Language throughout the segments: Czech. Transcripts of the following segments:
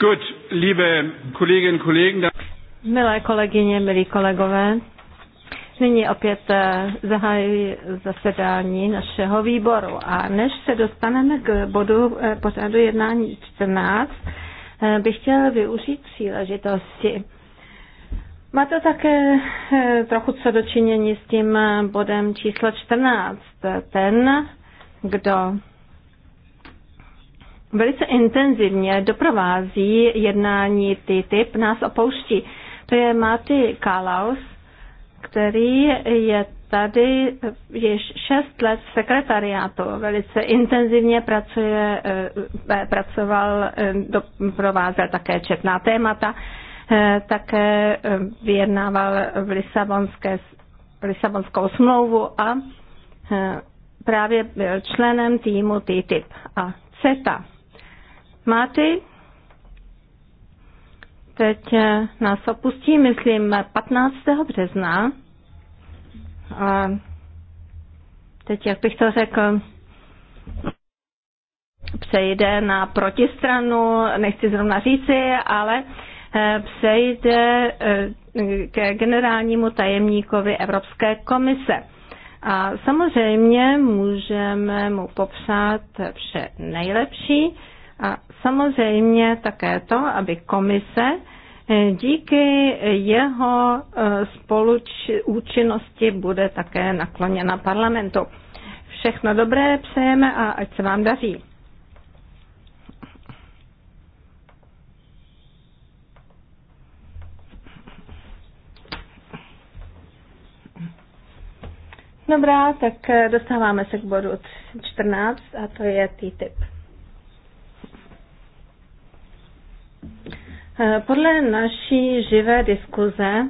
Good, liebe Kolleginnen und Kollegen. Milé kolegyně, milí kolegové, nyní opět eh, zahájí zasedání našeho výboru. A než se dostaneme k bodu eh, pořadu jednání 14, eh, bych chtěl využít příležitosti. Má to také trochu co dočinění s tím bodem číslo 14. Ten, kdo velice intenzivně doprovází jednání TTIP, nás opouští. To je Marty Kalaus, který je tady již šest let v sekretariátu. Velice intenzivně pracuje, eh, pracoval, eh, doprovázel také četná témata, eh, také vyjednával v Lisabonské, Lisabonskou smlouvu a právě byl členem týmu TTIP a CETA. Máty teď eh, nás opustí, myslím, 15. března. A teď, jak bych to řekl, přejde na protistranu, nechci zrovna říci, ale eh, přejde eh, ke generálnímu tajemníkovi Evropské komise. A samozřejmě můžeme mu popřát vše nejlepší a samozřejmě také to, aby komise eh, díky jeho eh, spoluúčinnosti bude také nakloněna parlamentu. Všechno dobré přejeme a ať se vám daří. Dobrá, tak eh, dostáváme se k bodu 14 a to je TTIP. Eh, podle naší živé diskuze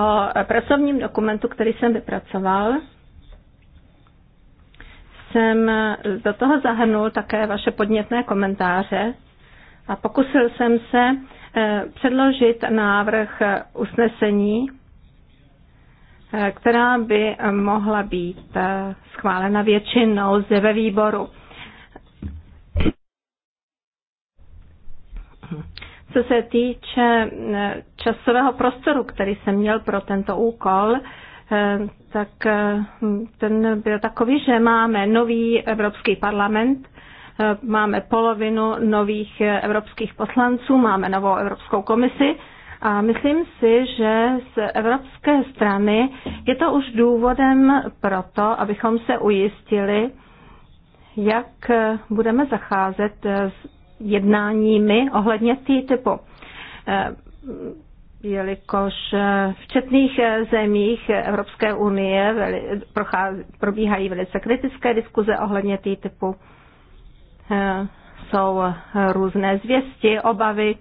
o pracovním dokumentu, který jsem vypracoval, jsem do toho zahrnul také vaše podnětné komentáře a pokusil jsem se eh, předložit návrh usnesení, eh, která by mohla být schválena většinou zde ve výboru. Co se týče eh, časového prostoru, který jsem měl pro tento úkol, eh, tak eh, ten byl takový, že máme nový Evropský parlament, máme polovinu nových evropských poslanců, máme novou Evropskou komisi a myslím si, že z evropské strany je to už důvodem pro to, abychom se ujistili, jak budeme zacházet s jednáními ohledně TTIPu eh, jelikož eh, v četných eh, zemích Evropské unie probíhají velice kritické diskuze ohledně TTIPu, typu. Jsou různé zvěsti, obavy.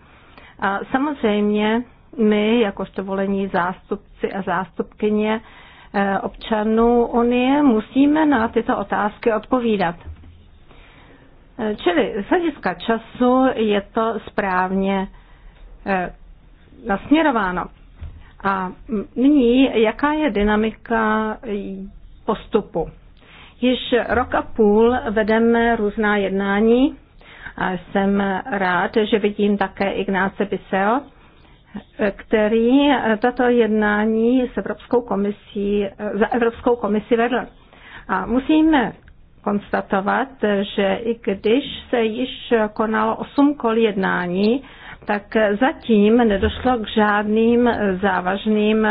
A samozřejmě my, jakožto volení zástupci a zástupkyně občanů Unie, musíme na tyto otázky odpovídat. Eh, čili z hlediska času je to správně eh, nasměrováno. A mm, nyní, jaká je dynamika eh, postupu? Již rok a půl vedeme různá jednání a jsem rád, že vidím také Ignáce Biseo, který tato jednání s Evropskou komisí, za Evropskou komisi vedl. A musíme konstatovat, že i když se již konalo osm kol jednání, tak zatím nedošlo k žádným závažným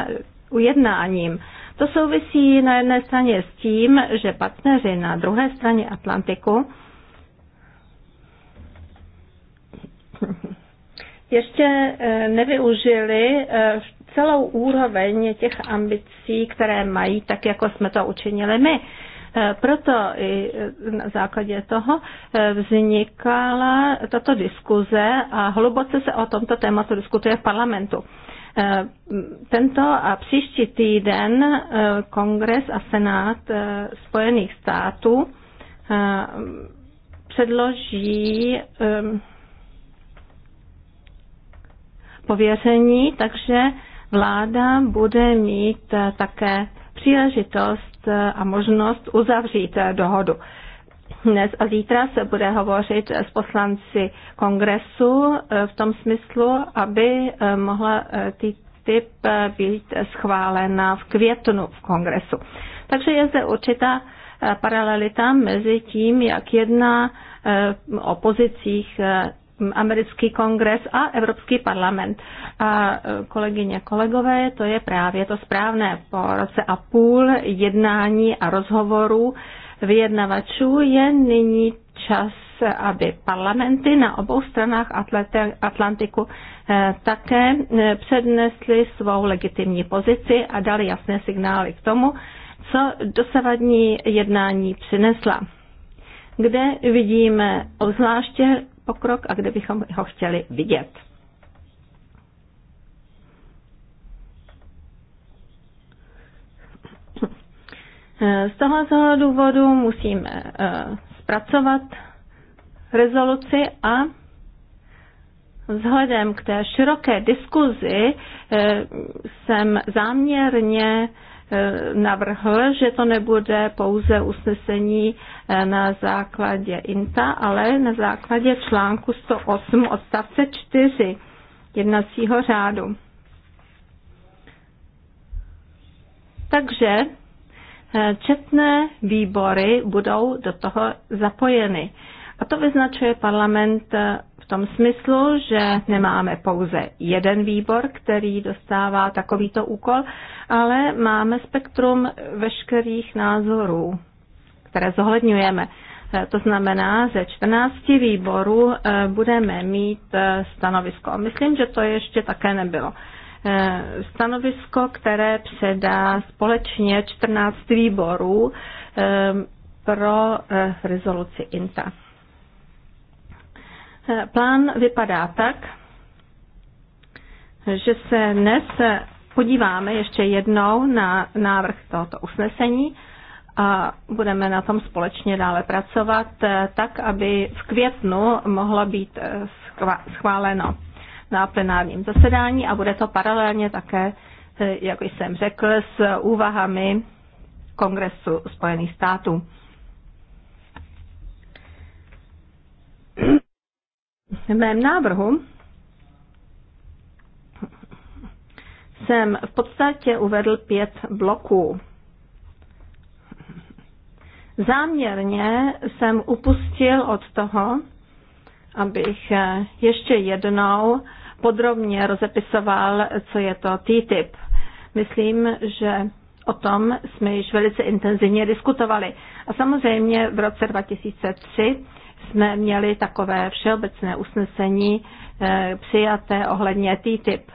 ujednáním. To souvisí na jedné straně s tím, že partneři na druhé straně Atlantiku ještě eh, nevyužili eh, celou úroveň těch ambicí, které mají, tak jako jsme to učinili my. Proto i na základě toho eh, vznikala tato diskuze a hluboce se o tomto tématu diskutuje v parlamentu. Eh, tento a příští týden eh, Kongres a Senát Spojených států předloží pověření, takže vláda bude mít také příležitost a možnost uzavřít eh, dohodu. Dnes a zítra se bude hovořit s poslanci kongresu eh, v tom smyslu, aby eh, mohla typ být schválena v květnu v kongresu. Takže je zde určitá paralelita mezi tím, jak jedná o pozicích americký kongres a Evropský parlament. A e, kolegyně, kolegové, to je právě to správné. Po roce a půl jednání a rozhovorů vyjednavačů je nyní čas, aby parlamenty na obou stranách Atlantiku e, také e, přednesly svou legitimní pozici a dali jasné signály k tomu, co dosavadní jednání přinesla kde vidíme obzvláště pokrok a kde bychom ho chtěli vidět. Z tohoto důvodu musíme eh, zpracovat rezoluci a vzhledem k té široké diskuzi eh, jsem záměrně eh, navrhl, že to nebude pouze usnesení Eh, na základě INTA, ale na základě článku 108 odstavce 4 jednacího řádu. Takže eh, četné výbory budou do toho zapojeny. A to vyznačuje parlament eh, v tom smyslu, že nemáme pouze jeden výbor, který dostává takovýto úkol, ale máme spektrum veškerých názorů které zohledňujeme. Eh, to znamená, ze 14 výborů eh, budeme mít eh, stanovisko. Myslím, že to ještě také nebylo. Stanovisko, které předá společně 14 výborů pro rezoluci INTA. Plán vypadá tak, že se dnes podíváme ještě jednou na návrh tohoto usnesení a budeme na tom společně dále pracovat, eh, tak aby v květnu mohlo být eh, schváleno na plenárním zasedání a bude to paralelně také, eh, jak jsem řekl, s úvahami Kongresu Spojených států. V mém návrhu jsem v podstatě uvedl pět bloků Záměrně jsem upustil od toho, abych ještě jednou podrobně rozepisoval, co je to TTIP. Myslím, že o tom jsme již velice intenzivně diskutovali. A samozřejmě v roce 2003 jsme měli takové všeobecné usnesení eh, přijaté ohledně TTIP.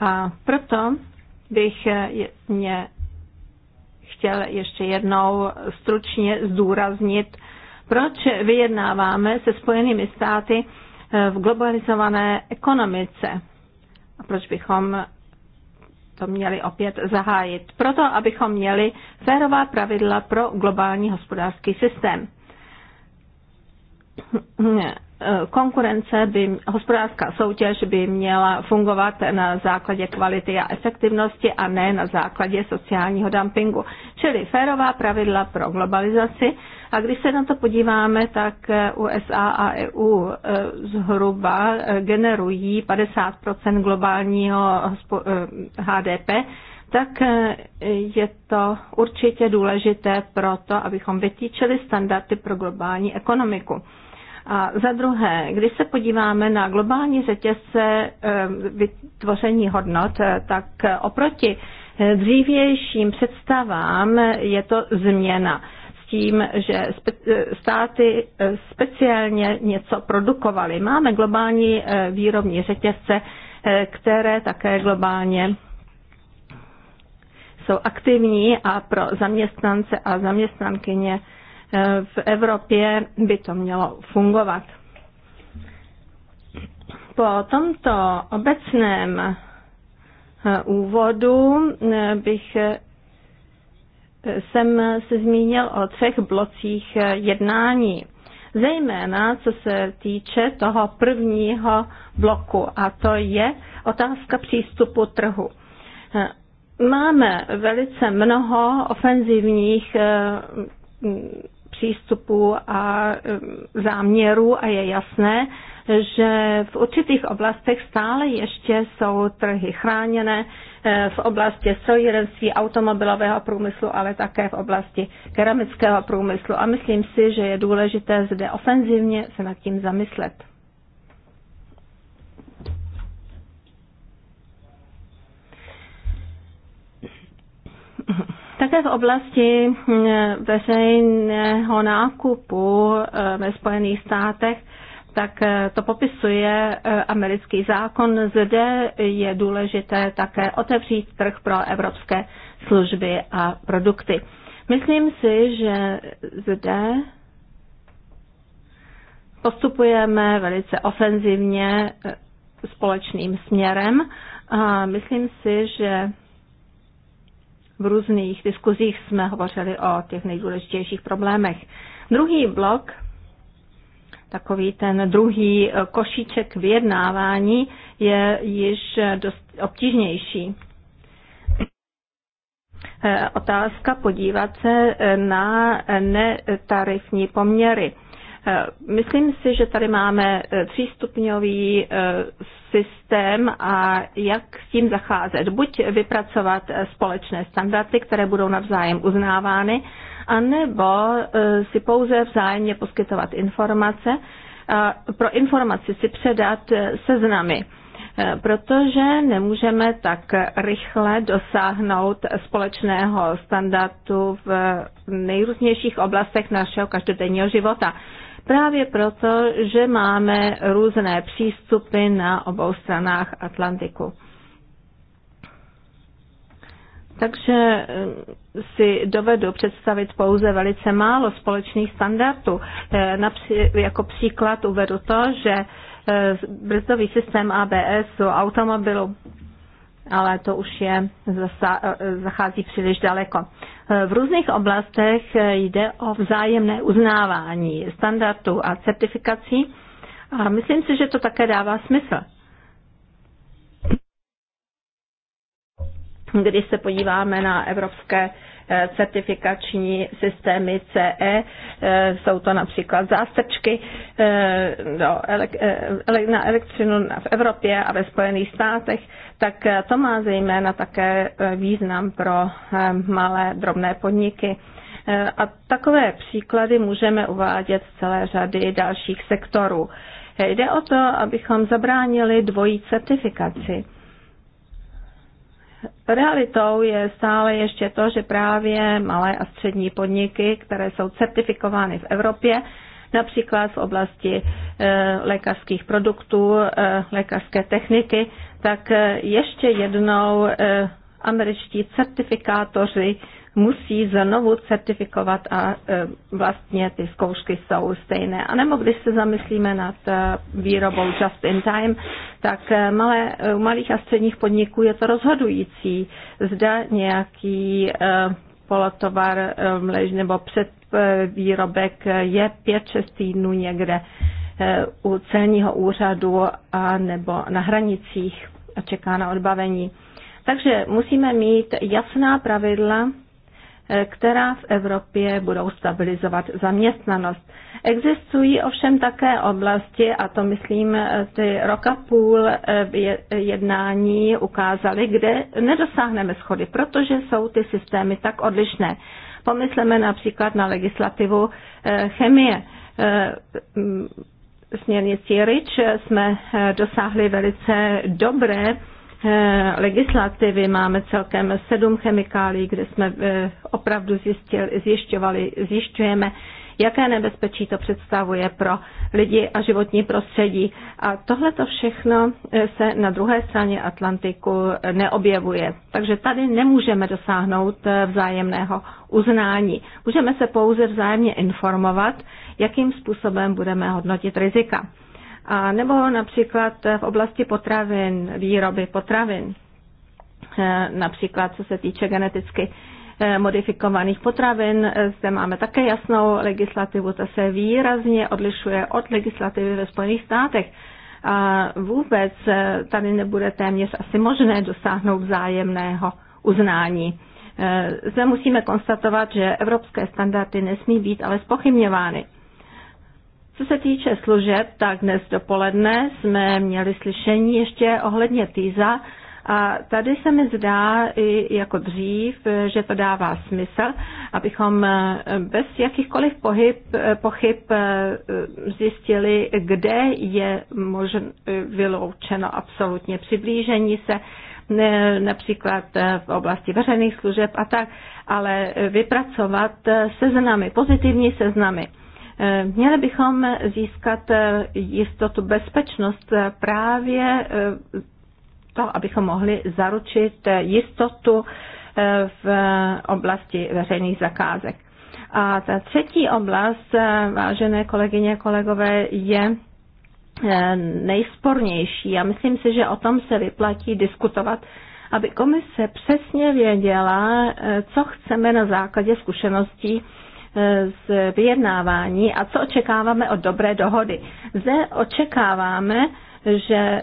A proto bych mě chtěl ještě jednou stručně zdůraznit, proč vyjednáváme se Spojenými státy eh, v globalizované ekonomice a proč bychom to měli opět zahájit. Proto, abychom měli férová pravidla pro globální hospodářský systém. Eh, konkurence by, hospodářská soutěž by měla fungovat na základě kvality a efektivnosti a ne na základě sociálního dumpingu. Čili férová pravidla pro globalizaci. A když se na to podíváme, tak eh, USA a EU eh, zhruba generují 50 globálního HDP, tak je to určitě důležité pro to, abychom vytýčili standardy pro globální ekonomiku. A za druhé, když se podíváme na globální řetězce eh, vytvoření hodnot, eh, tak oproti dřívějším představám je to změna s tím, že eh, státy speciálně něco produkovaly. Máme globální výrobní řetězce, které také globálně jsou aktivní a pro zaměstnance a zaměstnankyně Eh, v Evropě by to mělo fungovat. Po tomto obecném eh, úvodu eh, bych jsem se zmínil o třech blocích jednání. Zejména co se týče toho prvního bloku, a to je otázka přístupu trhu. Máme velice mnoho ofenzivních přístupu a záměru a je jasné, že v určitých oblastech stále ještě jsou trhy chráněné eh, v oblasti strojírenství, automobilového průmyslu, ale také v oblasti keramického průmyslu. A myslím si, že je důležité zde ofenzivně se nad tím zamyslet. Mm-hmm. Také v oblasti eh, veřejného nákupu eh, ve Spojených státech tak eh, to popisuje americký zákon. Zde je důležité také otevřít trh pro evropské služby a produkty. Myslím si, že zde postupujeme velice ofenzivně společným směrem a myslím si, že v různých diskuzích jsme hovořili o těch nejdůležitějších problémech. Druhý blok, takový ten druhý eh, košíček vyjednávání, je již dost obtížnější. Eh, otázka podívat se eh, na netarifní poměry. Eh, myslím si, že tady máme eh, třístupňový eh, systém a jak s tím zacházet. Buď vypracovat společné standardy, které budou navzájem uznávány, anebo si pouze vzájemně poskytovat informace, pro informaci si předat seznamy protože nemůžeme tak rychle dosáhnout společného standardu v nejrůznějších oblastech našeho každodenního života. Právě proto, že máme různé přístupy na obou stranách Atlantiku. Takže eh, si dovedu představit pouze velice málo společných standardů. Eh, jako příklad uvedu to, že eh, brzdový systém ABS u automobilu, ale to už je zachází příliš daleko. V různých oblastech jde o vzájemné uznávání standardů a certifikací a myslím si, že to také dává smysl. Když se podíváme na evropské Eh, certifikační systémy CE. Eh, jsou to například zástrčky eh, no, na elektřinu v Evropě a ve Spojených státech, tak to má zejména také význam pro malé drobné podniky. A takové příklady můžeme uvádět z celé řady dalších sektorů. Jde o to, abychom zabránili dvojí certifikaci. Realitou je stále ještě to, že právě malé a střední podniky, které jsou certifikovány v Evropě, například v oblasti eh, lékařských produktů, eh, lékařské techniky, tak eh, ještě jednou američtí certifikátoři musí znovu certifikovat a e, vlastně ty zkoušky jsou stejné. A nebo když se zamyslíme nad e, výrobou just in time, tak e, malé, u malých a středních podniků je to rozhodující. Zda nějaký polotovar mlež nebo předvýrobek je 5-6 týdnů někde u celního úřadu a nebo na hranicích a čeká na odbavení. Takže musíme mít jasná pravidla, Eh, která v Evropě budou stabilizovat zaměstnanost. Existují ovšem také oblasti, a to myslím, eh, ty roka půl eh, jednání ukázaly, kde nedosáhneme schody, protože jsou ty systémy tak odlišné. Pomysleme například na legislativu chemie směrnici RIČ jsme dosáhli velice dobré Eh, legislativy máme celkem sedm chemikálií, kde jsme eh, opravdu zjistil, zjišťovali, zjišťujeme, jaké nebezpečí to představuje pro lidi a životní prostředí. A tohle to všechno eh, se na druhé straně Atlantiku neobjevuje. Takže tady nemůžeme dosáhnout vzájemného uznání. Můžeme se pouze vzájemně informovat, jakým způsobem budeme hodnotit rizika. A nebo například v oblasti potravin, výroby potravin, eh, například co se týče geneticky eh, modifikovaných potravin. Eh, zde máme také jasnou legislativu, ta se výrazně odlišuje od legislativy ve Spojených státech. A vůbec tady nebude téměř asi možné dosáhnout vzájemného uznání. Zde musíme konstatovat, že evropské standardy nesmí být ale spochybňovány. Co se týče služeb, tak dnes dopoledne jsme měli slyšení ještě ohledně TISA a tady se mi zdá i jako dřív, že to dává smysl, abychom eh, bez jakýchkoliv pohyb, eh, pochyb eh, zjistili, kde je možn, vyloučeno absolutně přiblížení se, například v oblasti veřejných služeb a tak, ale vypracovat seznamy, pozitivní seznamy Měli bychom získat eh, jistotu bezpečnost eh, právě eh, to, abychom mohli zaručit jistotu v oblasti veřejných zakázek. A ta třetí oblast, vážené kolegyně, kolegové, je nejspornější. A myslím si, že o tom se vyplatí diskutovat, aby komise přesně věděla, co chceme na základě zkušeností Eh, z vyjednávání a co očekáváme od dobré dohody. Zde očekáváme, že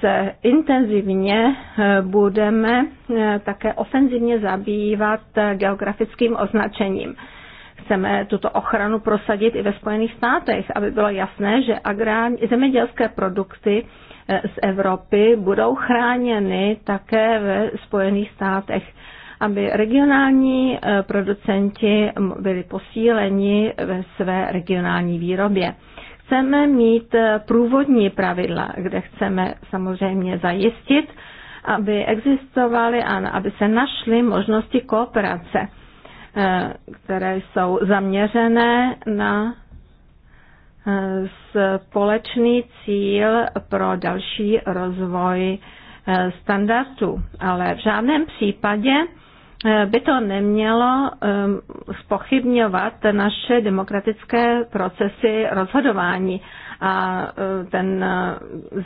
se intenzivně eh, budeme eh, také ofenzivně zabývat geografickým označením. Chceme tuto ochranu prosadit i ve Spojených státech, aby bylo jasné, že agrární, zemědělské produkty z Evropy budou chráněny také ve Spojených státech aby regionální eh, producenti byli posíleni ve své regionální výrobě. Chceme mít eh, průvodní pravidla, kde chceme samozřejmě zajistit, aby existovaly a aby se našly možnosti kooperace, eh, které jsou zaměřené na společný cíl pro další rozvoj standardů. Ale v žádném případě Eh, by to nemělo ehm, spochybňovat naše demokratické procesy rozhodování. A eh, ten eh,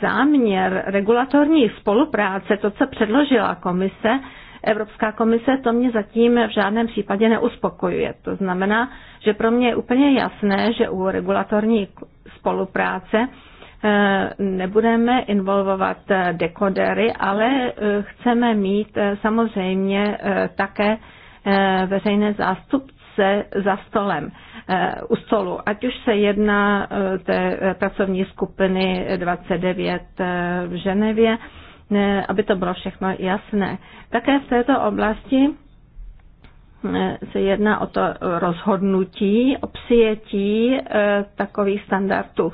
záměr regulatorní spolupráce, to, co předložila komise, Evropská komise, to mě zatím v žádném případě neuspokojuje. To znamená, že pro mě je úplně jasné, že u regulatorní spolupráce Eh, nebudeme involvovat eh, dekodery, ale eh, chceme mít samozřejmě také veřejné zástupce za stolem, u stolu, ať už se jedná té pracovní skupiny 29 v Ženevě, aby to bylo všechno jasné. Také v této oblasti se jedná o to rozhodnutí o přijetí takových standardů.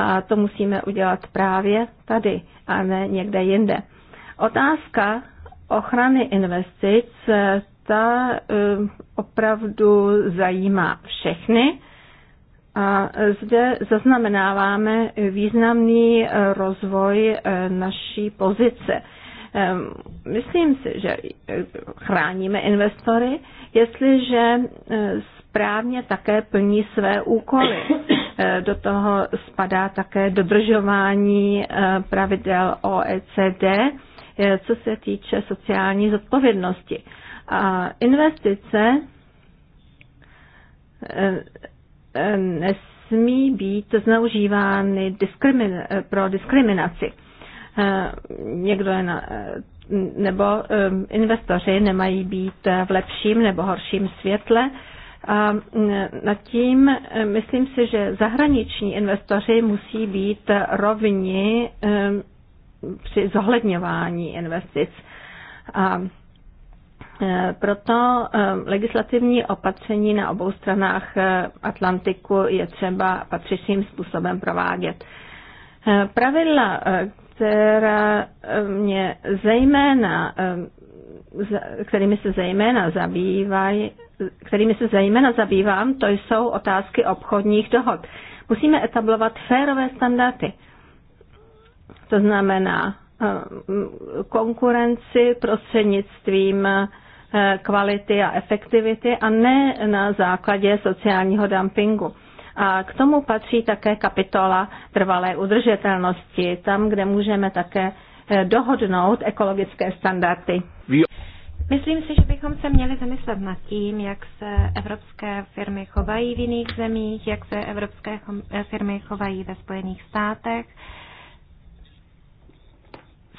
A to musíme udělat právě tady a ne někde jinde. Otázka ochrany investic, eh, ta eh, opravdu zajímá všechny. A zde zaznamenáváme významný eh, rozvoj naší pozice. Myslím si, že chráníme investory, jestliže správně také plní své úkoly. Eh, do toho spadá také dodržování eh, pravidel OECD, eh, co se týče sociální zodpovědnosti. A investice nesmí být zneužívány diskrimin- pro diskriminaci. Někdo je na, nebo investoři nemají být v lepším nebo horším světle a nad tím e, myslím si, že zahraniční investoři musí být rovni e, při zohledňování investic. A e, proto legislativní opatření na obou stranách Atlantiku je třeba patřičným způsobem provádět. Pravidla, která mě zejména kterými se zejména zabývají, kterými se zejména zabývám, to jsou otázky obchodních dohod. Musíme etablovat férové standardy. To znamená eh, konkurenci prostřednictvím eh, kvality a efektivity a ne na základě sociálního dumpingu. A k tomu patří také kapitola trvalé udržitelnosti, tam, kde můžeme také eh, dohodnout ekologické standardy. Myslím si, že bychom se měli zamyslet nad tím, jak se evropské firmy chovají v jiných zemích, jak se evropské eh, firmy chovají ve Spojených státech.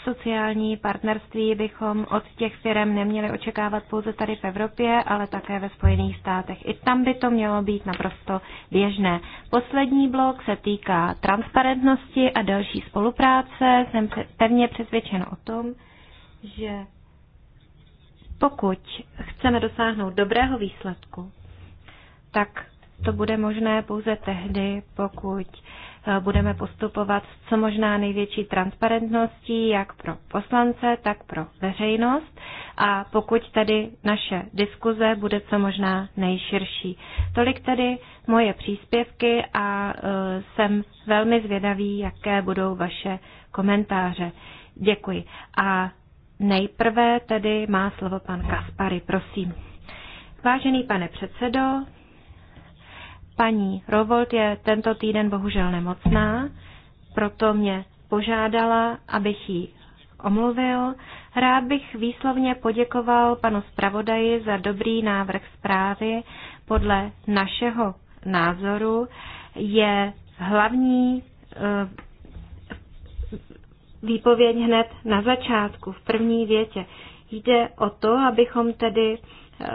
Sociální partnerství bychom od těch firm neměli očekávat pouze tady v Evropě, ale také ve Spojených státech. I tam by to mělo být naprosto běžné. Poslední blok se týká transparentnosti a další spolupráce. Jsem pevně přesvědčen o tom, že pokud chceme dosáhnout dobrého výsledku, tak to bude možné pouze tehdy, pokud eh, budeme postupovat s co možná největší transparentností, jak pro poslance, tak pro veřejnost a pokud tedy naše diskuze bude co možná nejširší. Tolik tedy moje příspěvky a eh, jsem velmi zvědavý, jaké budou vaše komentáře. Děkuji. A Nejprve tedy má slovo pan Kaspary, prosím. Vážený pane předsedo, paní Rovolt je tento týden bohužel nemocná, proto mě požádala, abych ji omluvil. Rád bych výslovně poděkoval panu zpravodaji za dobrý návrh zprávy. Podle našeho názoru je hlavní eh, výpověď hned na začátku, v první větě. Jde o to, abychom tedy eh,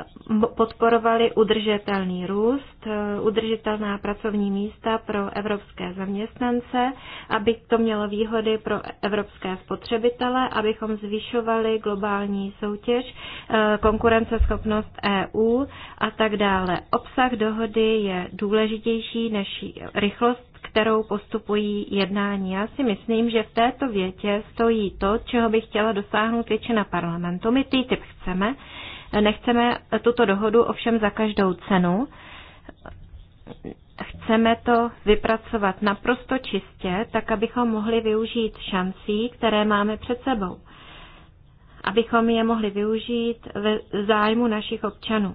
podporovali udržitelný růst, eh, udržitelná pracovní místa pro evropské zaměstnance, aby to mělo výhody pro evropské spotřebitele, abychom zvyšovali globální soutěž, eh, konkurenceschopnost EU a tak dále. Obsah dohody je důležitější než rychlost kterou postupují jednání. Já si myslím, že v této větě stojí to, čeho by chtěla dosáhnout většina parlamentu. My TTIP chceme, nechceme tuto dohodu ovšem za každou cenu. Chceme to vypracovat naprosto čistě, tak abychom mohli využít šancí, které máme před sebou. Abychom je mohli využít ve zájmu našich občanů.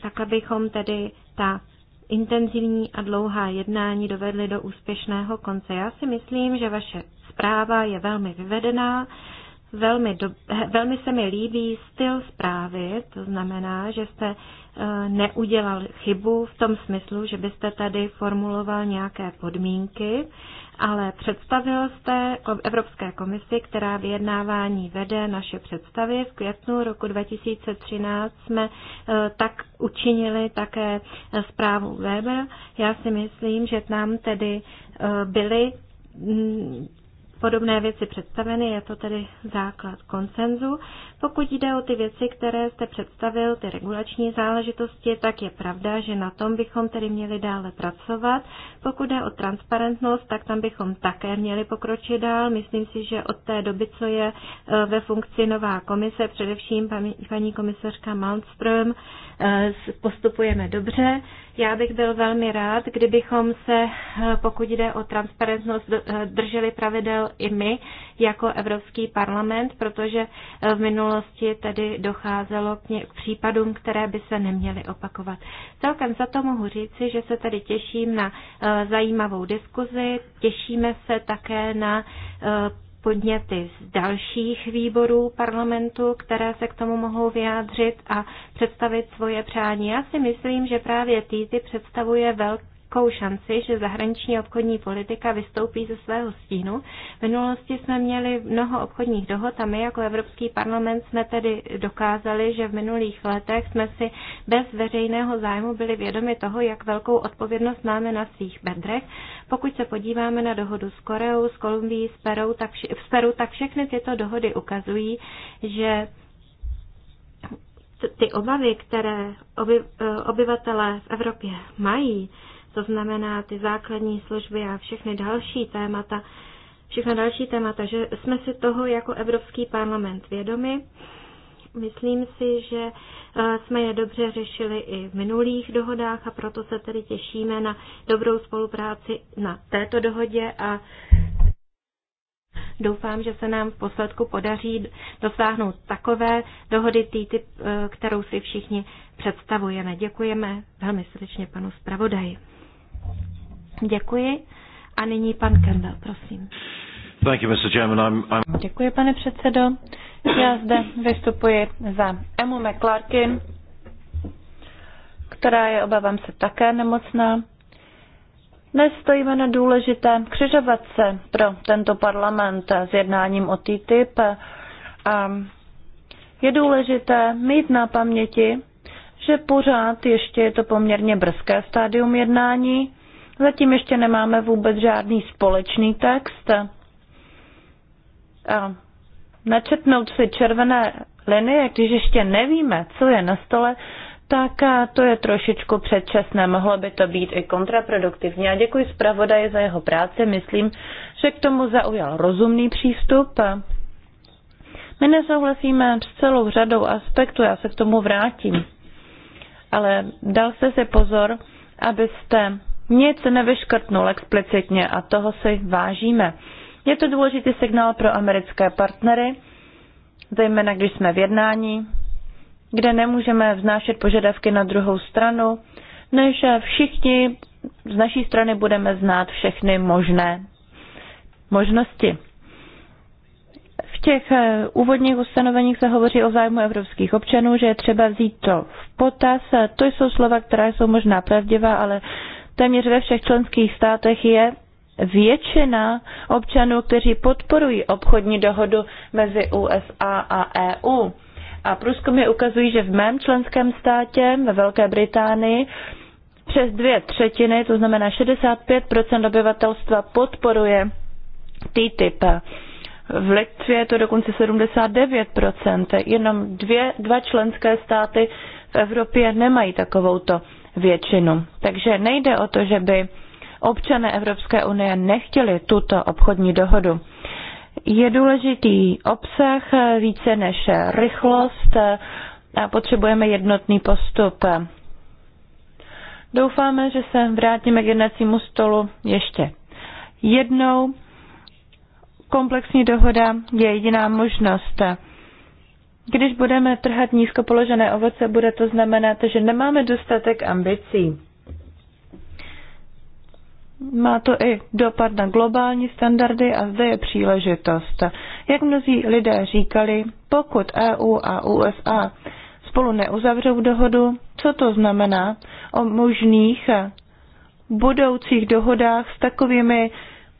Tak abychom tedy ta intenzivní a dlouhá jednání dovedly do úspěšného konce. Já si myslím, že vaše zpráva je velmi vyvedená, Velmi, do, velmi se mi líbí styl zprávy, to znamená, že jste e, neudělal chybu v tom smyslu, že byste tady formuloval nějaké podmínky, ale představil jste Evropské komisi, která vyjednávání vede naše představy. V květnu roku 2013 jsme e, tak učinili také e, zprávu Weber. Já si myslím, že nám tedy byly podobné věci představeny, je to tedy základ konsenzu. Pokud jde o ty věci, které jste představil, ty regulační záležitosti, tak je pravda, že na tom bychom tedy měli dále pracovat. Pokud jde o transparentnost, tak tam bychom také měli pokročit dál. Myslím si, že od té doby, co je e, ve funkci nová komise, především paní komisařka Malmström, e, postupujeme dobře. Já bych byl velmi rád, kdybychom se, eh, pokud jde o transparentnost, eh, drželi pravidel i my jako Evropský parlament, protože eh, v minulosti tedy docházelo k, případům, které by se neměly opakovat. Celkem za to mohu říci, že se tedy těším na zajímavou diskuzi, těšíme se také na podněty z dalších výborů parlamentu, které se k tomu mohou vyjádřit a představit svoje přání. Já si myslím, že právě TTIP představuje velký velkou šanci, že zahraniční obchodní politika vystoupí ze svého stínu. V minulosti jsme měli mnoho obchodních dohod a my jako Evropský parlament jsme tedy dokázali, že v minulých letech jsme si bez veřejného zájmu byli vědomi toho, jak velkou odpovědnost máme na svých bedrech. Pokud se podíváme na dohodu s Koreou, s Kolumbií, s Perou, tak, vš- s Peru, tak všechny tyto dohody ukazují, že ty obavy, které eh, obyvatelé v Evropě mají, to znamená ty základní služby a všechny další témata, všechna další témata, že jsme si toho jako Evropský parlament vědomi. Myslím si, že eh, jsme je dobře řešili i v minulých dohodách a proto se tedy těšíme na dobrou spolupráci na této dohodě a Doufám, že se nám v posledku podaří dosáhnout takové dohody TTIP, eh, kterou si všichni představujeme. Děkujeme velmi srdečně panu zpravodaji. Děkuji. A nyní pan Kendall, prosím. Thank you, Mr. Chairman. I'm, I'm... Děkuji, pane předsedo. Já zde vystupuji za Emu McClarkin, která je, obávám se, také nemocná. Dnes stojíme na důležité křižovatce pro tento parlament s jednáním o TTIP. A je důležité mít na paměti, že pořád ještě je to poměrně brzké stádium jednání Zatím ještě nemáme vůbec žádný společný text. A načetnout si červené linie, když ještě nevíme, co je na stole, tak to je trošičku předčasné. Mohlo by to být i kontraproduktivní. Já děkuji zpravodaji za jeho práci. Myslím, že k tomu zaujal rozumný přístup. My nesouhlasíme s celou řadou aspektů, já se k tomu vrátím. Ale dal jste si pozor, abyste nic nevyškrtnul explicitně a toho si vážíme. Je to důležitý signál pro americké partnery, zejména když jsme v jednání, kde nemůžeme vznášet požadavky na druhou stranu, než všichni z naší strany budeme znát všechny možné možnosti. V těch eh, úvodních ustanoveních se hovoří o zájmu evropských občanů, že je třeba vzít to v potaz. To jsou slova, která jsou možná pravdivá, ale téměř ve všech členských státech je většina občanů, kteří podporují obchodní dohodu mezi USA a EU. A průzkumy ukazují, že v mém členském státě, ve Velké Británii, přes dvě třetiny, to znamená 65 obyvatelstva, podporuje TTIP. V Litvě je to dokonce 79 Jenom dvě, dva členské státy v Evropě nemají takovouto většinu. Takže nejde o to, že by občané Evropské unie nechtěli tuto obchodní dohodu. Je důležitý obsah více než rychlost a potřebujeme jednotný postup. Doufáme, že se vrátíme k jednacímu stolu ještě jednou. Komplexní dohoda je jediná možnost. Když budeme trhat nízko položené ovoce, bude to znamenat, že nemáme dostatek ambicí. Má to i dopad na globální standardy a zde je příležitost. Jak mnozí lidé říkali, pokud EU a USA spolu neuzavřou dohodu, co to znamená o možných budoucích dohodách s takovými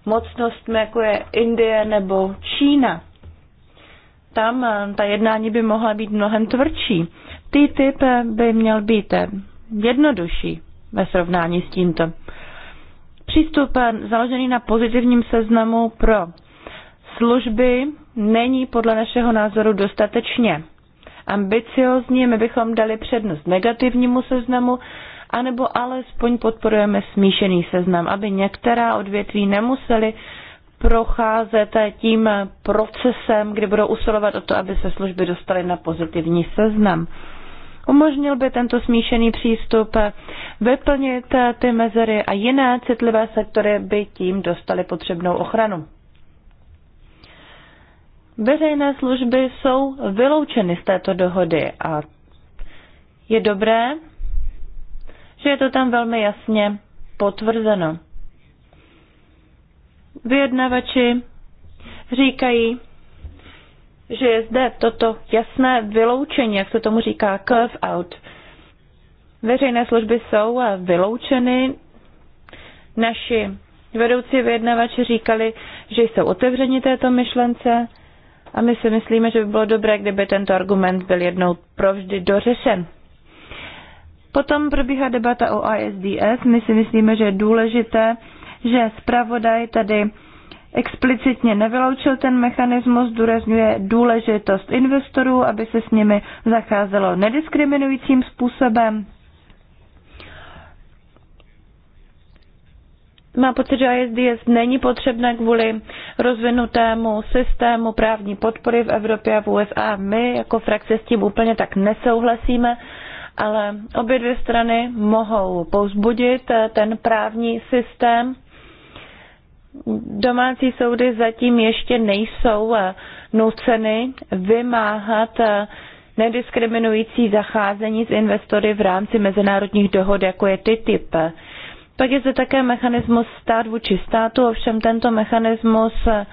mocnostmi, jako je Indie nebo Čína tam eh, ta jednání by mohla být mnohem tvrdší. typ eh, by měl být eh, jednodušší ve srovnání s tímto. Přístup založený na pozitivním seznamu pro služby není podle našeho názoru dostatečně ambiciozní. My bychom dali přednost negativnímu seznamu, anebo alespoň podporujeme smíšený seznam, aby některá odvětví nemuseli procházet tím procesem, kdy budou usilovat o to, aby se služby dostaly na pozitivní seznam. Umožnil by tento smíšený přístup vyplnit ty mezery a jiné citlivé sektory by tím dostaly potřebnou ochranu. Veřejné služby jsou vyloučeny z této dohody a je dobré, že je to tam velmi jasně potvrzeno. Vyjednavači říkají, že je zde toto jasné vyloučení, jak se tomu říká curve out. Veřejné služby jsou vyloučeny. Naši vedoucí vyjednavači říkali, že jsou otevřeni této myšlence a my si myslíme, že by bylo dobré, kdyby tento argument byl jednou provždy dořešen. Potom probíhá debata o ISDS. My si myslíme, že je důležité že zpravodaj tady explicitně nevyloučil ten mechanismus, zdůrazňuje důležitost investorů, aby se s nimi zacházelo nediskriminujícím způsobem. Má pocit, že ISDS není potřebné kvůli rozvinutému systému právní podpory v Evropě a v USA. My jako frakce s tím úplně tak nesouhlasíme, ale obě dvě strany mohou pouzbudit ten právní systém domácí soudy zatím ještě nejsou eh, nuceny vymáhat eh, nediskriminující zacházení s investory v rámci mezinárodních dohod, jako je TTIP. Pak je zde také mechanismus stát vůči státu, ovšem tento mechanismus eh,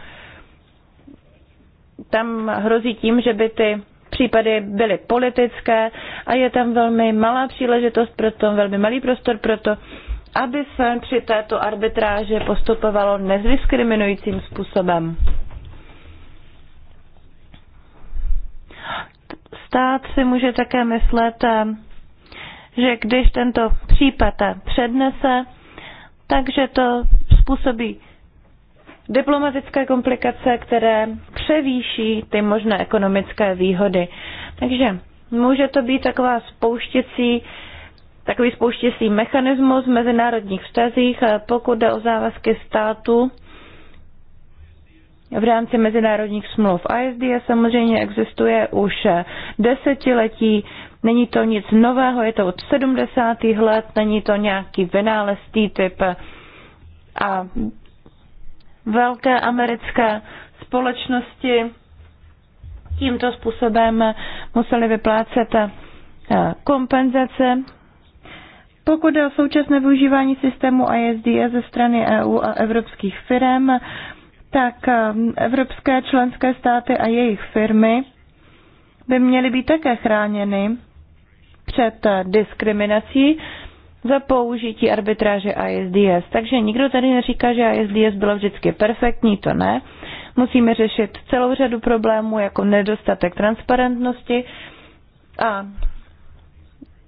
tam hrozí tím, že by ty případy byly politické a je tam velmi malá příležitost pro to, velmi malý prostor pro to, aby se při této arbitráži postupovalo nezdiskriminujícím způsobem. Stát si může také myslet, že když tento případ přednese, takže to způsobí diplomatické komplikace, které převýší ty možné ekonomické výhody. Takže může to být taková spouštěcí takový spouštěcí mechanismus v mezinárodních vztazích, eh, pokud jde o závazky státu v rámci mezinárodních smluv. ISDS samozřejmě existuje už eh, desetiletí, není to nic nového, je to od 70. let, není to nějaký vynálezný typ a velké americké společnosti tímto způsobem museli vyplácet eh, kompenzace pokud jde o současné využívání systému ISD ze strany EU a evropských firm, tak eh, evropské členské státy a jejich firmy by měly být také chráněny před eh, diskriminací za použití arbitráže ISDS. Takže nikdo tady neříká, že ISDS bylo vždycky perfektní, to ne. Musíme řešit celou řadu problémů, jako nedostatek transparentnosti a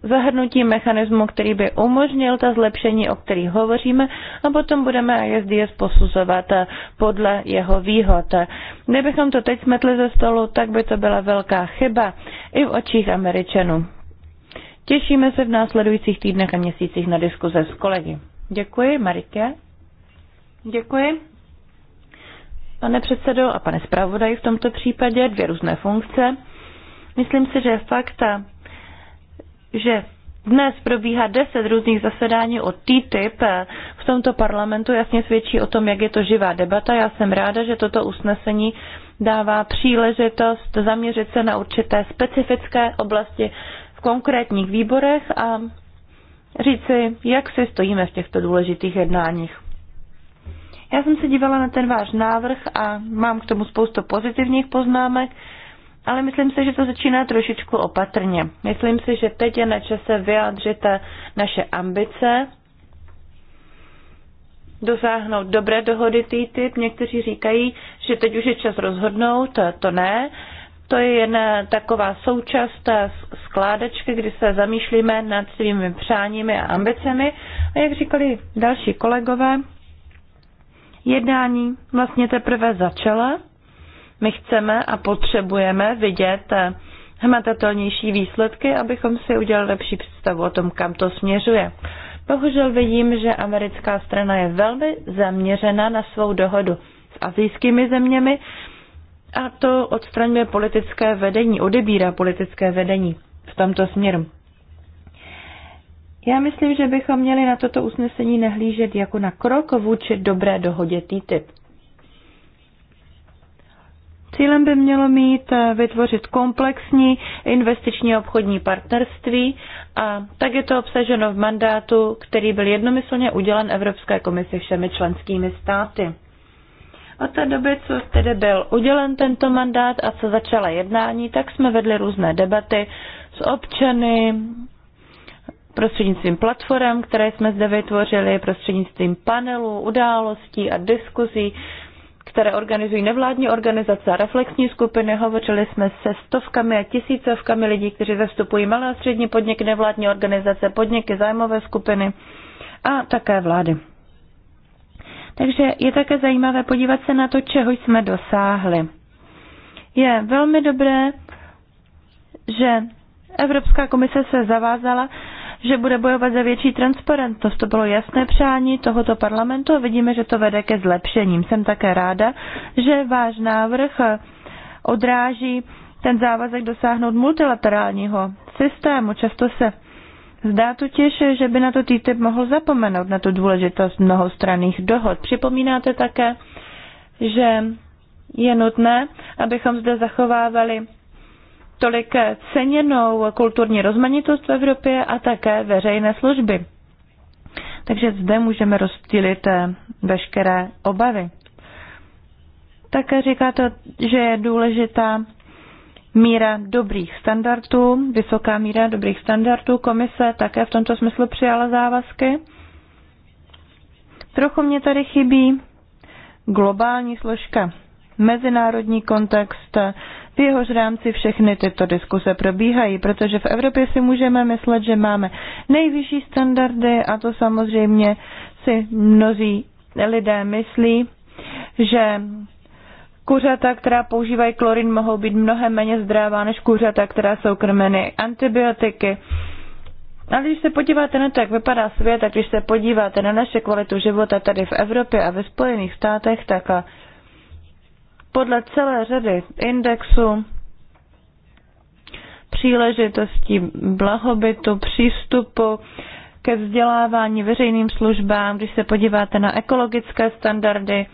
zahrnutí mechanismu, který by umožnil ta zlepšení, o kterých hovoříme, a potom budeme ISDS posuzovat eh, podle jeho výhod. Kdybychom to teď smetli ze stolu, tak by to byla velká chyba i v očích Američanů. Těšíme se v následujících týdnech a měsících na diskuze s kolegy. Děkuji, Marike. Děkuji. Pane předsedo a pane zpravodaj v tomto případě dvě různé funkce. Myslím si, že fakta že dnes probíhá deset různých zasedání o TTIP. V tomto parlamentu jasně svědčí o tom, jak je to živá debata. Já jsem ráda, že toto usnesení dává příležitost zaměřit se na určité specifické oblasti v konkrétních výborech a říci, jak si stojíme v těchto důležitých jednáních. Já jsem se dívala na ten váš návrh a mám k tomu spoustu pozitivních poznámek ale myslím si, že to začíná trošičku opatrně. Myslím si, že teď je na čase vyjádřit naše ambice, dosáhnout dobré dohody TTIP. Někteří říkají, že teď už je čas rozhodnout, to to ne. To je jen taková součást skládačky, kdy se zamýšlíme nad svými přáními a ambicemi. A jak říkali další kolegové, jednání vlastně teprve začala my chceme a potřebujeme vidět eh, hmatatelnější výsledky, abychom si udělali lepší představu o tom, kam to směřuje. Bohužel vidím, že americká strana je velmi zaměřena na svou dohodu s azijskými zeměmi a to odstraňuje politické vedení, odebírá politické vedení v tomto směru. Já myslím, že bychom měli na toto usnesení nehlížet jako na krok vůči dobré dohodě TTIP. Cílem by mělo mít eh, vytvořit komplexní investiční obchodní partnerství a tak je to obsaženo v mandátu, který byl jednomyslně udělen Evropské komisi všemi členskými státy. Od té doby, co tedy byl udělen tento mandát a co začala jednání, tak jsme vedli různé debaty s občany, prostřednictvím platform, které jsme zde vytvořili, prostřednictvím panelů, událostí a diskuzí které organizují nevládní organizace a reflexní skupiny. Hovořili jsme se stovkami a tisícovkami lidí, kteří zastupují malé a střední podniky, nevládní organizace, podniky, zájmové skupiny a také vlády. Takže je také zajímavé podívat se na to, čeho jsme dosáhli. Je velmi dobré, že Evropská komise se zavázala, že bude bojovat za větší transparentnost. To bylo jasné přání tohoto parlamentu a vidíme, že to vede ke zlepšením. Jsem také ráda, že váš návrh eh, odráží ten závazek dosáhnout multilaterálního systému. Často se Zdá totiž, že by na to TTIP mohl zapomenout, na tu důležitost mnohostranných dohod. Připomínáte také, že je nutné, abychom zde zachovávali tolik ceněnou kulturní rozmanitost v Evropě a také veřejné služby. Takže zde můžeme rozptýlit eh, veškeré obavy. Také říká to, že je důležitá míra dobrých standardů, vysoká míra dobrých standardů. Komise také v tomto smyslu přijala závazky. Trochu mě tady chybí globální složka, mezinárodní kontext, v jehož rámci všechny tyto diskuse probíhají, protože v Evropě si můžeme myslet, že máme nejvyšší standardy a to samozřejmě si mnozí lidé myslí, že kuřata, která používají klorin, mohou být mnohem méně zdravá než kuřata, která jsou krmeny antibiotiky. Ale když se podíváte na to, jak vypadá svět, a když se podíváte na naše kvalitu života tady v Evropě a ve Spojených státech, tak a podle celé řady indexů příležitostí blahobytu, přístupu ke vzdělávání veřejným službám, když se podíváte na ekologické standardy,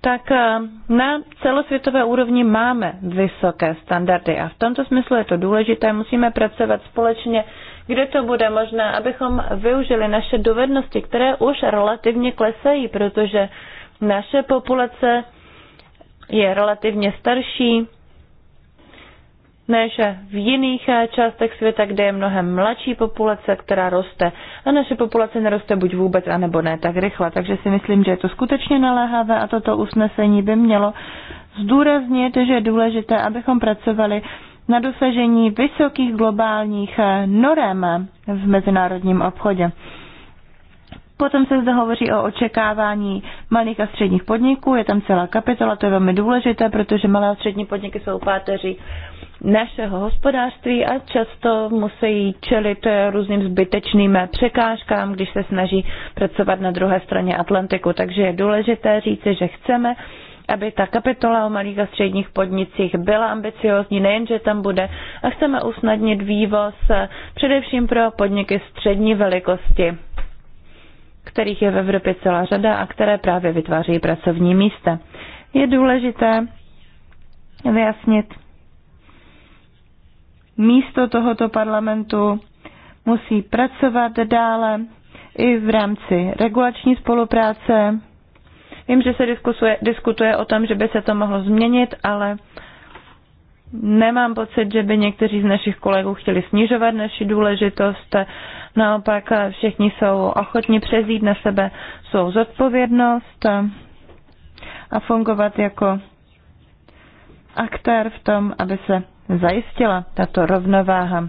tak eh, na celosvětové úrovni máme vysoké standardy a v tomto smyslu je to důležité, musíme pracovat společně, kde to bude možné, abychom využili naše dovednosti, které už relativně klesají, protože naše populace je relativně starší než v jiných eh, částech světa, kde je mnohem mladší populace, která roste. A naše populace neroste buď vůbec, anebo ne tak rychle. Takže si myslím, že je to skutečně naléhavé a toto usnesení by mělo zdůraznit, že je důležité, abychom pracovali na dosažení vysokých globálních eh, norem v mezinárodním obchodě. Potom se zde hovoří o očekávání malých a středních podniků, je tam celá kapitola, to je velmi důležité, protože malé a střední podniky jsou páteři našeho hospodářství a často musí čelit různým zbytečným překážkám, když se snaží pracovat na druhé straně Atlantiku. Takže je důležité říci, že chceme, aby ta kapitola o malých a středních podnicích byla ambiciozní, nejenže tam bude, a chceme usnadnit vývoz především pro podniky střední velikosti kterých je v Evropě celá řada a které právě vytváří pracovní místa. Je důležité vyjasnit, místo tohoto parlamentu musí pracovat dále i v rámci regulační spolupráce. Vím, že se diskusuje, diskutuje o tom, že by se to mohlo změnit, ale nemám pocit, že by někteří z našich kolegů chtěli snižovat naši důležitost. Naopak eh, všichni jsou ochotni přezít na sebe svou zodpovědnost eh, a fungovat jako aktér v tom, aby se zajistila tato rovnováha.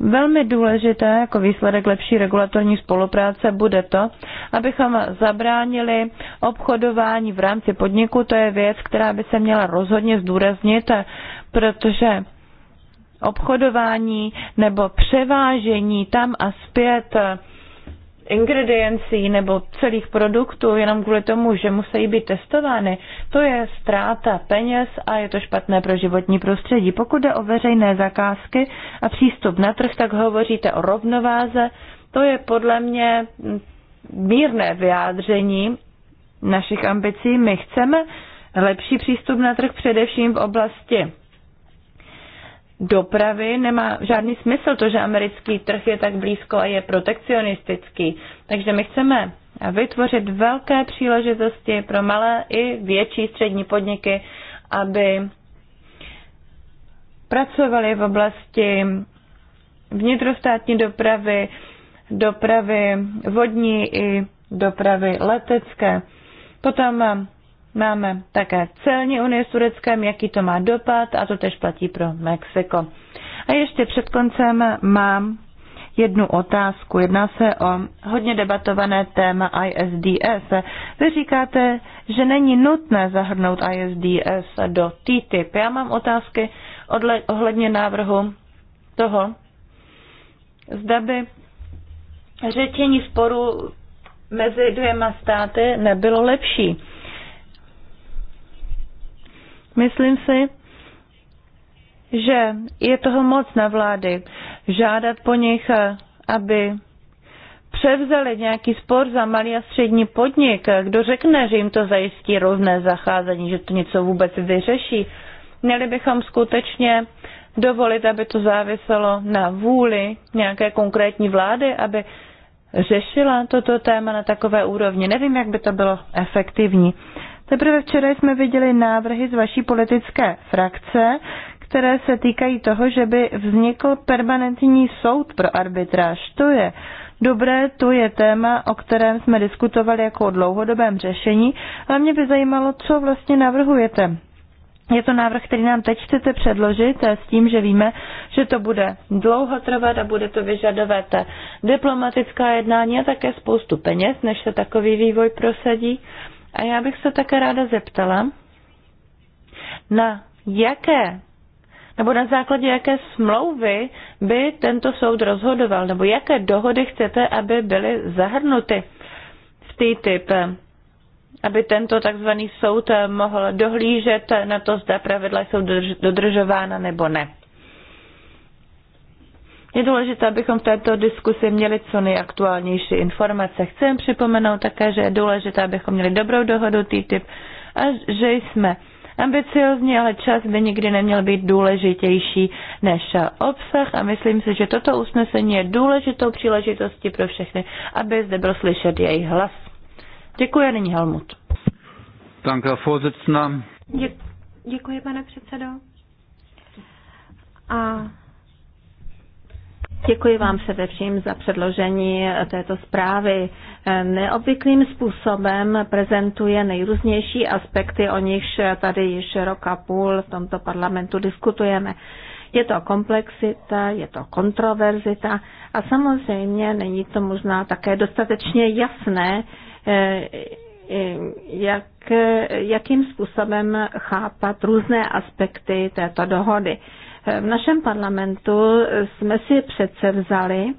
Velmi důležité jako výsledek lepší regulatorní spolupráce bude to, abychom zabránili obchodování v rámci podniku. To je věc, která by se měla rozhodně zdůraznit, eh, protože obchodování nebo převážení tam a zpět ingrediencí nebo celých produktů jenom kvůli tomu, že musí být testovány, to je ztráta peněz a je to špatné pro životní prostředí. Pokud jde o veřejné zakázky a přístup na trh, tak hovoříte o rovnováze. To je podle mě mírné vyjádření našich ambicí. My chceme lepší přístup na trh především v oblasti dopravy nemá žádný smysl to, že americký trh je tak blízko a je protekcionistický. Takže my chceme vytvořit velké příležitosti pro malé i větší střední podniky, aby pracovali v oblasti vnitrostátní dopravy, dopravy vodní i dopravy letecké. Potom Máme také celní unie s Tureckem, jaký to má dopad a to tež platí pro Mexiko. A ještě před koncem mám jednu otázku. Jedná se o hodně debatované téma ISDS. Vy říkáte, že není nutné zahrnout ISDS do TTIP. Já mám otázky ohledně návrhu toho, zda by řečení sporu mezi dvěma státy nebylo lepší. Myslím si, že je toho moc na vlády žádat po nich, eh, aby převzali nějaký spor za malý a střední podnik. Eh, kdo řekne, že jim to zajistí rovné zacházení, že to něco vůbec vyřeší? Měli bychom skutečně dovolit, aby to záviselo na vůli nějaké konkrétní vlády, aby řešila toto téma na takové úrovni. Nevím, jak by to bylo efektivní. Teprve včera jsme viděli návrhy z vaší politické frakce, které se týkají toho, že by vznikl permanentní soud pro arbitráž. To je dobré, to je téma, o kterém jsme diskutovali jako o dlouhodobém řešení, ale mě by zajímalo, co vlastně navrhujete. Je to návrh, který nám teď chcete předložit eh, s tím, že víme, že to bude dlouho trvat a bude to vyžadovat diplomatická jednání a také spoustu peněz, než se takový vývoj prosadí. A já bych se také ráda zeptala, na jaké nebo na základě jaké smlouvy by tento soud rozhodoval, nebo jaké dohody chcete, aby byly zahrnuty v TTIP, aby tento takzvaný soud mohl dohlížet na to, zda pravidla jsou dodržována nebo ne. Je důležité, abychom v této diskusi měli co nejaktuálnější informace. Chci připomenout také, že je důležité, abychom měli dobrou dohodu TTIP a že jsme ambiciozní, ale čas by nikdy neměl být důležitější než obsah a myslím si, že toto usnesení je důležitou příležitostí pro všechny, aby zde byl slyšet jejich hlas. Děkuji, nyní Helmut. Danke, Vorsitzender. Děkuji, pane předsedo. A Děkuji vám se především za předložení této zprávy. Neobvyklým způsobem prezentuje nejrůznější aspekty, o nichž tady již rok a půl v tomto parlamentu diskutujeme. Je to komplexita, je to kontroverzita a samozřejmě není to možná také dostatečně jasné, eh, jak, jakým způsobem chápat různé aspekty této dohody. V našem parlamentu jsme si přece vzali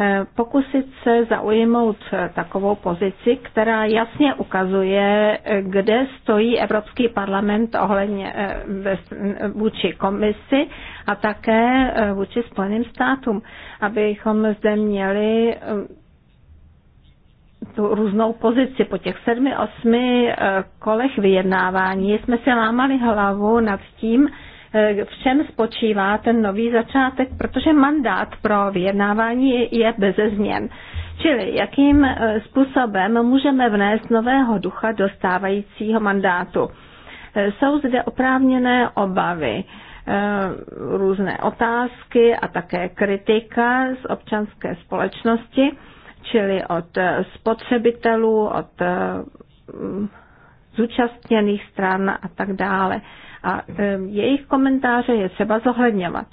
eh, pokusit se zaujmout takovou pozici, která jasně ukazuje, kde stojí Evropský parlament ohledně eh, vůči komisi a také eh, vůči Spojeným státům, abychom zde měli tu různou pozici. Po těch sedmi, osmi kolech vyjednávání jsme se lámali hlavu nad tím, Eh, v čem spočívá ten nový začátek, protože mandát pro vyjednávání je beze změn. Čili jakým eh, způsobem můžeme vnést nového ducha do stávajícího mandátu? Eh, jsou zde oprávněné obavy, různé otázky a také kritika z občanské společnosti, čili od spotřebitelů, od mm, zúčastněných stran a tak dále a jejich komentáře je třeba zohledňovat.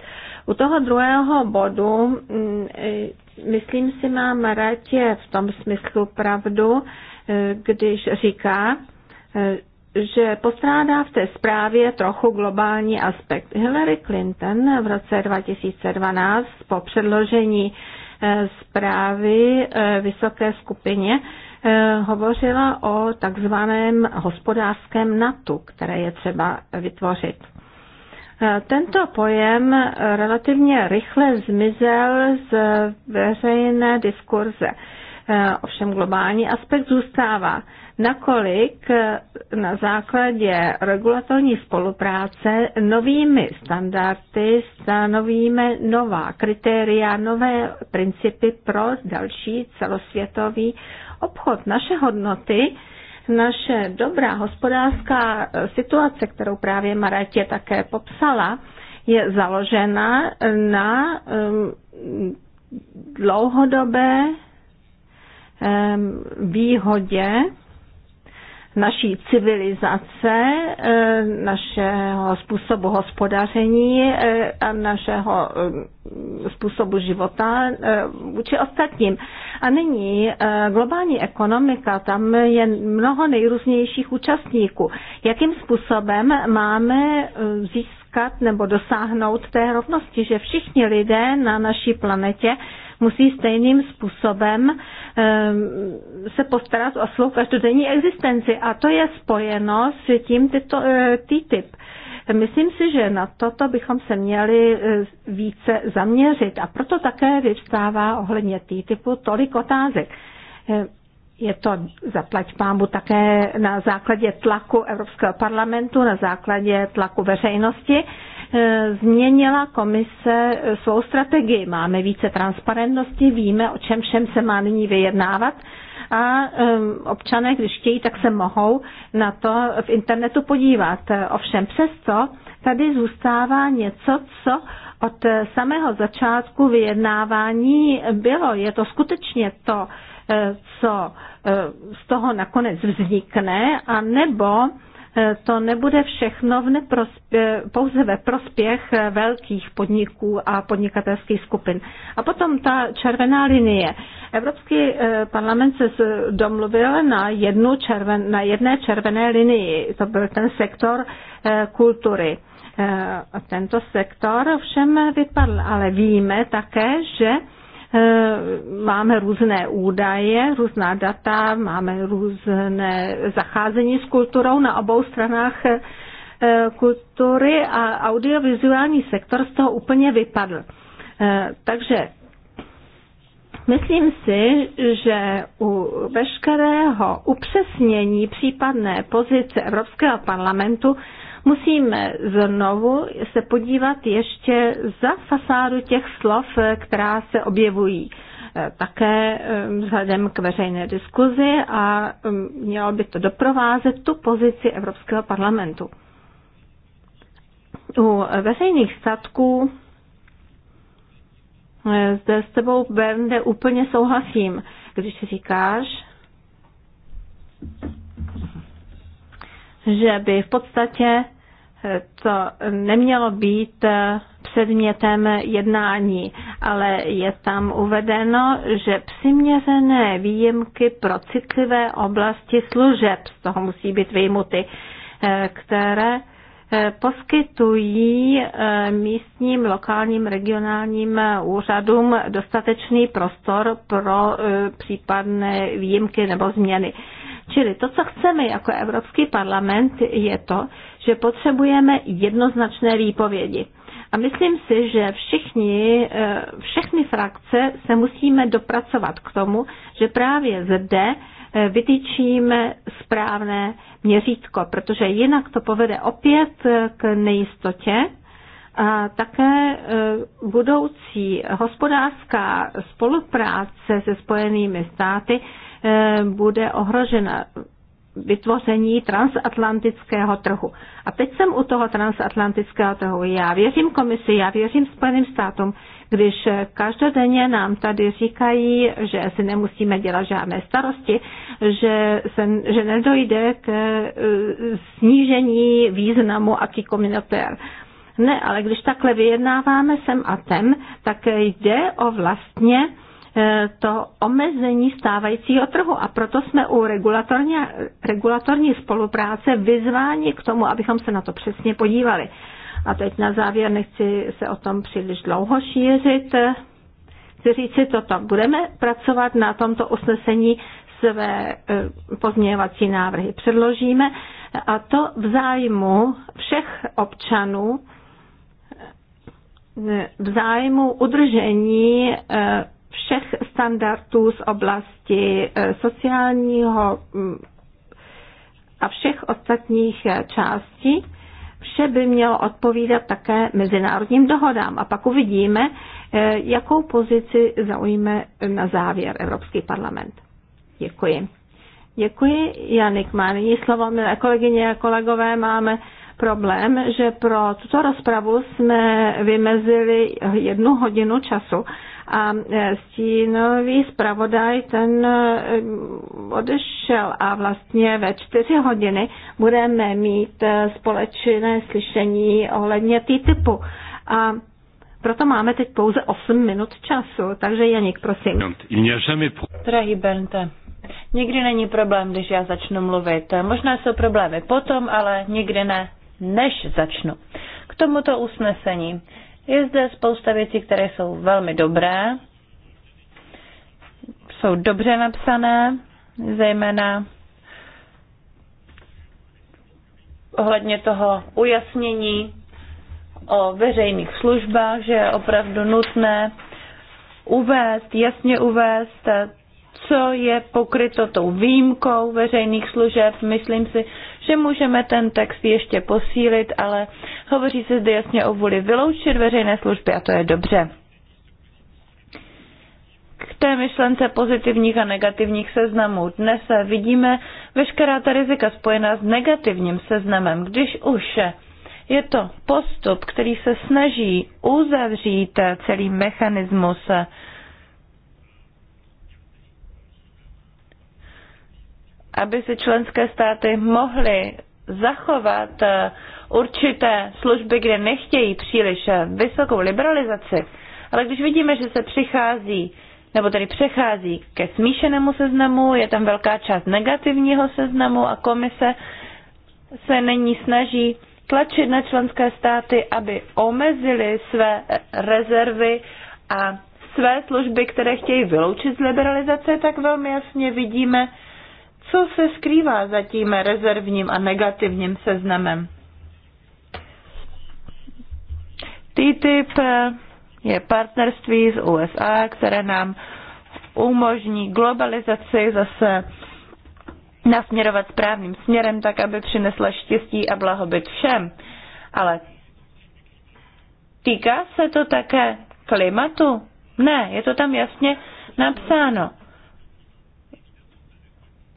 U toho druhého bodu, mm, e, myslím si, má Maratě v tom smyslu pravdu, e, když říká, e, že postrádá v té zprávě trochu globální aspekt. Hillary Clinton v roce 2012 po předložení zprávy vysoké skupině Eh, hovořila o takzvaném hospodářském natu, které je třeba vytvořit. Eh, tento pojem relativně rychle zmizel z veřejné diskurze. Eh, ovšem globální aspekt zůstává, nakolik na základě regulatorní spolupráce novými standardy stanovíme nová kritéria, nové principy pro další celosvětový obchod, naše hodnoty, naše dobrá hospodářská e, situace, kterou právě Maratě také popsala, je založena na e, dlouhodobé e, výhodě naší civilizace, eh, našeho způsobu hospodaření eh, a našeho eh, způsobu života vůči ostatním. A nyní globální ekonomika, tam je mnoho nejrůznějších účastníků. Jakým způsobem máme získat nebo dosáhnout té rovnosti, že všichni lidé na naší planetě musí stejným způsobem eh, se postarat o svou každodenní existenci. A to je spojeno s tím tyto, eh, TTIP. Myslím si, že na toto bychom se měli eh, více zaměřit a proto také vyvstává ohledně typu tolik otázek. Je to zaplať pámu také na základě tlaku Evropského parlamentu, na základě tlaku veřejnosti Eh, změnila komise eh, svou strategii. Máme více transparentnosti, víme, o čem všem se má nyní vyjednávat a ehm, občané, když chtějí, tak se mohou na to v internetu podívat. Eh, ovšem přesto tady zůstává něco, co od samého začátku vyjednávání bylo. Je to skutečně to, co z toho nakonec vznikne, a nebo Eh, to nebude všechno v neprospě, eh, pouze ve prospěch eh, velkých podniků a podnikatelských skupin. A potom ta červená linie. Evropský parlament se domluvil na, jednu červen, na jedné červené linii, to byl ten sektor kultury. Tento sektor ovšem vypadl, ale víme také, že Eh, máme různé údaje, různá data, máme různé zacházení s kulturou na obou stranách eh, kultury a audiovizuální sektor z toho úplně vypadl. Eh, takže Myslím si, že u veškerého upřesnění případné pozice Evropského parlamentu musíme znovu se podívat ještě za fasádu těch slov, eh, která se objevují eh, také eh, vzhledem k veřejné diskuzi a mm, mělo by to doprovázet tu pozici Evropského parlamentu. U veřejných statků zde s tebou, Bernde, úplně souhlasím, když říkáš, že by v podstatě eh, to nemělo být eh, předmětem jednání, ale je tam uvedeno, že přiměřené výjimky pro citlivé oblasti služeb z toho musí být výjimuty, eh, které poskytují místním, lokálním, regionálním úřadům dostatečný prostor pro případné výjimky nebo změny. Čili to, co chceme jako Evropský parlament, je to, že potřebujeme jednoznačné výpovědi. A myslím si, že všichni, eh, všechny frakce se musíme dopracovat k tomu, že právě zde eh, vytýčíme správné měřítko, protože jinak to povede opět eh, k nejistotě a také budoucí hospodářská spolupráce se Spojenými státy Eh, bude ohrožena vytvoření transatlantického trhu. A teď jsem u toho transatlantického trhu. Já věřím komisi, já věřím Spojeným státům, když každodenně nám tady říkají, že si nemusíme dělat žádné starosti, že, se, že nedojde k eh, snížení významu aký komunitér. Ne, ale když takhle vyjednáváme sem a tem, tak jde o vlastně E, to omezení stávajícího trhu a proto jsme u regulatorní, regulatorní spolupráce vyzváni k tomu, abychom se na to přesně podívali. A teď na závěr nechci se o tom příliš dlouho šířit. Chci si toto. Budeme pracovat na tomto usnesení své e, pozměňovací návrhy. Předložíme a to v zájmu všech občanů, e, v zájmu udržení všech standardů z oblasti eh, sociálního mm, a všech ostatních eh, částí. Vše by mělo odpovídat také mezinárodním dohodám. A pak uvidíme, eh, jakou pozici zaujme na závěr Evropský parlament. Děkuji. Děkuji. Janik má nyní slovo. Milé kolegyně a kolegové, máme problém, že pro tuto rozpravu jsme vymezili jednu hodinu času a e, stínový zpravodaj ten e, odešel a vlastně ve čtyři hodiny budeme mít e, společné slyšení ohledně TTIPu. A proto máme teď pouze 8 minut času, takže Janik, prosím. No, Drahý Bernte, nikdy není problém, když já začnu mluvit. Možná jsou problémy potom, ale nikdy ne, než začnu. K tomuto usnesení. Je zde spousta věcí, které jsou velmi dobré, jsou dobře napsané, zejména ohledně toho ujasnění o veřejných službách, že je opravdu nutné uvést, jasně uvést, co je pokryto tou výjimkou veřejných služeb. Myslím si, že můžeme ten text ještě posílit, ale hovoří se zde jasně o vůli vyloučit veřejné služby a to je dobře. K té myšlence pozitivních a negativních seznamů dnes vidíme veškerá ta rizika spojená s negativním seznamem, když už je to postup, který se snaží uzavřít celý mechanismus aby si členské státy mohly zachovat eh, určité služby, kde nechtějí příliš eh, vysokou liberalizaci, ale když vidíme, že se přichází nebo tedy přechází ke smíšenému seznamu, je tam velká část negativního seznamu a komise se není snaží tlačit na členské státy, aby omezili své rezervy a své služby, které chtějí vyloučit z liberalizace, tak velmi jasně vidíme, co se skrývá za tím rezervním a negativním seznamem? TTIP eh, je partnerství z USA, které nám umožní globalizaci zase nasměrovat správným směrem, tak aby přinesla štěstí a blahobyt všem. Ale týká se to také klimatu? Ne, je to tam jasně napsáno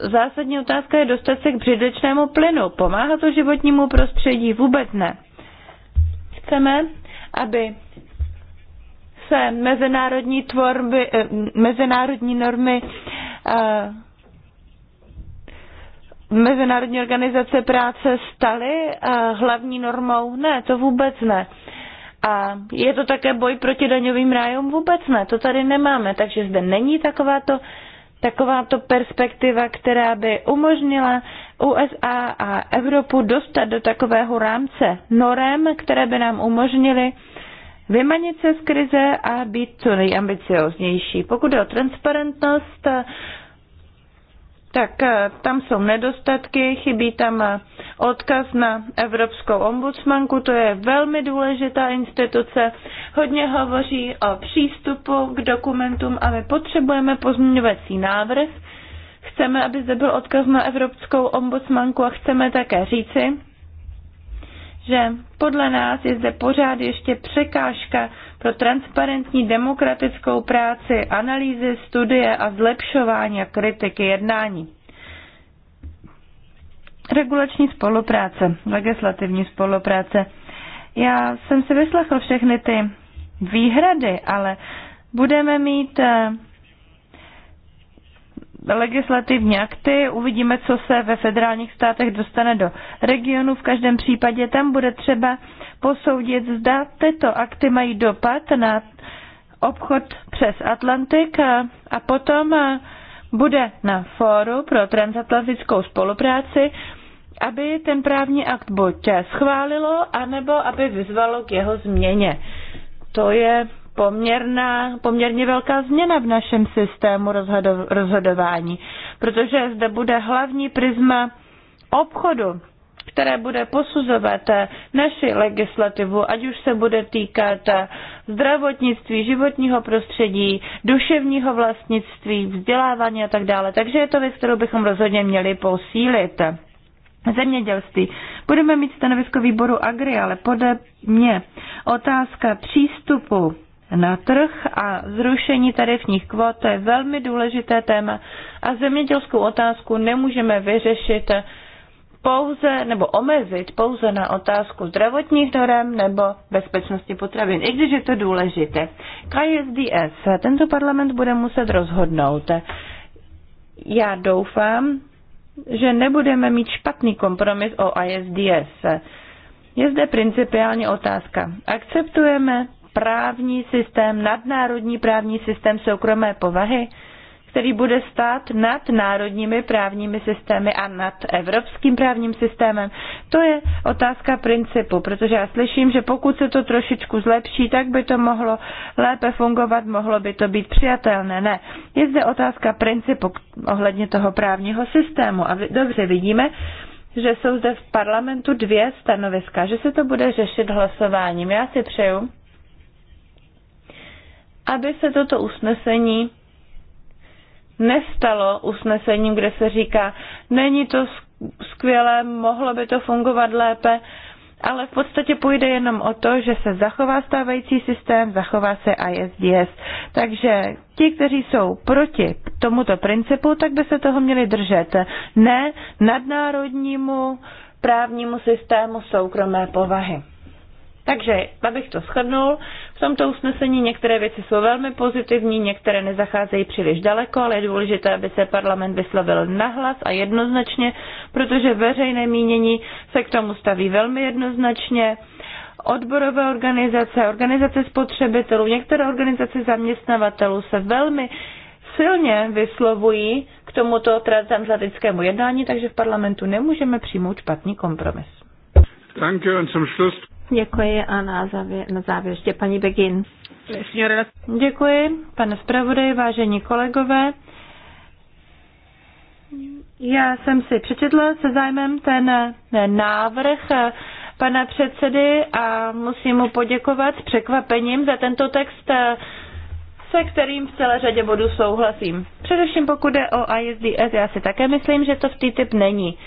zásadní otázka je dostat se k břidličnému plynu. Pomáhá to životnímu prostředí? Vůbec ne. Chceme, aby se mezinárodní, tvorby, eh, mezinárodní normy eh, Mezinárodní organizace práce staly eh, hlavní normou? Ne, to vůbec ne. A je to také boj proti daňovým rájům? Vůbec ne, to tady nemáme, takže zde není takováto takováto perspektiva, která by umožnila USA a Evropu dostat do takového rámce norem, které by nám umožnily vymanit se z krize a být co nejambicioznější. Pokud je o transparentnost, tak eh, tam jsou nedostatky, chybí tam eh, odkaz na Evropskou ombudsmanku, to je velmi důležitá instituce, hodně hovoří o přístupu k dokumentům a my potřebujeme pozměňovací návrh. Chceme, aby zde byl odkaz na Evropskou ombudsmanku a chceme také říci, že podle nás je zde pořád ještě překážka pro transparentní demokratickou práci, analýzy, studie a zlepšování a kritiky jednání. Regulační spolupráce, legislativní spolupráce. Já jsem si vyslechl všechny ty výhrady, ale budeme mít eh, legislativní akty, uvidíme, co se ve federálních státech dostane do regionu. V každém případě tam bude třeba posoudit, zda tyto akty mají dopad na obchod přes Atlantik a, a potom bude na fóru pro transatlantickou spolupráci, aby ten právní akt buď schválilo, anebo aby vyzvalo k jeho změně. To je poměrná, poměrně velká změna v našem systému rozhodov, rozhodování, protože zde bude hlavní prisma obchodu, které bude posuzovat eh, naši legislativu, ať už se bude týkat eh, zdravotnictví, životního prostředí, duševního vlastnictví, vzdělávání a tak dále. Takže je to věc, kterou bychom rozhodně měli posílit. Zemědělství. Budeme mít stanovisko výboru Agri, ale podle mě otázka přístupu na trh a zrušení tarifních kvot to je velmi důležité téma a zemědělskou otázku nemůžeme vyřešit pouze nebo omezit pouze na otázku zdravotních norem nebo bezpečnosti potravin, i když je to důležité. KSDS, tento parlament bude muset rozhodnout. Já doufám, že nebudeme mít špatný kompromis o ISDS. Je zde principiálně otázka. Akceptujeme právní systém, nadnárodní právní systém soukromé povahy, který bude stát nad národními právními systémy a nad evropským právním systémem? To je otázka principu, protože já slyším, že pokud se to trošičku zlepší, tak by to mohlo lépe fungovat, mohlo by to být přijatelné. Ne, je zde otázka principu ohledně toho právního systému. A dobře vidíme, že jsou zde v parlamentu dvě stanoviska, že se to bude řešit hlasováním. Já si přeju, aby se toto usnesení nestalo usnesením, kde se říká, není to skvělé, mohlo by to fungovat lépe, ale v podstatě půjde jenom o to, že se zachová stávající systém, zachová se ISDS. Takže ti, kteří jsou proti tomuto principu, tak by se toho měli držet. Ne nadnárodnímu právnímu systému soukromé povahy. Takže, abych to shodnul, tomto usnesení některé věci jsou velmi pozitivní, některé nezacházejí příliš daleko, ale je důležité, aby se parlament vyslovil nahlas a jednoznačně, protože veřejné mínění se k tomu staví velmi jednoznačně. Odborové organizace, organizace spotřebitelů, některé organizace zaměstnavatelů se velmi silně vyslovují k tomuto transatlantickému jednání, takže v parlamentu nemůžeme přijmout špatný kompromis. Danke und zum Schluss Děkuji a na závěr, na závěr ještě paní Begin. Děkuji, pane zpravodaj, vážení kolegové. Já jsem si přečetla se zájmem ten návrh pana předsedy a musím mu poděkovat s překvapením za tento text se kterým v celé řadě bodů souhlasím. Především pokud jde o ISDS, já si také myslím, že to v TTIP není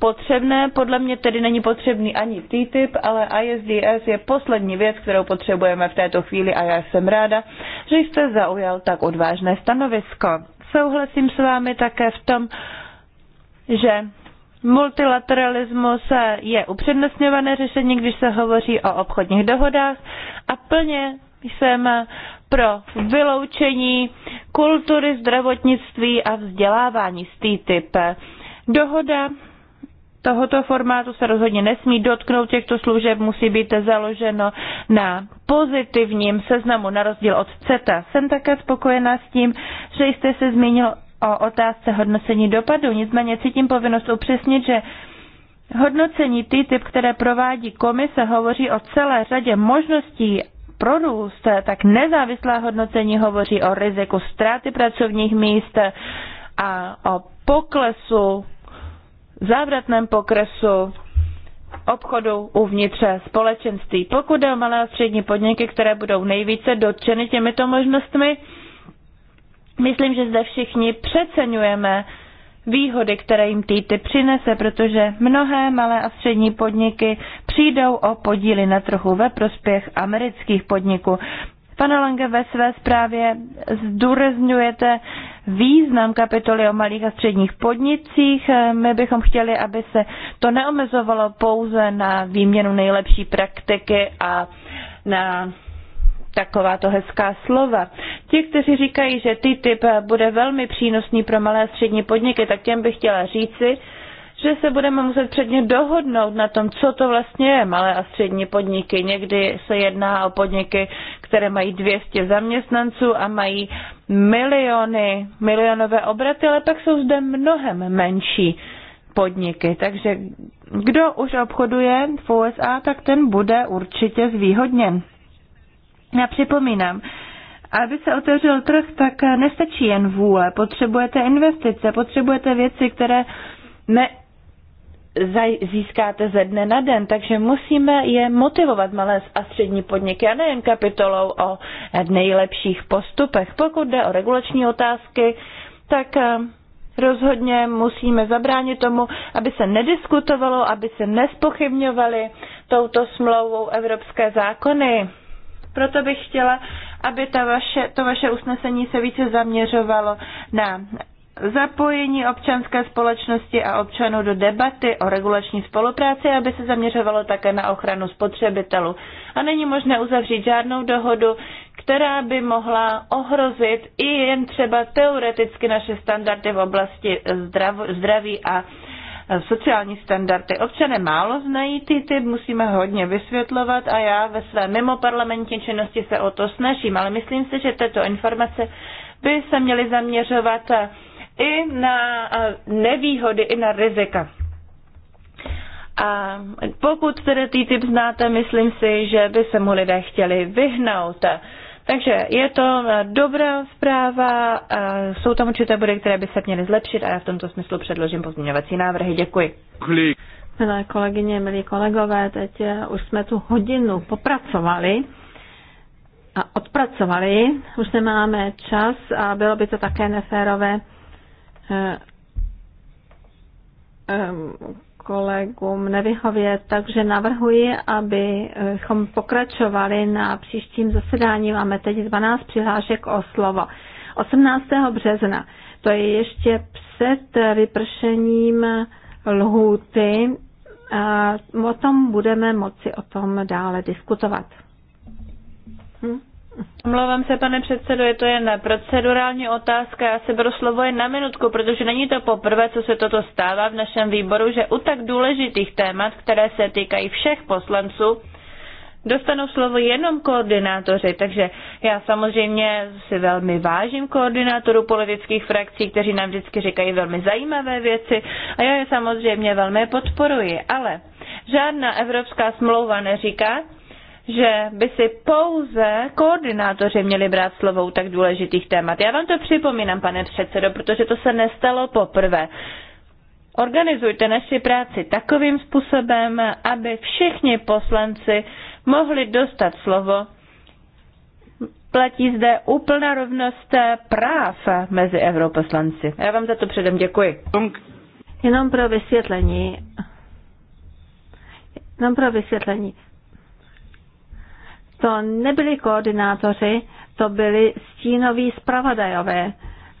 potřebné. Podle mě tedy není potřebný ani TTIP, ale ISDS je poslední věc, kterou potřebujeme v této chvíli a já jsem ráda, že jste zaujal tak odvážné stanovisko. Souhlasím s vámi také v tom, že multilateralismus je upřednostňované řešení, když se hovoří o obchodních dohodách a plně jsem pro vyloučení kultury, zdravotnictví a vzdělávání z TTIP. Dohoda tohoto formátu se rozhodně nesmí dotknout těchto služeb, musí být založeno na pozitivním seznamu na rozdíl od CETA. Jsem také spokojená s tím, že jste se zmínil o otázce hodnocení dopadu, nicméně cítím povinnost upřesnit, že hodnocení TTIP, které provádí komise, hovoří o celé řadě možností prorůst, tak nezávislá hodnocení hovoří o riziku ztráty pracovních míst a o poklesu, závratném pokresu obchodu uvnitř společenství. Pokud jde o malé a střední podniky, které budou nejvíce dotčeny těmito možnostmi, myslím, že zde všichni přeceňujeme výhody, které jim TTIP přinese, protože mnohé malé a střední podniky přijdou o podíly na trhu ve prospěch amerických podniků. Pane Lange, ve své zprávě zdůrazňujete význam kapitoly o malých a středních podnicích. My bychom chtěli, aby se to neomezovalo pouze na výměnu nejlepší praktiky a na takováto hezká slova. Ti, kteří říkají, že TTIP eh, bude velmi přínosný pro malé a střední podniky, tak těm bych chtěla říci, že se budeme muset předně dohodnout na tom, co to vlastně je malé a střední podniky. Někdy se jedná o podniky, které mají 200 zaměstnanců a mají miliony, milionové obraty, ale pak jsou zde mnohem menší podniky. Takže kdo už obchoduje v USA, tak ten bude určitě zvýhodněn. Já připomínám, aby se otevřel trh, tak nestačí jen vůle. Potřebujete investice, potřebujete věci, které ne, získáte ze dne na den, takže musíme je motivovat malé a střední podniky a nejen kapitolou o nejlepších postupech. Pokud jde o regulační otázky, tak eh, rozhodně musíme zabránit tomu, aby se nediskutovalo, aby se nespochybňovaly touto smlouvou evropské zákony. Proto bych chtěla, aby ta vaše, to vaše usnesení se více zaměřovalo na zapojení občanské společnosti a občanů do debaty o regulační spolupráci, aby se zaměřovalo také na ochranu spotřebitelů. A není možné uzavřít žádnou dohodu, která by mohla ohrozit i jen třeba teoreticky naše standardy v oblasti zdrav, zdraví a sociální standardy. Občané málo znají ty TTIP, musíme hodně vysvětlovat a já ve své mimo parlamentní činnosti se o to snažím, ale myslím si, že tyto informace by se měly zaměřovat i na nevýhody, i na rizika. A pokud tedy ty typ znáte, myslím si, že by se mu lidé chtěli vyhnout. Takže je to eh, dobrá zpráva, eh, jsou tam určité body, které by se měly zlepšit a já v tomto smyslu předložím pozměňovací návrhy. Děkuji. Klik. Milé kolegyně, milí kolegové, teď eh, už jsme tu hodinu popracovali a odpracovali, už nemáme čas a bylo by to také neférové kolegům nevyhovět, takže navrhuji, abychom pokračovali na příštím zasedání. Máme teď 12 přihlášek o slovo. 18. března, to je ještě před vypršením lhůty, a o tom budeme moci o tom dále diskutovat. Omlouvám se, pane předsedo, je to jen procedurální otázka. Já se beru slovo jen na minutku, protože není to poprvé, co se toto stává v našem výboru, že u tak důležitých témat, které se týkají všech poslanců, dostanou slovo jenom koordinátoři. Takže já samozřejmě si velmi vážím koordinátorů politických frakcí, kteří nám vždycky říkají velmi zajímavé věci a já je samozřejmě velmi podporuji. Ale žádná evropská smlouva neříká, že by si pouze koordinátoři měli brát slovo tak důležitých témat. Já vám to připomínám, pane předsedo, protože to se nestalo poprvé. Organizujte naši práci takovým způsobem, aby všichni poslanci mohli dostat slovo. Platí zde úplná rovnost práv mezi europoslanci. Já vám za to předem děkuji. Jenom pro vysvětlení. Jenom pro vysvětlení. To nebyli koordinátoři, to byli stínoví zpravodajové.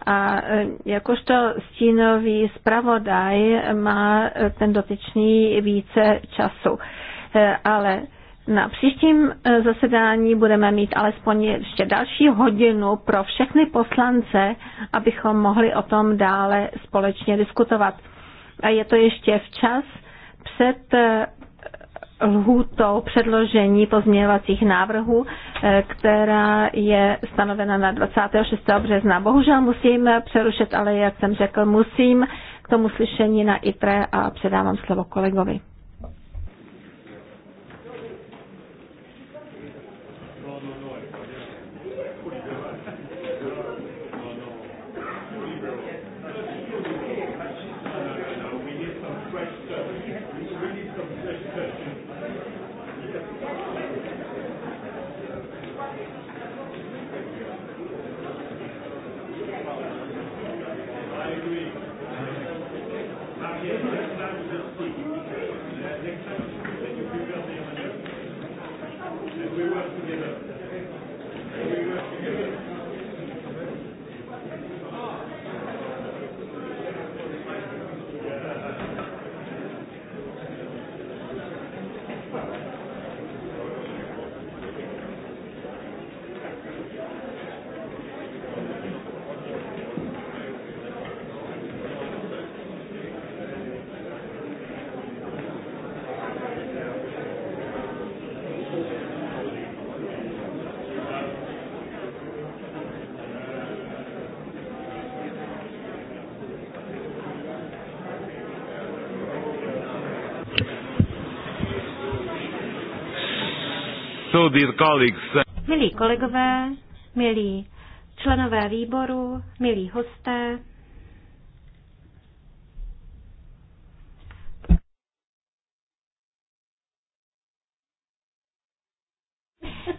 A e, jakožto stínový zpravodaj má e, ten dotyčný více času. E, ale na příštím zasedání budeme mít alespoň ještě další hodinu pro všechny poslance, abychom mohli o tom dále společně diskutovat. A je to ještě včas před lhůtou předložení pozměňovacích návrhů, eh, která je stanovena na 26. března. Bohužel musím přerušit, ale jak jsem řekl, musím k tomu slyšení na ITRE a předávám slovo kolegovi. Milí kolegové, milí členové výboru, milí hosté,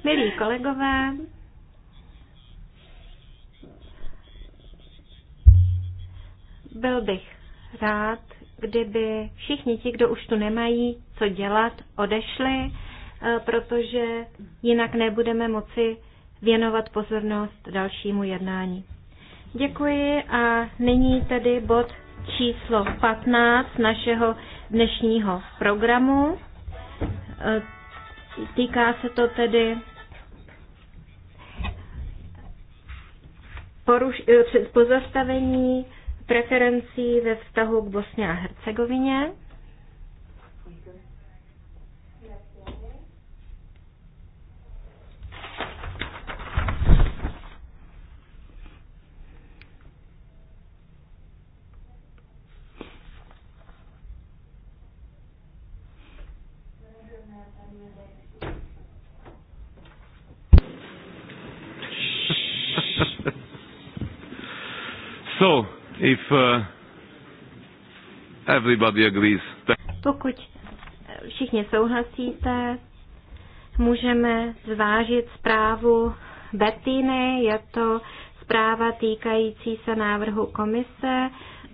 milí kolegové, byl bych rád, kdyby všichni ti, kdo už tu nemají co dělat, odešli Eh, protože jinak nebudeme moci věnovat pozornost dalšímu jednání. Děkuji a nyní tedy bod číslo 15 našeho dnešního programu. Eh, týká se to tedy poruš, eh, pozastavení preferencí ve vztahu k Bosně a Hercegovině. Uh, everybody agrees. Pokud všichni souhlasíte, můžeme zvážit zprávu Bettiny. Je to zpráva týkající se návrhu komise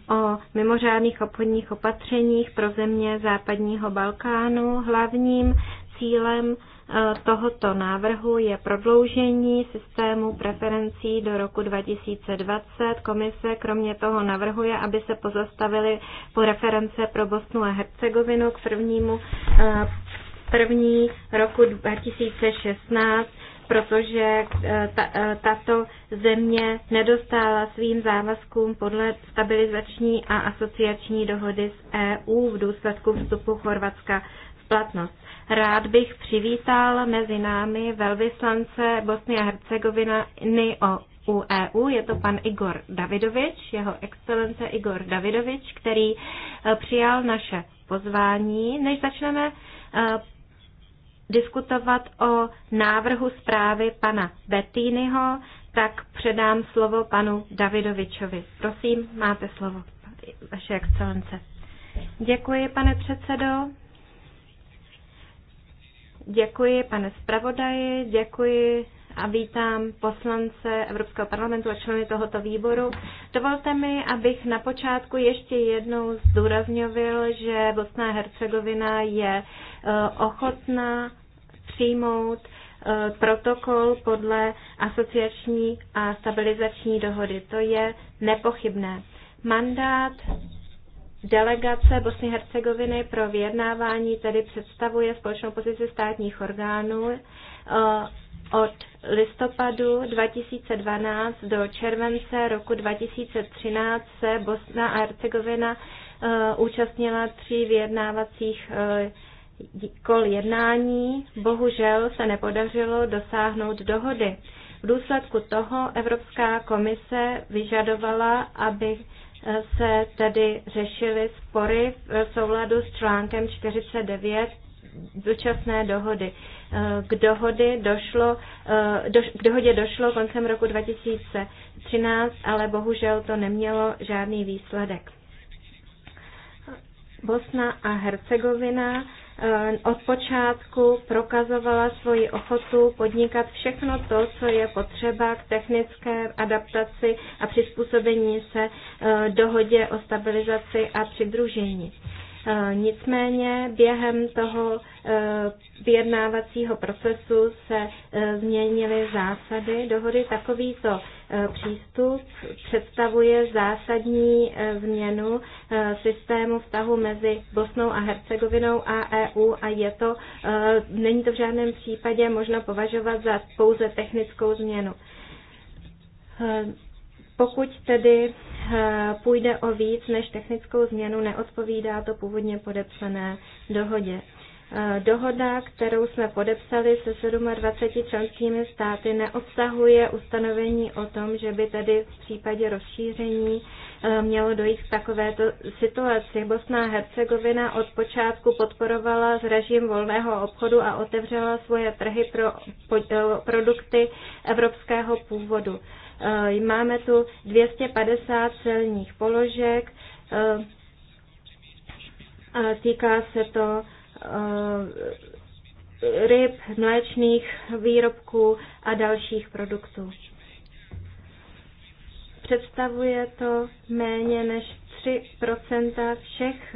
o mimořádných obchodních opatřeních pro země západního Balkánu. Hlavním cílem Eh, tohoto návrhu je prodloužení systému preferencí do roku 2020. Komise kromě toho navrhuje, aby se po reference pro Bosnu a Hercegovinu k prvnímu eh, první roku 2016 protože eh, tato země nedostála svým závazkům podle stabilizační a asociační dohody s EU v důsledku vstupu Chorvatska platnost. Rád bych přivítal mezi námi velvyslance Bosny a Hercegoviny u EU. Je to pan Igor Davidovič, jeho excelence Igor Davidovič, který e, přijal naše pozvání. Než začneme e, diskutovat o návrhu zprávy pana Bettýnyho, tak předám slovo panu Davidovičovi. Prosím, máte slovo, vaše excelence. Děkuji, pane předsedo. Děkuji, pane zpravodaji, děkuji a vítám poslance Evropského parlamentu a členy tohoto výboru. Dovolte mi, abych na počátku ještě jednou zdůrazňovil, že Bosna a Hercegovina je e, ochotná přijmout e, protokol podle asociační a stabilizační dohody. To je nepochybné. Mandát Delegace Bosny Hercegoviny pro vyjednávání tedy představuje společnou pozici státních orgánů eh, od listopadu 2012 do července roku 2013 se Bosna a Hercegovina eh, účastnila tří vyjednávacích eh, kol jednání. Bohužel se nepodařilo dosáhnout dohody. V důsledku toho Evropská komise vyžadovala, aby se tedy řešily spory v souladu s článkem 49 dočasné dohody. K, dohody došlo, eh, k dohodě došlo koncem roku 2013, ale bohužel to nemělo žádný výsledek. Bosna a Hercegovina Eh, od počátku prokazovala svoji ochotu podnikat všechno to, co je potřeba k technické adaptaci a přizpůsobení se eh, dohodě o stabilizaci a přidružení. Nicméně během toho e, vyjednávacího procesu se e, změnily zásady dohody. Takovýto e, přístup představuje zásadní změnu systému vztahu mezi Bosnou a Hercegovinou a EU a je to, není to v žádném případě možno považovat za pouze technickou změnu. Pokud tedy eh, půjde o víc než technickou změnu, neodpovídá to původně podepsané dohodě. Eh, dohoda, kterou jsme podepsali se 27 členskými státy, neobsahuje ustanovení o tom, že by tedy v případě rozšíření eh, mělo dojít k takovéto situaci. Bosná Hercegovina od počátku podporovala režim volného obchodu a otevřela svoje trhy pro produkty evropského původu. Eh, máme tu 250 celních položek, eh, eh, týká se to ryb, mléčných výrobků a dalších produktů. Představuje to méně než 3 všech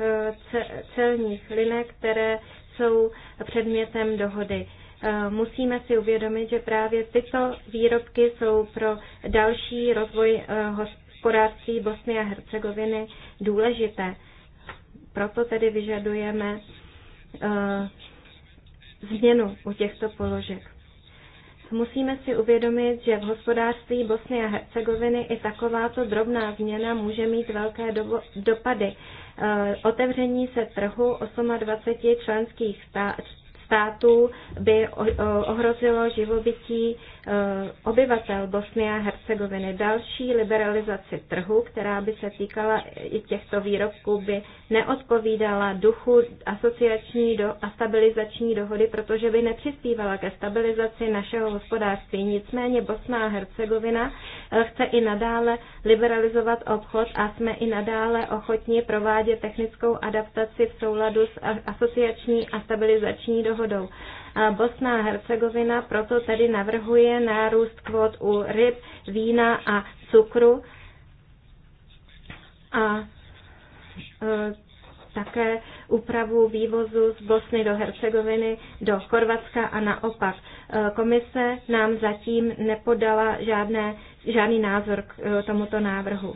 celních linek, které jsou předmětem dohody. Eh, musíme si uvědomit, že právě tyto výrobky jsou pro další rozvoj eh, hospodářství Bosny a Hercegoviny důležité. Proto tedy vyžadujeme eh, změnu u těchto položek. Musíme si uvědomit, že v hospodářství Bosny a Hercegoviny i takováto drobná změna může mít velké do, dopady. E, otevření se trhu 28 členských stá, států by ohrozilo živobytí Eh, obyvatel Bosny a Hercegoviny. Další liberalizaci trhu, která by se týkala i těchto výrobků, by neodpovídala duchu asociační do, a stabilizační dohody, protože by nepřispívala ke stabilizaci našeho hospodářství. Nicméně Bosna a Hercegovina eh, chce i nadále liberalizovat obchod a jsme i nadále ochotni provádět technickou adaptaci v souladu s asociační a stabilizační dohodou. Bosna a Hercegovina proto tedy navrhuje nárůst kvot u ryb, vína a cukru. A e, také úpravu vývozu z Bosny do Hercegoviny do Chorvatska a naopak. E, komise nám zatím nepodala žádné, žádný názor k e, tomuto návrhu.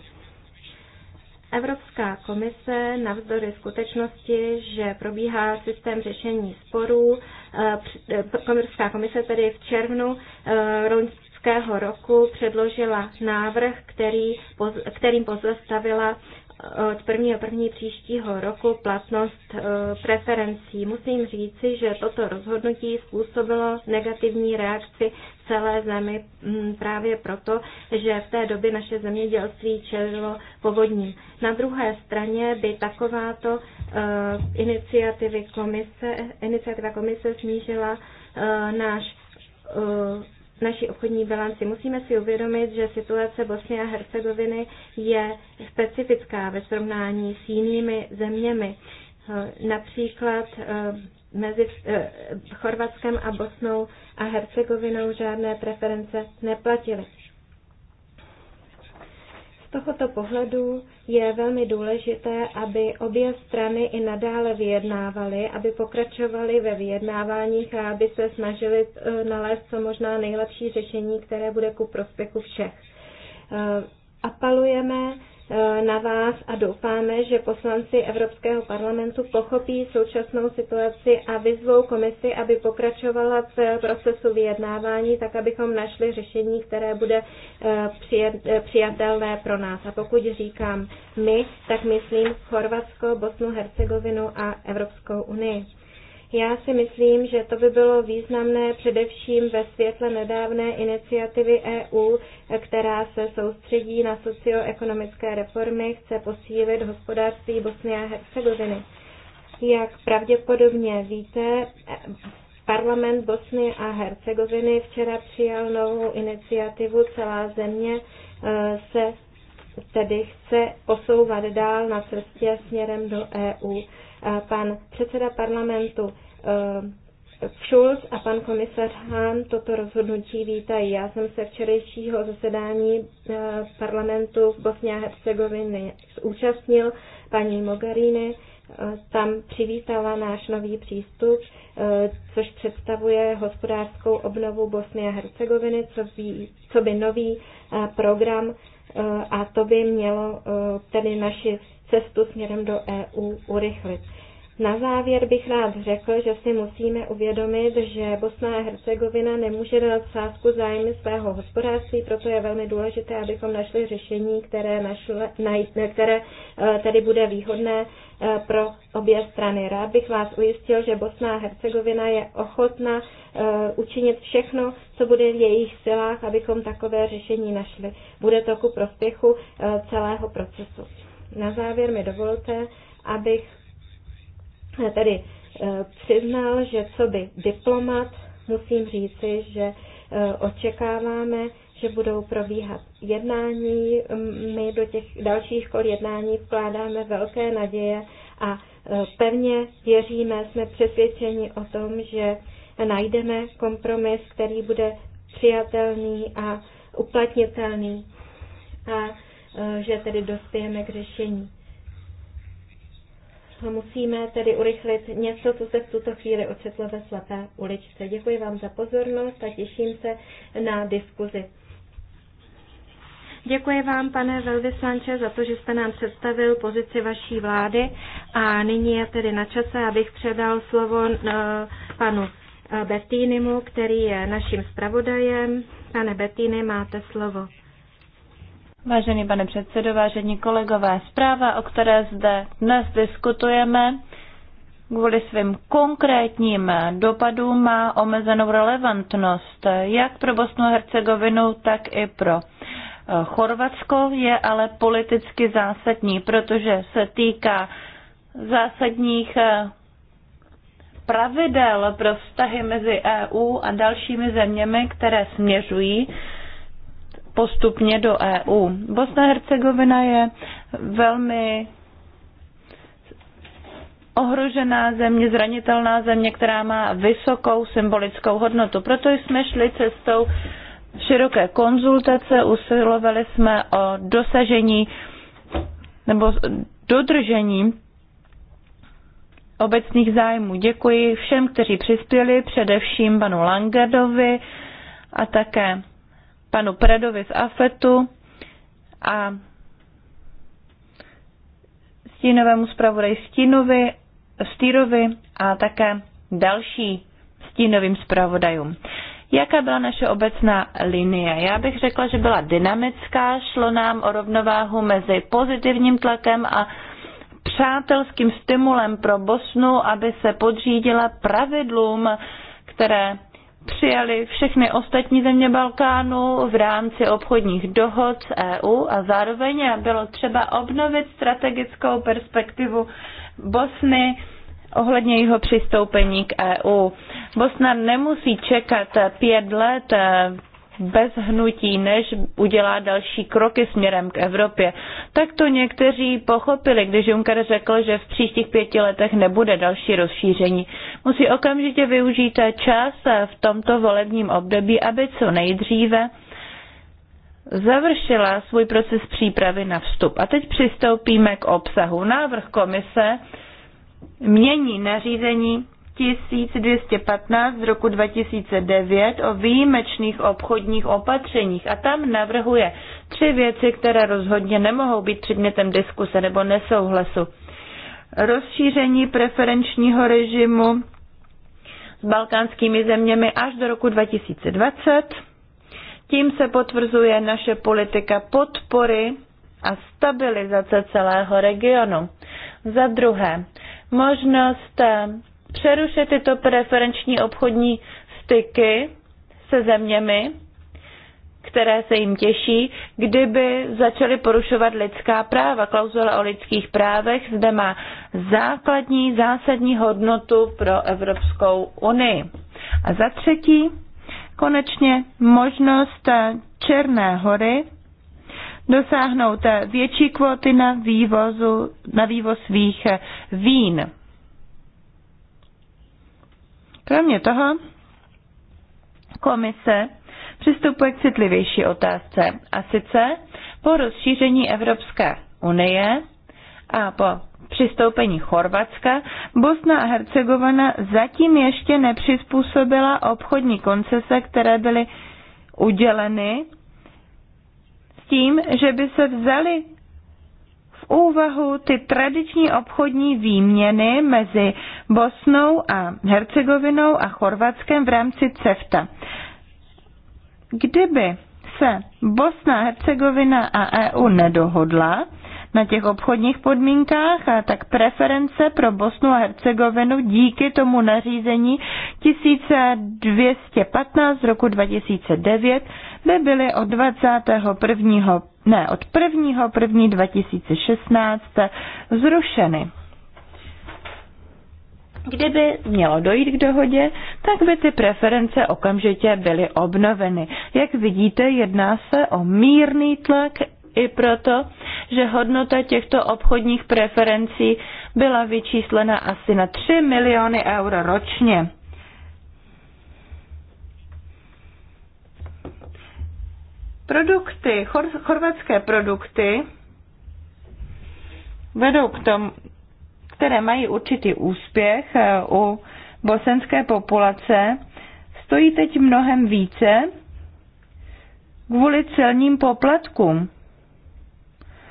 Evropská komise navzdory skutečnosti, že probíhá systém řešení sporů, eh, Evropská komise tedy v červnu eh, loňského roku předložila návrh, který, kterým pozastavila od 1. první příštího roku platnost eh, preferencí. Musím říci, že toto rozhodnutí způsobilo negativní reakci v celé zemi mm, právě proto, že v té době naše zemědělství čelilo povodním. Na druhé straně by takováto eh, iniciativy komise, iniciativa komise snížila eh, náš naší obchodní bilanci. Musíme si uvědomit, že situace Bosny a Hercegoviny je specifická ve srovnání s jinými zeměmi. Eh, například eh, mezi eh, Chorvatskem a Bosnou a Hercegovinou žádné preference neplatily tohoto pohledu je velmi důležité, aby obě strany i nadále vyjednávaly, aby pokračovaly ve vyjednáváních a aby se snažili eh, nalézt co možná nejlepší řešení, které bude ku prospěchu všech. Eh, apelujeme E, na vás a doufáme, že poslanci Evropského parlamentu pochopí současnou situaci a vyzvou komisi, aby pokračovala v procesu vyjednávání, tak abychom našli řešení, které bude e, e, přijatelné pro nás. A pokud říkám my, tak myslím Chorvatsko, Bosnu, Hercegovinu a Evropskou unii. Já si myslím, že to by bylo významné především ve světle nedávné iniciativy EU, která se soustředí na socioekonomické reformy, chce posílit hospodářství Bosny a Hercegoviny. Jak pravděpodobně víte, parlament Bosny a Hercegoviny včera přijal novou iniciativu Celá země eh, se tedy chce posouvat dál na cestě směrem do EU. Pan předseda parlamentu eh, Schulz a pan komisař Hahn toto rozhodnutí vítají. Já jsem se včerejšího zasedání eh, parlamentu v Bosně a Hercegovině zúčastnil. Paní Mogherini eh, tam přivítala náš nový přístup, což představuje hospodářskou obnovu Bosny a Hercegoviny, co, by, co by nový program a to by mělo tedy naši cestu směrem do EU urychlit. Na závěr bych rád řekl, že si musíme uvědomit, že Bosna a Hercegovina nemůže dát sázku zájmy svého hospodářství, proto je velmi důležité, abychom našli řešení, které, našle, naj, které eh, tedy bude výhodné eh, pro obě strany. Rád bych vás ujistil, že Bosna a Hercegovina je ochotna eh, učinit všechno, co bude v jejich silách, abychom takové řešení našli. Bude to ku prospěchu celého procesu na závěr mi dovolte, abych eh, tedy eh, přiznal, že co by diplomat, musím říci, že eh, očekáváme, že budou probíhat jednání. My do těch dalších kol jednání vkládáme velké naděje a pevně věříme, jsme přesvědčeni o tom, že najdeme kompromis, který bude přijatelný a uplatnitelný. A Eh, že tedy dospějeme k řešení. Musíme tedy urychlit něco, co se v tuto chvíli ocitlo ve slepé uličce. Děkuji vám za pozornost a těším se na diskuzi. Děkuji vám, pane velvyslanče, za to, že jste nám představil pozici vaší vlády. A nyní je tedy na čase, abych předal slovo eh, panu eh, Bettinimu, který je naším zpravodajem. Pane Bettini, máte slovo. Vážený pane předsedo, vážení kolegové, zpráva, o které zde dnes diskutujeme, kvůli svým konkrétním dopadům má omezenou relevantnost jak pro Bosnu a Hercegovinu, tak i pro eh, Chorvatsko. Je ale politicky zásadní, protože se týká zásadních eh, pravidel pro vztahy mezi EU a dalšími zeměmi, které směřují postupně do EU. Bosna a Hercegovina je velmi ohrožená země, zranitelná země, která má vysokou symbolickou hodnotu. Proto jsme šli cestou široké konzultace, usilovali jsme o dosažení nebo dodržení obecných zájmů. Děkuji všem, kteří přispěli, především panu Langardovi a také panu Predovi z AFETu a stínovému zpravodaji Stínovi, Stýrovi a také další stínovým zpravodajům. Jaká byla naše obecná linie? Já bych řekla, že byla dynamická, šlo nám o rovnováhu mezi pozitivním tlakem a přátelským stimulem pro Bosnu, aby se podřídila pravidlům, které přijali všechny ostatní země Balkánu v rámci obchodních dohod s EU a zároveň bylo třeba obnovit strategickou perspektivu Bosny ohledně jeho přistoupení k EU. Bosna nemusí čekat pět let bez hnutí, než udělá další kroky směrem k Evropě. Tak to někteří pochopili, když Juncker řekl, že v příštích pěti letech nebude další rozšíření. Musí okamžitě využít čas v tomto volebním období, aby co nejdříve završila svůj proces přípravy na vstup. A teď přistoupíme k obsahu. Návrh komise mění nařízení 1215 z roku 2009 o výjimečných obchodních opatřeních a tam navrhuje tři věci, které rozhodně nemohou být předmětem diskuse nebo nesouhlasu. Rozšíření preferenčního režimu s balkánskými zeměmi až do roku 2020. Tím se potvrzuje naše politika podpory a stabilizace celého regionu. Za druhé, možnost přerušit tyto preferenční obchodní styky se zeměmi, které se jim těší, kdyby začaly porušovat lidská práva. Klauzula o lidských právech zde má základní, zásadní hodnotu pro Evropskou unii. A za třetí, konečně možnost Černé hory dosáhnout větší kvóty na, vývozu, na vývoz svých vín. Kromě toho komise přistupuje k citlivější otázce, a sice po rozšíření Evropské unie a po přistoupení Chorvatska Bosna a Hercegovina zatím ještě nepřizpůsobila obchodní koncese, které byly uděleny s tím, že by se vzali úvahu ty tradiční obchodní výměny mezi Bosnou a Hercegovinou a Chorvatskem v rámci CEFTA. Kdyby se Bosna, Hercegovina a EU nedohodla na těch obchodních podmínkách, a tak preference pro Bosnu a Hercegovinu díky tomu nařízení 1215 z roku 2009 by byly od 21 ne, od 1. 1. 2016 zrušeny. Kdyby mělo dojít k dohodě, tak by ty preference okamžitě byly obnoveny. Jak vidíte, jedná se o mírný tlak i proto, že hodnota těchto obchodních preferencí byla vyčíslena asi na 3 miliony euro ročně. Produkty, chor, chorvatské produkty vedou k tomu, které mají určitý úspěch eh, u bosenské populace, stojí teď mnohem více kvůli celním poplatkům,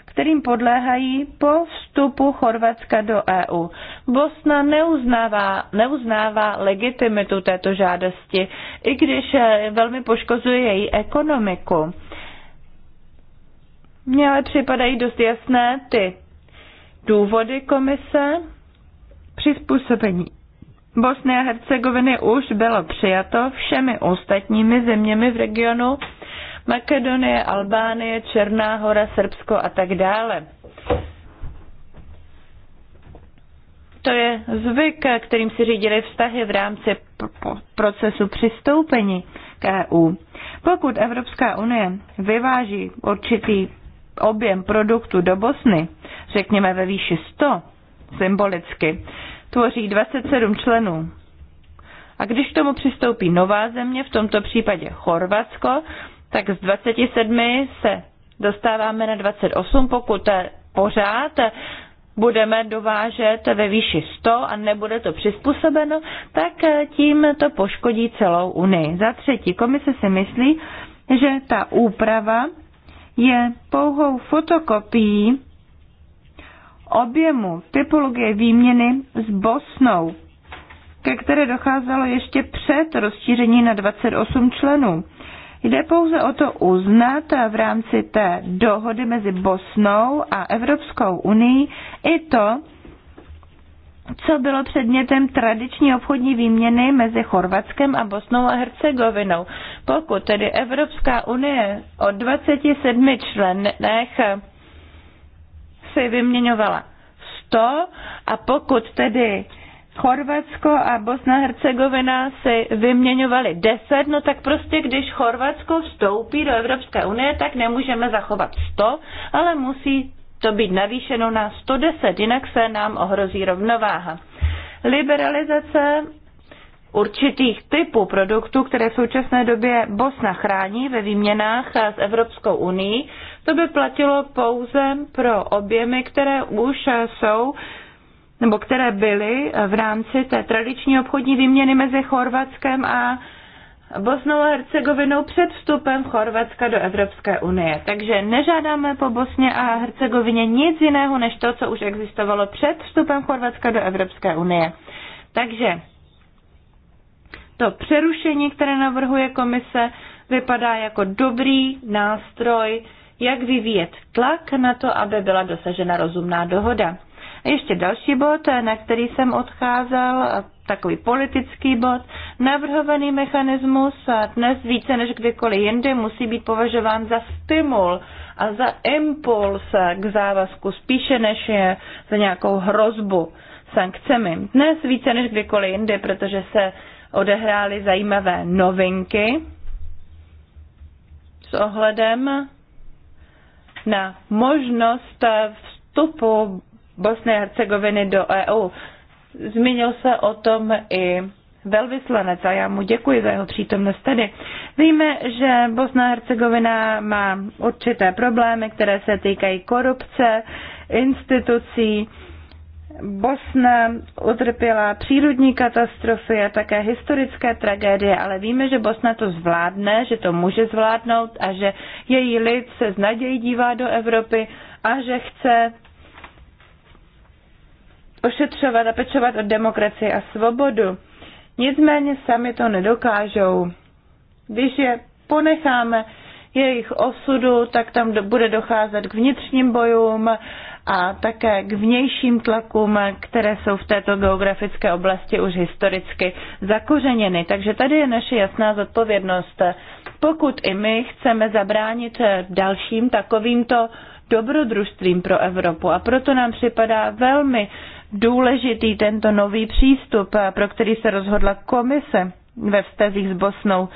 kterým podléhají po vstupu Chorvatska do EU. Bosna neuznává, neuznává legitimitu této žádosti, i když eh, velmi poškozuje její ekonomiku. Mně ale připadají dost jasné ty důvody komise přizpůsobení. Bosny a Hercegoviny už bylo přijato všemi ostatními zeměmi v regionu, Makedonie, Albánie, Černá hora, Srbsko a tak dále. To je zvyk, kterým si řídili vztahy v rámci procesu přistoupení k EU. Pokud Evropská unie vyváží určitý objem produktu do Bosny, řekněme ve výši 100, symbolicky, tvoří 27 členů. A když k tomu přistoupí nová země, v tomto případě Chorvatsko, tak z 27 se dostáváme na 28, pokud pořád budeme dovážet ve výši 100 a nebude to přizpůsobeno, tak tím to poškodí celou Unii. Za třetí, komise si myslí, že ta úprava je pouhou fotokopií objemu typologie výměny s Bosnou, ke které docházelo ještě před rozšíření na 28 členů. Jde pouze o to uznat v rámci té dohody mezi Bosnou a Evropskou unii i to, co bylo předmětem tradiční obchodní výměny mezi Chorvatskem a Bosnou a Hercegovinou. Pokud tedy Evropská unie o 27 členech si vyměňovala 100 a pokud tedy Chorvatsko a Bosna Hercegovina si vyměňovali 10, no tak prostě když Chorvatsko vstoupí do Evropské unie, tak nemůžeme zachovat 100, ale musí to být navýšeno na 110, jinak se nám ohrozí rovnováha. Liberalizace určitých typů produktů, které v současné době Bosna chrání ve výměnách s Evropskou unii, to by platilo pouze pro objemy, které už jsou nebo které byly v rámci té tradiční obchodní výměny mezi Chorvatskem a Bosnou a Hercegovinou před vstupem Chorvatska do Evropské unie. Takže nežádáme po Bosně a Hercegovině nic jiného, než to, co už existovalo před vstupem Chorvatska do Evropské unie. Takže to přerušení, které navrhuje komise, vypadá jako dobrý nástroj, jak vyvíjet tlak na to, aby byla dosažena rozumná dohoda ještě další bod, na který jsem odcházel, takový politický bod. Navrhovaný mechanismus dnes více než kdykoliv jindy musí být považován za stimul a za impuls k závazku, spíše než je za nějakou hrozbu sankcemi. Dnes více než kdykoliv jindy, protože se odehrály zajímavé novinky s ohledem na možnost vstupu Bosny a Hercegoviny do EU. Zmínil se o tom i velvyslanec a já mu děkuji za jeho přítomnost tady. Víme, že Bosna a Hercegovina má určité problémy, které se týkají korupce, institucí. Bosna utrpěla přírodní katastrofy a také historické tragédie, ale víme, že Bosna to zvládne, že to může zvládnout a že její lid se s nadějí dívá do Evropy a že chce ošetřovat a pečovat o demokracii a svobodu. Nicméně sami to nedokážou. Když je ponecháme jejich osudu, tak tam bude docházet k vnitřním bojům a také k vnějším tlakům, které jsou v této geografické oblasti už historicky zakořeněny. Takže tady je naše jasná zodpovědnost. Pokud i my chceme zabránit dalším takovýmto dobrodružstvím pro Evropu a proto nám připadá velmi důležitý tento nový přístup, eh, pro který se rozhodla komise ve vztazích s Bosnou,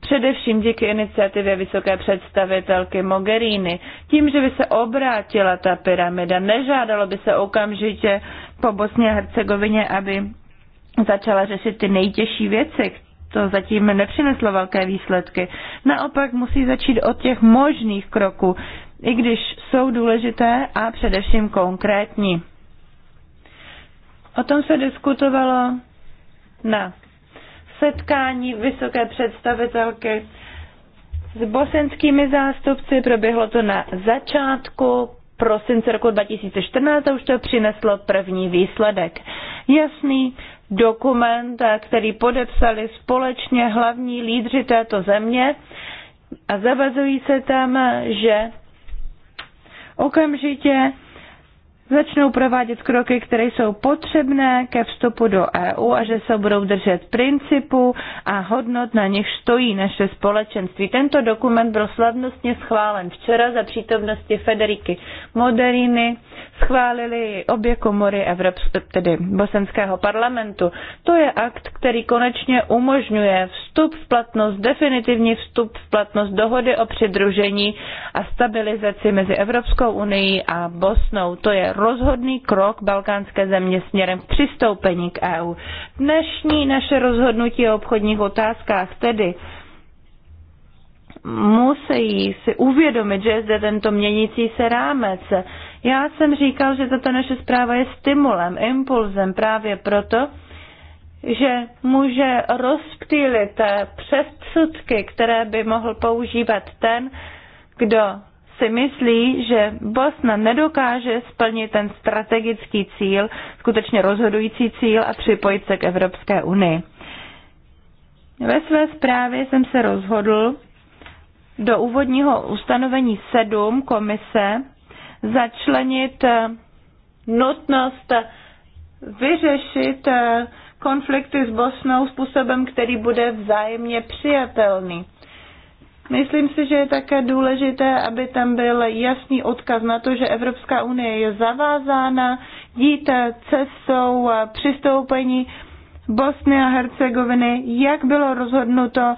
především díky iniciativě vysoké představitelky Mogherini. Tím, že by se obrátila ta pyramida, nežádalo by se okamžitě po Bosně a Hercegovině, aby začala řešit ty nejtěžší věci, to zatím nepřineslo velké výsledky. Naopak musí začít od těch možných kroků, i když jsou důležité a především konkrétní. O tom se diskutovalo na setkání vysoké představitelky s bosenskými zástupci. Proběhlo to na začátku prosince roku 2014 a už to přineslo první výsledek. Jasný dokument, který podepsali společně hlavní lídři této země a zavazují se tam, že okamžitě začnou provádět kroky, které jsou potřebné ke vstupu do EU a že se budou držet principu a hodnot, na nich stojí naše společenství. Tento dokument byl slavnostně schválen včera za přítomnosti Federiky Moderiny, schválili obě komory Evropské, tedy bosenského parlamentu. To je akt, který konečně umožňuje vstup v platnost, definitivní vstup v platnost dohody o přidružení a stabilizaci mezi Evropskou unii a Bosnou. To je rozhodný krok balkánské země směrem k přistoupení k EU. Dnešní naše rozhodnutí o obchodních otázkách tedy musí si uvědomit, že je zde tento měnící se rámec. Já jsem říkal, že tato naše zpráva je stimulem, impulzem právě proto, že může rozptýlit předsudky, které by mohl používat ten, kdo si myslí, že Bosna nedokáže splnit ten strategický cíl, skutečně rozhodující cíl a připojit se k Evropské unii. Ve své zprávě jsem se rozhodl do úvodního ustanovení 7 komise začlenit eh, nutnost vyřešit eh, konflikty s Bosnou způsobem, který bude vzájemně přijatelný. Myslím si, že je také důležité, aby tam byl jasný odkaz na to, že Evropská unie je zavázána jít eh, cestou přistoupení Bosny a Hercegoviny, jak bylo rozhodnuto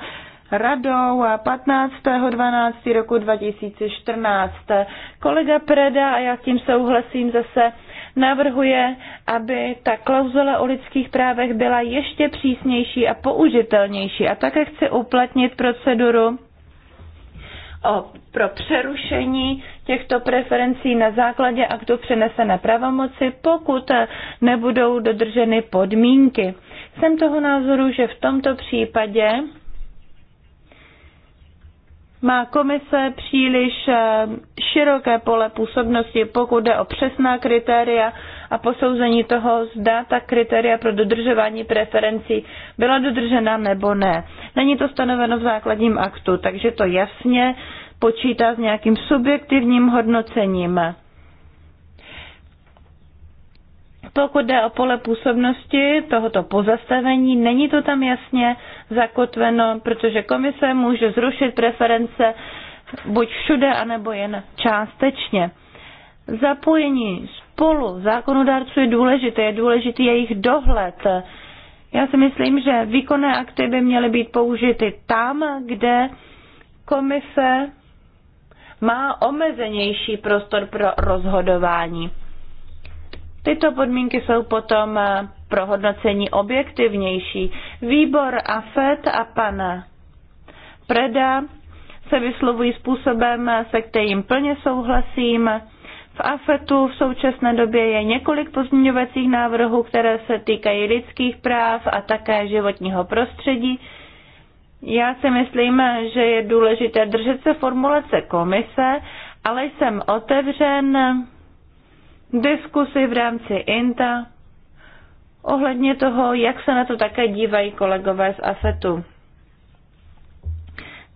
radou 15. 12. roku 2014. Kolega Preda, a já s tím souhlasím zase, navrhuje, aby ta klauzula o lidských právech byla ještě přísnější a použitelnější. A také chci uplatnit proceduru o, pro přerušení těchto preferencí na základě aktu přenesené pravomoci, pokud nebudou dodrženy podmínky. Jsem toho názoru, že v tomto případě má komise příliš eh, široké pole působnosti, pokud jde o přesná kritéria a posouzení toho, zda ta kritéria pro dodržování preferencí byla dodržena nebo ne. Není to stanoveno v základním aktu, takže to jasně počítá s nějakým subjektivním hodnocením. Pokud jde o pole působnosti tohoto pozastavení, není to tam jasně zakotveno, protože komise může zrušit preference buď všude, anebo jen částečně. Zapojení spolu zákonodárců je důležité, je důležitý jejich dohled. Já si myslím, že výkonné akty by měly být použity tam, kde komise má omezenější prostor pro rozhodování. Tyto podmínky jsou potom eh, pro hodnocení objektivnější. Výbor AFET a pan Preda se vyslovují způsobem, eh, se kterým plně souhlasím. V AFETu v současné době je několik pozměňovacích návrhů, které se týkají lidských práv a také životního prostředí. Já si myslím, že je důležité držet se formulace komise, ale jsem otevřen diskusi v rámci INTA ohledně toho, jak se na to také dívají kolegové z AFETu.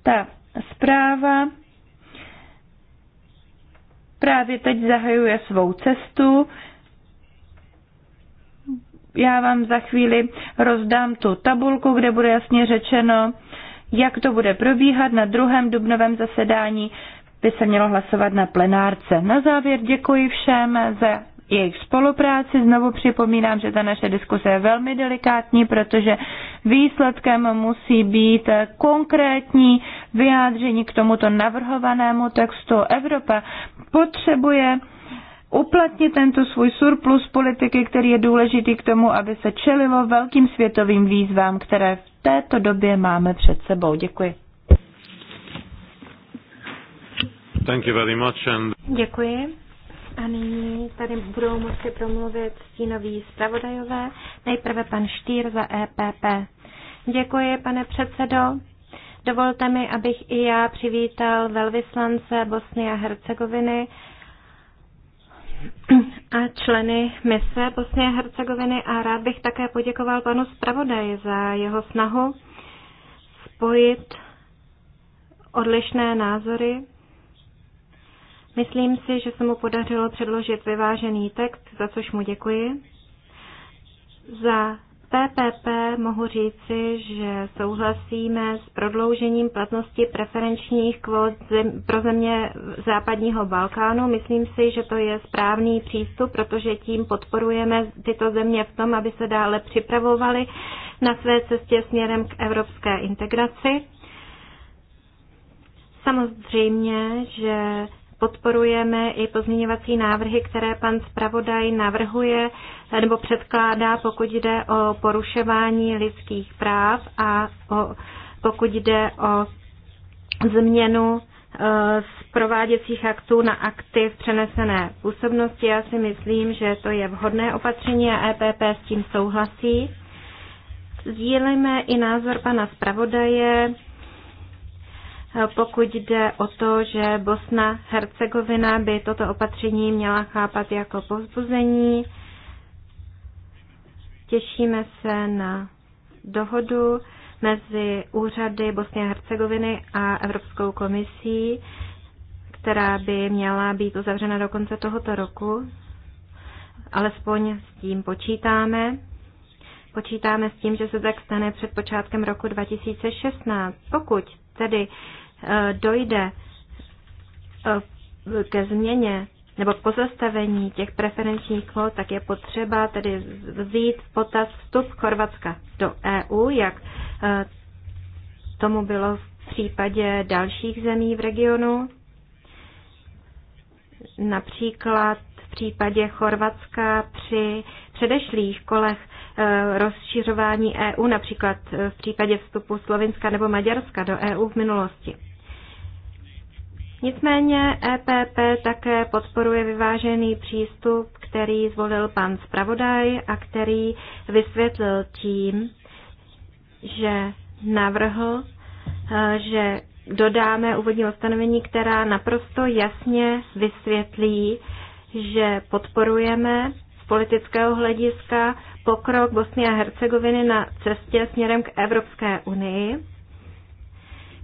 Ta zpráva právě teď zahajuje svou cestu. Já vám za chvíli rozdám tu tabulku, kde bude jasně řečeno, jak to bude probíhat na druhém dubnovém zasedání by se mělo hlasovat na plenárce. Na závěr děkuji všem za jejich spolupráci. Znovu připomínám, že ta naše diskuse je velmi delikátní, protože výsledkem musí být konkrétní vyjádření k tomuto navrhovanému textu. Evropa potřebuje uplatnit tento svůj surplus politiky, který je důležitý k tomu, aby se čelilo velkým světovým výzvám, které v této době máme před sebou. Děkuji. Thank you very much and... Děkuji. A nyní tady budou moci promluvit stínoví zpravodajové. Nejprve pan Štýr za EPP. Děkuji, pane předsedo. Dovolte mi, abych i já přivítal velvyslance Bosny a Hercegoviny a členy mise Bosny a Hercegoviny a rád bych také poděkoval panu zpravodaji za jeho snahu spojit odlišné názory Myslím si, že se mu podařilo předložit vyvážený text, za což mu děkuji. Za PPP mohu říci, že souhlasíme s prodloužením platnosti preferenčních kvót pro země západního Balkánu. Myslím si, že to je správný přístup, protože tím podporujeme tyto země v tom, aby se dále připravovaly na své cestě směrem k evropské integraci. Samozřejmě, že podporujeme i pozměňovací návrhy, které pan zpravodaj navrhuje nebo předkládá, pokud jde o porušování lidských práv a o, pokud jde o změnu eh, z prováděcích aktů na akty v přenesené působnosti. Já si myslím, že to je vhodné opatření a EPP s tím souhlasí. Sdílíme i názor pana zpravodaje pokud jde o to, že Bosna Hercegovina by toto opatření měla chápat jako povzbuzení. Těšíme se na dohodu mezi úřady Bosny a Hercegoviny a Evropskou komisí, která by měla být uzavřena do konce tohoto roku. Alespoň s tím počítáme. Počítáme s tím, že se tak stane před počátkem roku 2016. Pokud tedy Eh, dojde eh, ke změně nebo k pozastavení těch preferenčních kvót, tak je potřeba tedy vzít v potaz vstup Chorvatska do EU, jak eh, tomu bylo v případě dalších zemí v regionu. Například v případě Chorvatska při předešlých kolech rozšiřování EU, například v případě vstupu Slovinska nebo Maďarska do EU v minulosti. Nicméně EPP také podporuje vyvážený přístup, který zvolil pan zpravodaj a který vysvětlil tím, že navrhl, eh, že dodáme úvodní ustanovení, která naprosto jasně vysvětlí, že podporujeme z politického hlediska pokrok Bosny a Hercegoviny na cestě směrem k Evropské unii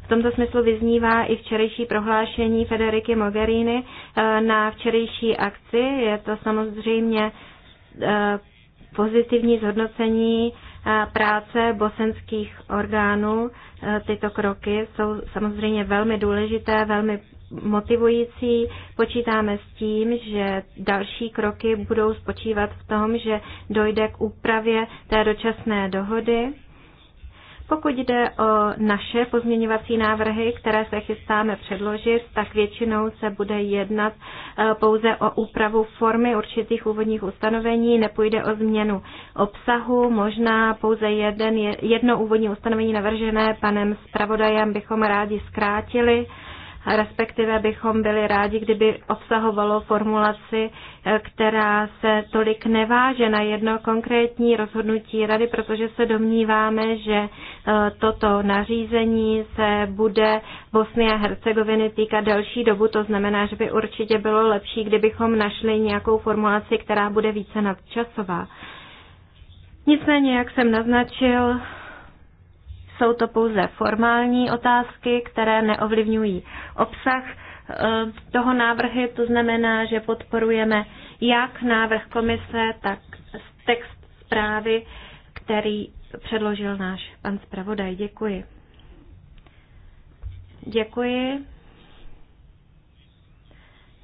v tomto smyslu vyznívá i včerejší prohlášení Federiky Mogherini eh, na včerejší akci. Je to samozřejmě eh, pozitivní zhodnocení eh, práce bosenských orgánů. Tyto kroky jsou samozřejmě velmi důležité, velmi motivující. Počítáme s tím, že další kroky budou spočívat v tom, že dojde k úpravě té dočasné dohody pokud jde o naše pozměňovací návrhy, které se chystáme předložit, tak většinou se bude jednat eh, pouze o úpravu formy určitých úvodních ustanovení, nepůjde o změnu obsahu, možná pouze jeden, jedno úvodní ustanovení navržené panem zpravodajem bychom rádi zkrátili respektive bychom byli rádi, kdyby obsahovalo formulaci, eh, která se tolik neváže na jedno konkrétní rozhodnutí rady, protože se domníváme, že eh, toto nařízení se bude Bosny a Hercegoviny týkat delší dobu, to znamená, že by určitě bylo lepší, kdybychom našli nějakou formulaci, která bude více nadčasová. Nicméně, jak jsem naznačil, jsou to pouze formální otázky, které neovlivňují obsah eh, toho návrhy, to znamená, že podporujeme jak návrh komise, tak text zprávy, který předložil náš pan zpravodaj. Děkuji. Děkuji.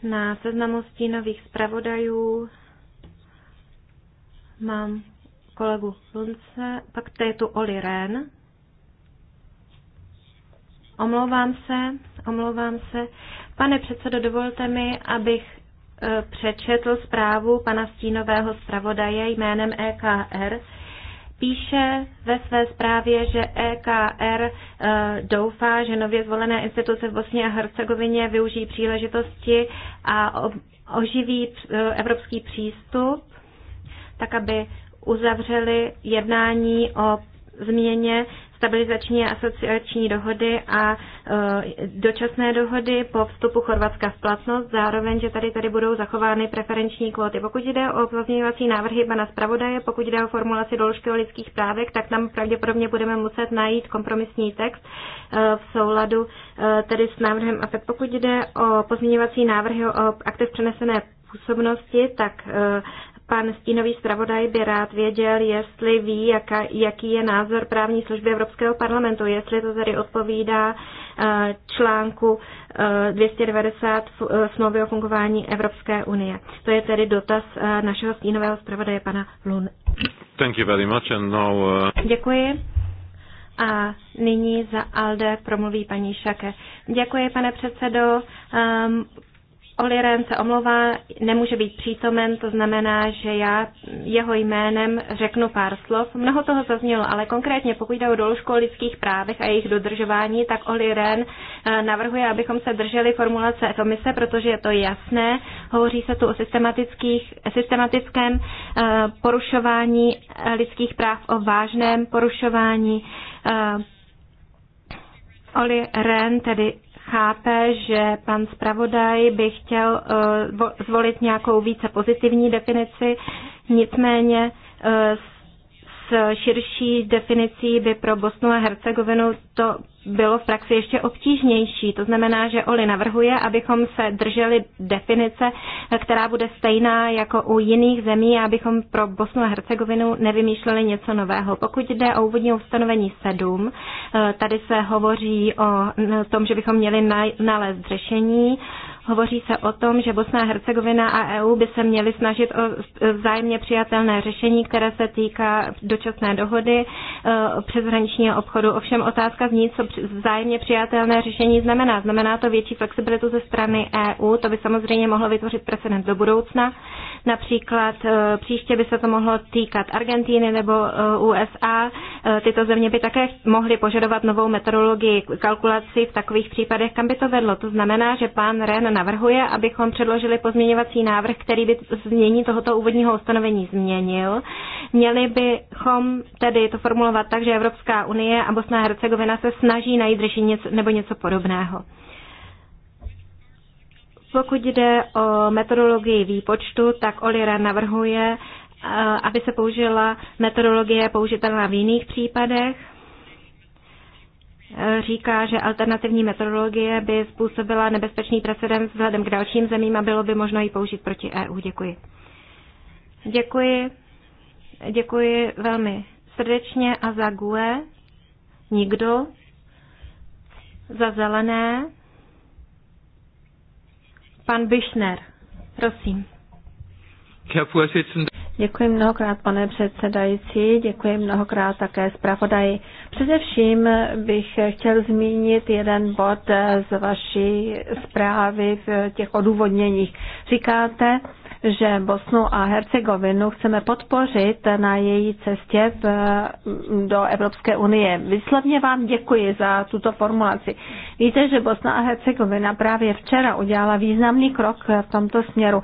Na seznamu stínových zpravodajů mám kolegu Lunce, pak to je tu Oli Ren. Omlouvám se, omlouvám se. Pane předsedo, dovolte mi, abych eh, přečetl zprávu pana stínového zpravodaje jménem EKR. Píše ve své zprávě, že EKR eh, doufá, že nově zvolené instituce v Bosně a Hercegovině využijí příležitosti a oživí eh, evropský přístup, tak aby uzavřeli jednání o změně stabilizační a asociační dohody a e, dočasné dohody po vstupu Chorvatska v platnost, zároveň, že tady tady budou zachovány preferenční kvóty. Pokud jde o pozměňovací návrhy pana zpravodaje, pokud jde o formulaci doložky o lidských právek, tak tam pravděpodobně budeme muset najít kompromisní text e, v souladu e, tedy s návrhem AFED. Pokud jde o pozměňovací návrhy o aktiv přenesené působnosti, tak Pan stínový zpravodaj by rád věděl, jestli ví, jaka, jaký je názor právní služby Evropského parlamentu, jestli to tedy odpovídá eh, článku 290 eh, eh, smlouvy o fungování Evropské unie. To je tedy dotaz našeho stínového zpravodaje pana Lun. Thank you very much and now, uh... Děkuji. A nyní za ALDE promluví paní Šake. Děkuji, pane předsedo. Ehm, Oliren se omlouvá, nemůže být přítomen, to znamená, že já jeho jménem řeknu pár slov. Mnoho toho zaznělo, ale konkrétně pokud jde o doložku o lidských právech a jejich dodržování, tak Oliren eh, navrhuje, abychom se drželi formulace komise, protože je to jasné. Hovoří se tu o systematických, systematickém eh, porušování eh, lidských práv, o vážném porušování Oli Ren tedy chápe, že pan zpravodaj by chtěl eh, zvolit nějakou více pozitivní definici, nicméně eh, s širší definicí by pro Bosnu a Hercegovinu to bylo v praxi ještě obtížnější. To znamená, že Oli navrhuje, abychom se drželi definice, která bude stejná jako u jiných zemí a abychom pro Bosnu a Hercegovinu nevymýšleli něco nového. Pokud jde o úvodní ustanovení 7, eh, tady se hovoří o tom, že bychom měli nalézt řešení. Hovoří se o tom, že Bosna a Hercegovina a EU by se měly snažit o vzájemně přijatelné řešení, které se týká dočasné dohody e, přeshraničního obchodu. Ovšem otázka zní, co vzájemně přijatelné řešení znamená. Znamená to větší flexibilitu ze strany EU, to by samozřejmě mohlo vytvořit precedent do budoucna. Například eh, příště by se to mohlo týkat Argentíny nebo eh, USA. Eh, tyto země by také mohly požadovat novou metodologii kalkulaci v takových případech, kam by to vedlo. To znamená, že pán Ren navrhuje, abychom předložili pozměňovací návrh, který by změní tohoto úvodního ustanovení změnil. Měli bychom tedy to formulovat tak, že Evropská unie a Bosna a Hercegovina se snaží najít řešení nebo něco podobného. Pokud jde o metodologii výpočtu, tak Olira navrhuje, eh, aby se použila metodologie použitelná v jiných případech. Eh, říká, že alternativní metodologie by způsobila nebezpečný precedens vzhledem k dalším zemím a bylo by možno ji použít proti EU. Děkuji. Děkuji. Děkuji velmi srdečně a za GUE. Nikdo. Za zelené. Pan Bišner, prosím. Děkuji mnohokrát, pane předsedající, děkuji mnohokrát také zpravodaji. Především bych chtěl zmínit jeden bod z vaší zprávy v těch odůvodněních. Říkáte, že Bosnu a Hercegovinu chceme podpořit na její cestě v, do Evropské unie. Výslovně vám děkuji za tuto formulaci. Víte, že Bosna a Hercegovina právě včera udělala významný krok v tomto směru.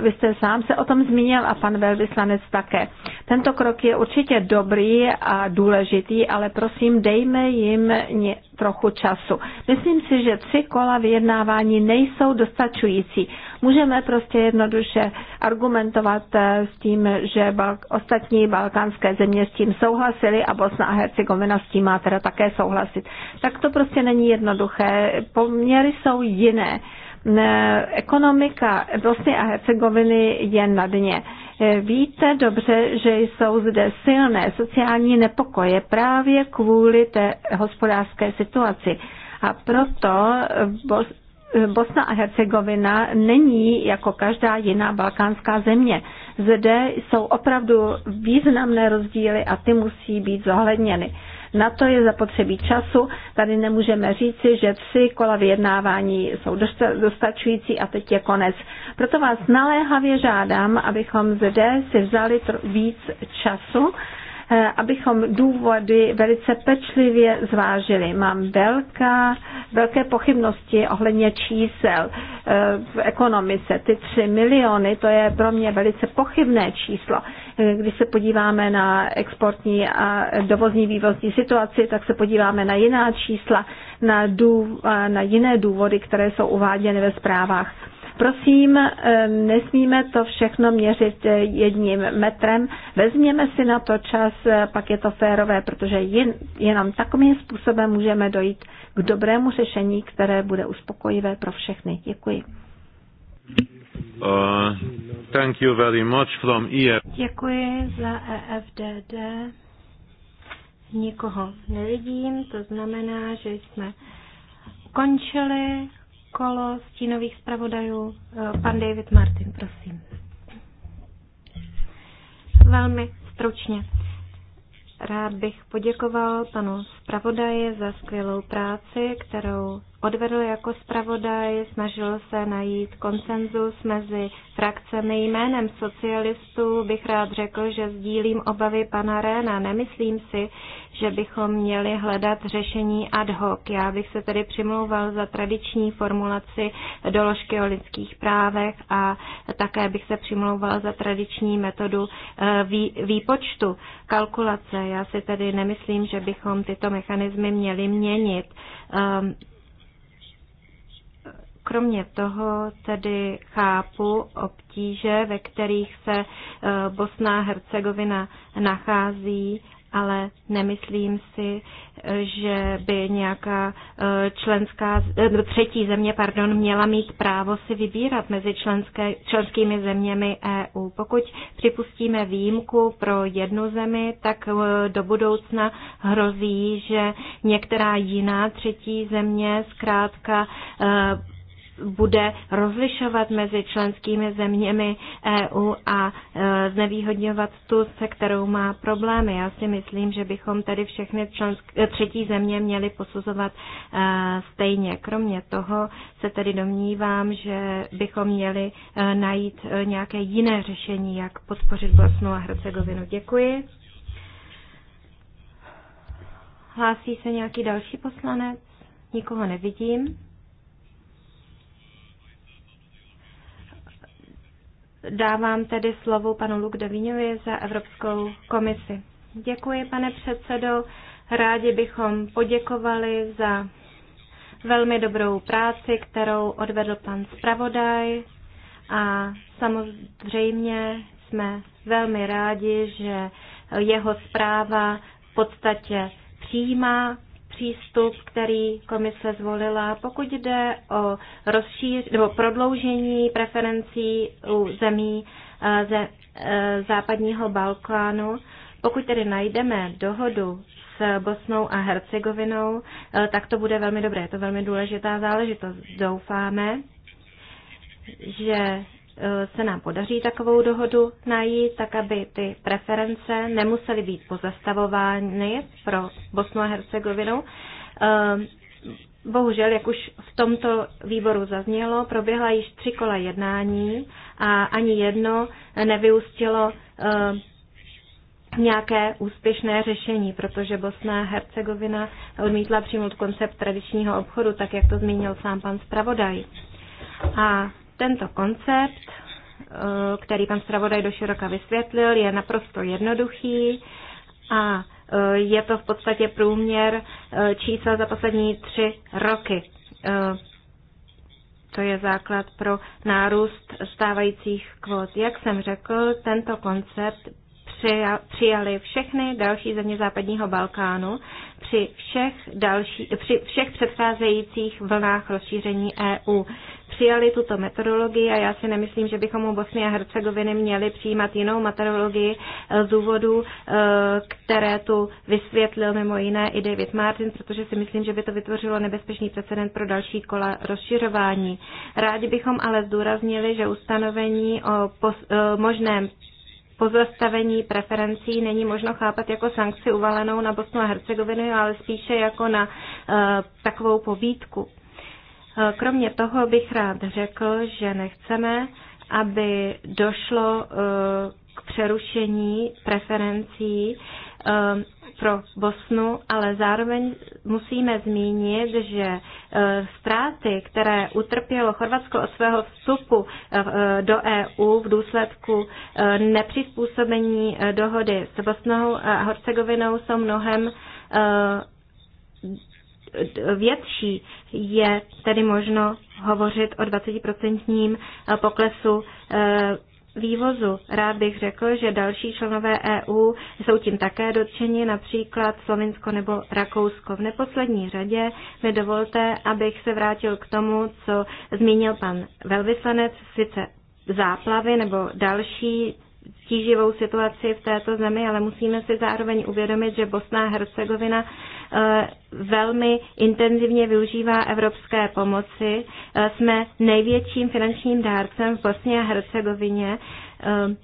Vy jste sám se o tom zmínil a pan velvyslanec také. Tento krok je určitě dobrý a důležitý, ale prosím, dejme jim trochu času. Myslím si, že tři kola vyjednávání nejsou dostačující. Můžeme prostě jednoduše argumentovat eh, s tím, že ostatní balkánské země s tím souhlasily a Bosna a Hercegovina s tím má teda také souhlasit. Tak to prostě není jednoduché. Poměry jsou jiné. Eh, ekonomika Bosny a Hercegoviny je na dně Víte dobře, že jsou zde silné sociální nepokoje právě kvůli té hospodářské situaci. A proto Bosna a Hercegovina není jako každá jiná balkánská země. Zde jsou opravdu významné rozdíly a ty musí být zohledněny. Na to je zapotřebí času. Tady nemůžeme říci, že tři kola vyjednávání jsou dostačující a teď je konec. Proto vás naléhavě žádám, abychom zde si vzali víc času eh, abychom důvody velice pečlivě zvážili. Mám velká, velké pochybnosti ohledně čísel eh, v ekonomice. Ty tři miliony, to je pro mě velice pochybné číslo. Když se podíváme na exportní a dovozní vývozní situaci, tak se podíváme na jiná čísla, na, dů, na jiné důvody, které jsou uváděny ve zprávách. Prosím, e, nesmíme to všechno měřit e, jedním metrem. Vezměme si na to čas, e, pak je to férové, protože jen, jenom takovým způsobem můžeme dojít k dobrému řešení, které bude uspokojivé pro všechny. Děkuji. Uh, thank you very much from EF. Děkuji za EFDD. Nikoho nevidím, to znamená, že jsme končili kolo stínových zpravodajů. Eh, pan David Martin, prosím. Velmi stručně. Rád bych poděkoval panu zpravodaji za skvělou práci, kterou odvedl jako zpravodaj, snažil se najít konsenzus mezi frakcemi. Jménem socialistů bych rád řekl, že sdílím obavy pana Réna. Nemyslím si, že bychom měli hledat řešení ad hoc. Já bych se tedy přimlouval za tradiční formulaci doložky o lidských právech a také bych se přimlouval za tradiční metodu eh, výpočtu, kalkulace. Já si tedy nemyslím, že bychom tyto mechanismy měli měnit ehm, Kromě toho tedy chápu obtíže, ve kterých se e, Bosna a Hercegovina nachází, ale nemyslím si, e, že by nějaká e, členská, třetí země pardon, měla mít právo si vybírat mezi členské, členskými zeměmi EU. Pokud připustíme výjimku pro jednu zemi, tak do budoucna hrozí, že některá jiná třetí země zkrátka bude rozlišovat mezi členskými zeměmi EU a e, znevýhodňovat tu, se kterou má problémy. Já si myslím, že bychom tady všechny člensk- e, třetí země měli posuzovat e, stejně. Kromě toho se tedy domnívám, že bychom měli najít nějaké jiné řešení, jak podpořit Bosnu a Hercegovinu. Děkuji. Hlásí se nějaký další poslanec? Nikoho nevidím. Dávám tedy slovo panu Luk za Evropskou komisi. Děkuji, pane předsedo. Rádi bychom poděkovali za velmi dobrou práci, kterou odvedl pan zpravodaj a samozřejmě jsme velmi rádi, že jeho zpráva v podstatě přijímá přístup, který komise zvolila, pokud jde o rozšíř, nebo prodloužení preferencí u zemí eh, ze eh, západního Balkánu. Pokud tedy najdeme dohodu s Bosnou a Hercegovinou, eh, tak to bude velmi dobré. Je to velmi důležitá záležitost. Doufáme, že Eh, se nám podaří takovou dohodu najít, tak aby ty preference nemusely být pozastavovány pro Bosnu a Hercegovinu. Eh, bohužel, jak už v tomto výboru zaznělo, proběhla již tři kola jednání a ani jedno nevyústilo eh, nějaké úspěšné řešení, protože Bosna a Hercegovina odmítla přijmout koncept tradičního obchodu, tak jak to zmínil sám pan zpravodaj. A tento koncept, eh, který pan stravodaj doširoka vysvětlil, je naprosto jednoduchý a eh, je to v podstatě průměr eh, čísel za poslední tři roky. To je základ pro nárůst stávajících kvot. Jak jsem řekl, tento koncept přijali všechny další země západního Balkánu při všech, další, při všech předcházejících vlnách rozšíření EU. Přijali tuto metodologii a já si nemyslím, že bychom u Bosny a Hercegoviny měli přijímat jinou metodologii eh, z důvodu, eh, které tu vysvětlil mimo jiné i David Martin, protože si myslím, že by to vytvořilo nebezpečný precedent pro další kola rozšiřování. Rádi bychom ale zdůraznili, že ustanovení o pos, eh, možném pozastavení preferencí není možno chápat jako sankci uvalenou na Bosnu a Hercegovinu, ale spíše jako na eh, takovou povídku. Eh, kromě toho bych rád řekl, že nechceme, aby došlo eh, k přerušení preferencí pro Bosnu, ale zároveň musíme zmínit, že e, ztráty, které utrpělo Chorvatsko od svého vstupu e, do EU v důsledku e, nepřizpůsobení dohody s Bosnou a Hercegovinou, jsou mnohem větší. Je tedy možno hovořit o 20% poklesu vývozu. Rád bych řekl, že další členové EU jsou tím také dotčeni, například Slovinsko nebo Rakousko. V neposlední řadě mi dovolte, abych se vrátil k tomu, co zmínil pan velvyslanec, sice záplavy nebo další stíživou situaci v této zemi, ale musíme si zároveň uvědomit, že Bosna a Hercegovina eh, velmi intenzivně využívá evropské pomoci. Eh, jsme největším finančním dárcem v Bosně a Hercegovině. Eh,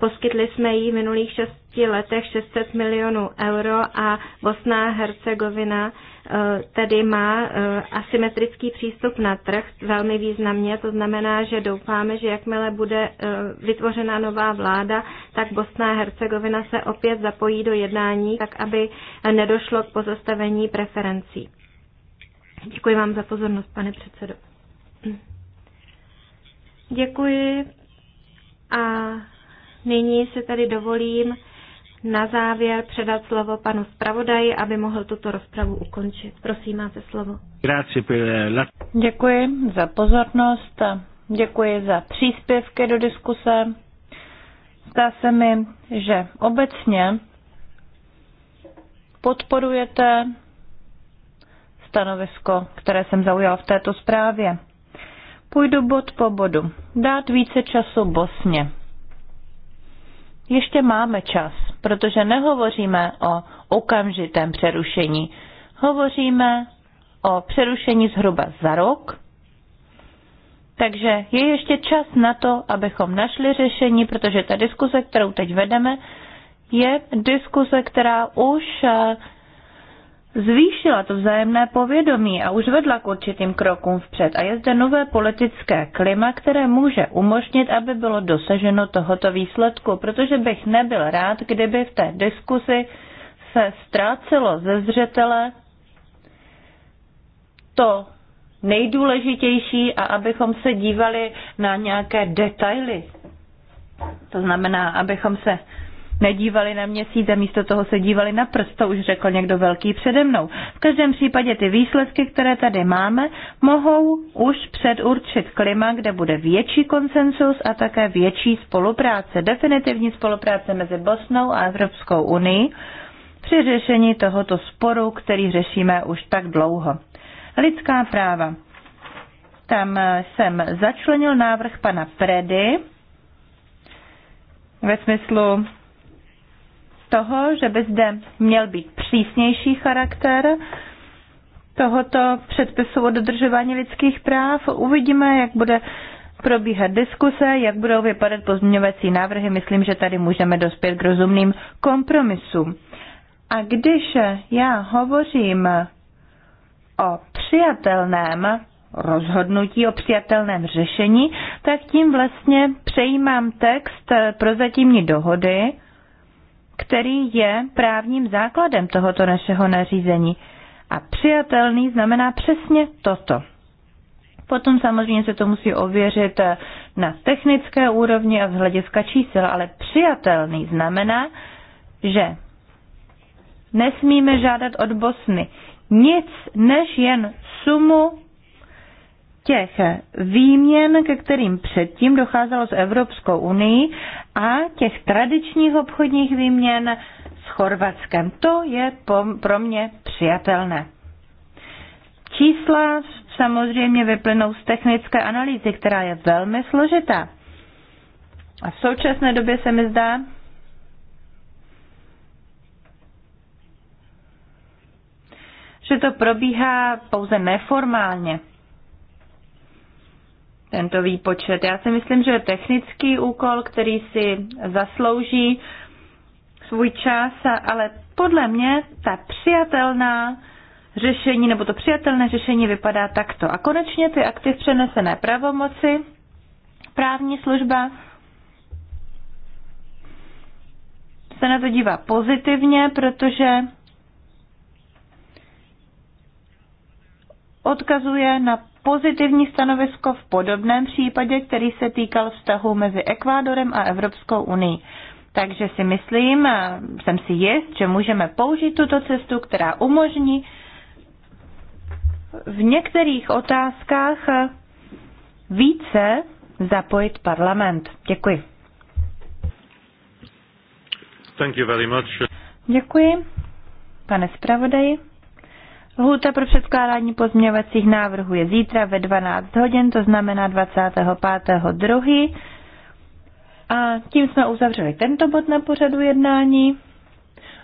poskytli jsme jí v minulých šesti letech 600 milionů euro a Bosna a Hercegovina Eh, tedy má eh, asymetrický přístup na trh velmi významně. To znamená, že doufáme, že jakmile bude eh, vytvořena nová vláda, tak Bosna a Hercegovina se opět zapojí do jednání, tak aby nedošlo k pozastavení preferencí. Děkuji vám za pozornost, pane předsedo. Děkuji a nyní se tady dovolím na závěr předat slovo panu zpravodaji, aby mohl tuto rozpravu ukončit. Prosím, máte slovo. Děkuji za pozornost, děkuji za příspěvky do diskuse. Zdá se mi, že obecně podporujete stanovisko, které jsem zaujal v této zprávě. Půjdu bod po bodu. Dát více času Bosně. Ještě máme čas protože nehovoříme o okamžitém přerušení. Hovoříme o přerušení zhruba za rok, takže je ještě čas na to, abychom našli řešení, protože ta diskuse, kterou teď vedeme, je diskuse, která už eh, zvýšila to vzájemné povědomí a už vedla k určitým krokům vpřed. A je zde nové politické klima, které může umožnit, aby bylo dosaženo tohoto výsledku, protože bych nebyl rád, kdyby v té diskusi se ztrácelo ze zřetele to nejdůležitější a abychom se dívali na nějaké detaily. To znamená, abychom se nedívali na měsíc a místo toho se dívali na prst, to už řekl někdo velký přede mnou. V každém případě ty výsledky, které tady máme, mohou už předurčit klima, kde bude větší konsensus a také větší spolupráce, definitivní spolupráce mezi Bosnou a Evropskou unii při řešení tohoto sporu, který řešíme už tak dlouho. Lidská práva. Tam jsem začlenil návrh pana Predy ve smyslu toho, že by zde měl být přísnější charakter tohoto předpisu o dodržování lidských práv. Uvidíme, jak bude probíhat diskuse, jak budou vypadat pozměňovací návrhy. Myslím, že tady můžeme dospět k rozumným kompromisům. A když já hovořím o přijatelném rozhodnutí, o přijatelném řešení, tak tím vlastně přejímám text prozatímní dohody, který je právním základem tohoto našeho nařízení. A přijatelný znamená přesně toto. Potom samozřejmě se to musí ověřit na technické úrovni a z hlediska čísel, ale přijatelný znamená, že nesmíme žádat od Bosny nic než jen sumu těch výměn, ke kterým předtím docházelo s Evropskou unii a těch tradičních obchodních výměn s Chorvatskem. To je pro mě přijatelné. Čísla samozřejmě vyplynou z technické analýzy, která je velmi složitá. A v současné době se mi zdá, že to probíhá pouze neformálně tento výpočet. Já si myslím, že je technický úkol, který si zaslouží svůj čas, ale podle mě ta přijatelná řešení nebo to přijatelné řešení vypadá takto. A konečně ty aktiv přenesené pravomoci, právní služba se na to dívá pozitivně, protože odkazuje na pozitivní stanovisko v podobném případě, který se týkal vztahu mezi Ekvádorem a Evropskou unii. Takže si myslím, a jsem si jist, že můžeme použít tuto cestu, která umožní v některých otázkách více zapojit parlament. Děkuji. Thank you very much. Děkuji, pane zpravodaji. Lhůta pro předkládání pozměňovacích návrhů je zítra ve 12 hodin, to znamená 25.2. A tím jsme uzavřeli tento bod na pořadu jednání.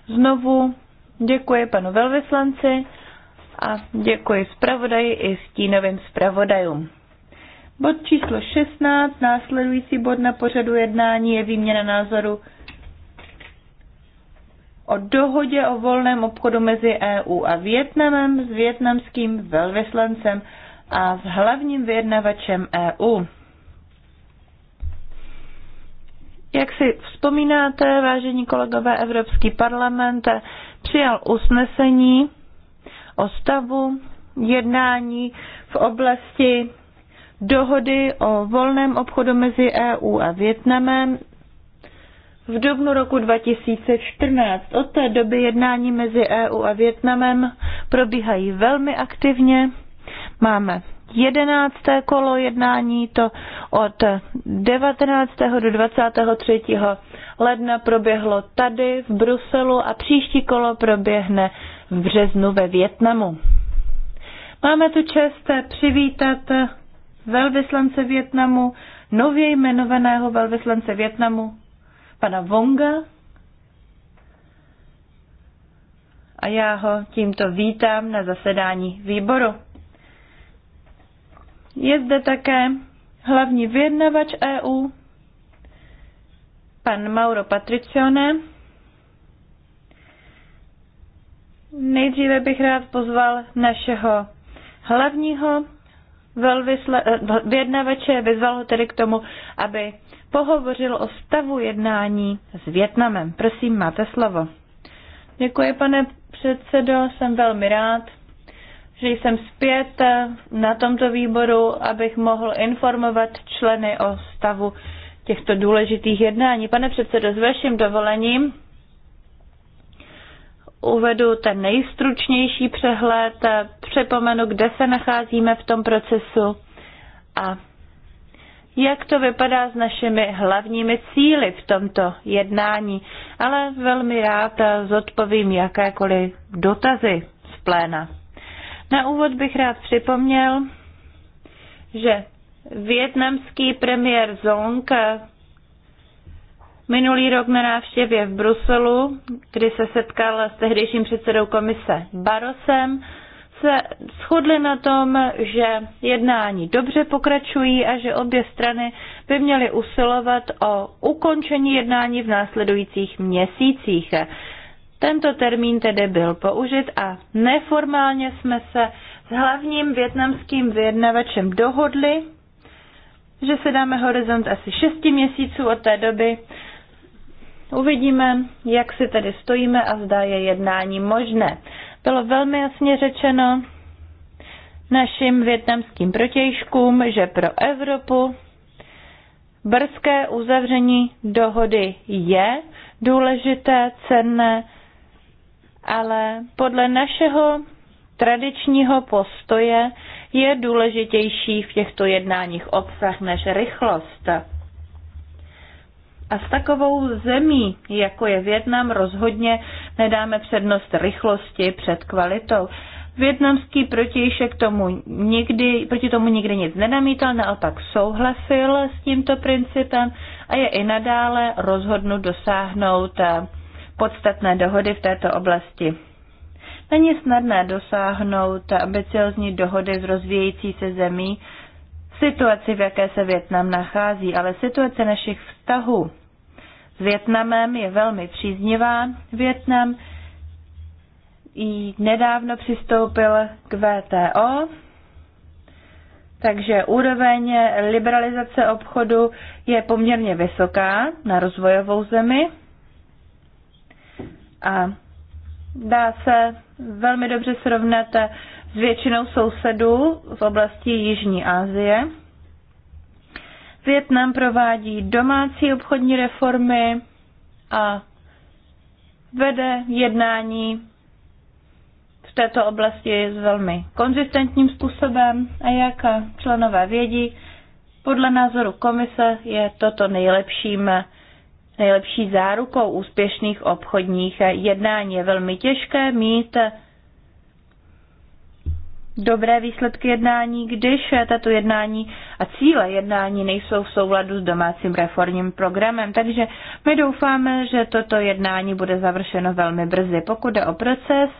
Znovu děkuji panu velvyslanci a děkuji zpravodaji i stínovým zpravodajům. Bod číslo 16, následující bod na pořadu jednání je výměna názoru o dohodě o volném obchodu mezi EU a Větnamem s větnamským velvyslancem a s hlavním vyjednavačem EU. Jak si vzpomínáte, vážení kolegové, Evropský parlament přijal usnesení o stavu jednání v oblasti dohody o volném obchodu mezi EU a Větnamem v dubnu roku 2014. Od té doby jednání mezi EU a Větnamem probíhají velmi aktivně. Máme jedenácté kolo jednání, to od 19. do 23. ledna proběhlo tady v Bruselu a příští kolo proběhne v březnu ve Větnamu. Máme tu čest přivítat velvyslance Větnamu, nově jmenovaného velvyslance Větnamu pana Vonga a já ho tímto vítám na zasedání výboru. Je zde také hlavní vyjednavač EU, pan Mauro Patricione. Nejdříve bych rád pozval našeho hlavního velvysle- eh, vyjednavače, vyzval ho tedy k tomu, aby pohovořil o stavu jednání s Větnamem. Prosím, máte slovo. Děkuji, pane předsedo, jsem velmi rád, že jsem zpět na tomto výboru, abych mohl informovat členy o stavu těchto důležitých jednání. Pane předsedo, s vaším dovolením uvedu ten nejstručnější přehled, připomenu, kde se nacházíme v tom procesu a jak to vypadá s našimi hlavními cíly v tomto jednání, ale velmi rád zodpovím jakékoliv dotazy z pléna. Na úvod bych rád připomněl, že vietnamský premiér Zong minulý rok na návštěvě v Bruselu, kdy se setkal s tehdejším předsedou komise Barosem, se shodli na tom, že jednání dobře pokračují a že obě strany by měly usilovat o ukončení jednání v následujících měsících. Tento termín tedy byl použit a neformálně jsme se s hlavním větnamským vyjednavačem dohodli, že se dáme horizont asi 6 měsíců od té doby. Uvidíme, jak si tedy stojíme a zdá je jednání možné. Bylo velmi jasně řečeno našim větnamským protějškům, že pro Evropu brzké uzavření dohody je důležité, cenné, ale podle našeho tradičního postoje je důležitější v těchto jednáních obsah než rychlost. A s takovou zemí, jako je Větnam, rozhodně nedáme přednost rychlosti před kvalitou. Větnamský protějšek tomu nikdy, proti tomu nikdy nic nenamítal, naopak souhlasil s tímto principem a je i nadále rozhodnut dosáhnout eh, podstatné dohody v této oblasti. Není snadné dosáhnout ambiciozní dohody s rozvíjející se zemí situaci, v jaké se Větnam nachází, ale situace našich vztahů s Větnamem je velmi příznivá. Větnam i nedávno přistoupil k VTO, takže úroveň liberalizace obchodu je poměrně vysoká na rozvojovou zemi a dá se velmi dobře srovnat s většinou sousedů v oblasti Jižní Asie. Větnam provádí domácí obchodní reformy a vede jednání v této oblasti s velmi konzistentním způsobem a jak členové vědí, podle názoru komise je toto nejlepším, nejlepší zárukou úspěšných obchodních jednání. Je velmi těžké mít dobré výsledky jednání, když tato jednání a cíle jednání nejsou v souladu s domácím reformním programem. Takže my doufáme, že toto jednání bude završeno velmi brzy. Pokud jde o proces,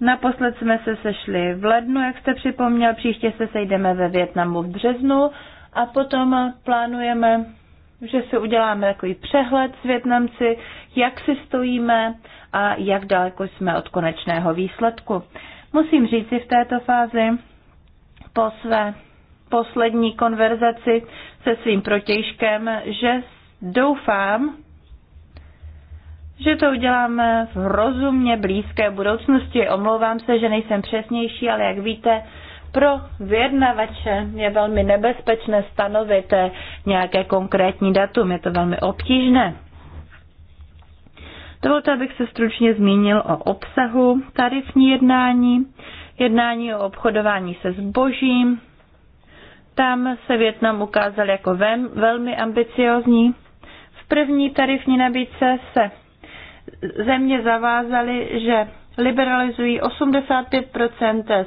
naposled jsme se sešli v lednu, jak jste připomněl, příště se sejdeme ve Větnamu v březnu a potom plánujeme, že si uděláme takový přehled s Větnamci, jak si stojíme a jak daleko jsme od konečného výsledku. Musím říci v této fázi, po své poslední konverzaci se svým protějškem, že doufám, že to udělám v rozumně blízké budoucnosti. Omlouvám se, že nejsem přesnější, ale jak víte, pro vyjednavače je velmi nebezpečné stanovit nějaké konkrétní datum. Je to velmi obtížné. Dovolte, abych se stručně zmínil o obsahu tarifní jednání, jednání o obchodování se zbožím. Tam se Větnam ukázal jako vem, velmi ambiciozní. V první tarifní nabídce se země zavázaly, že liberalizují 85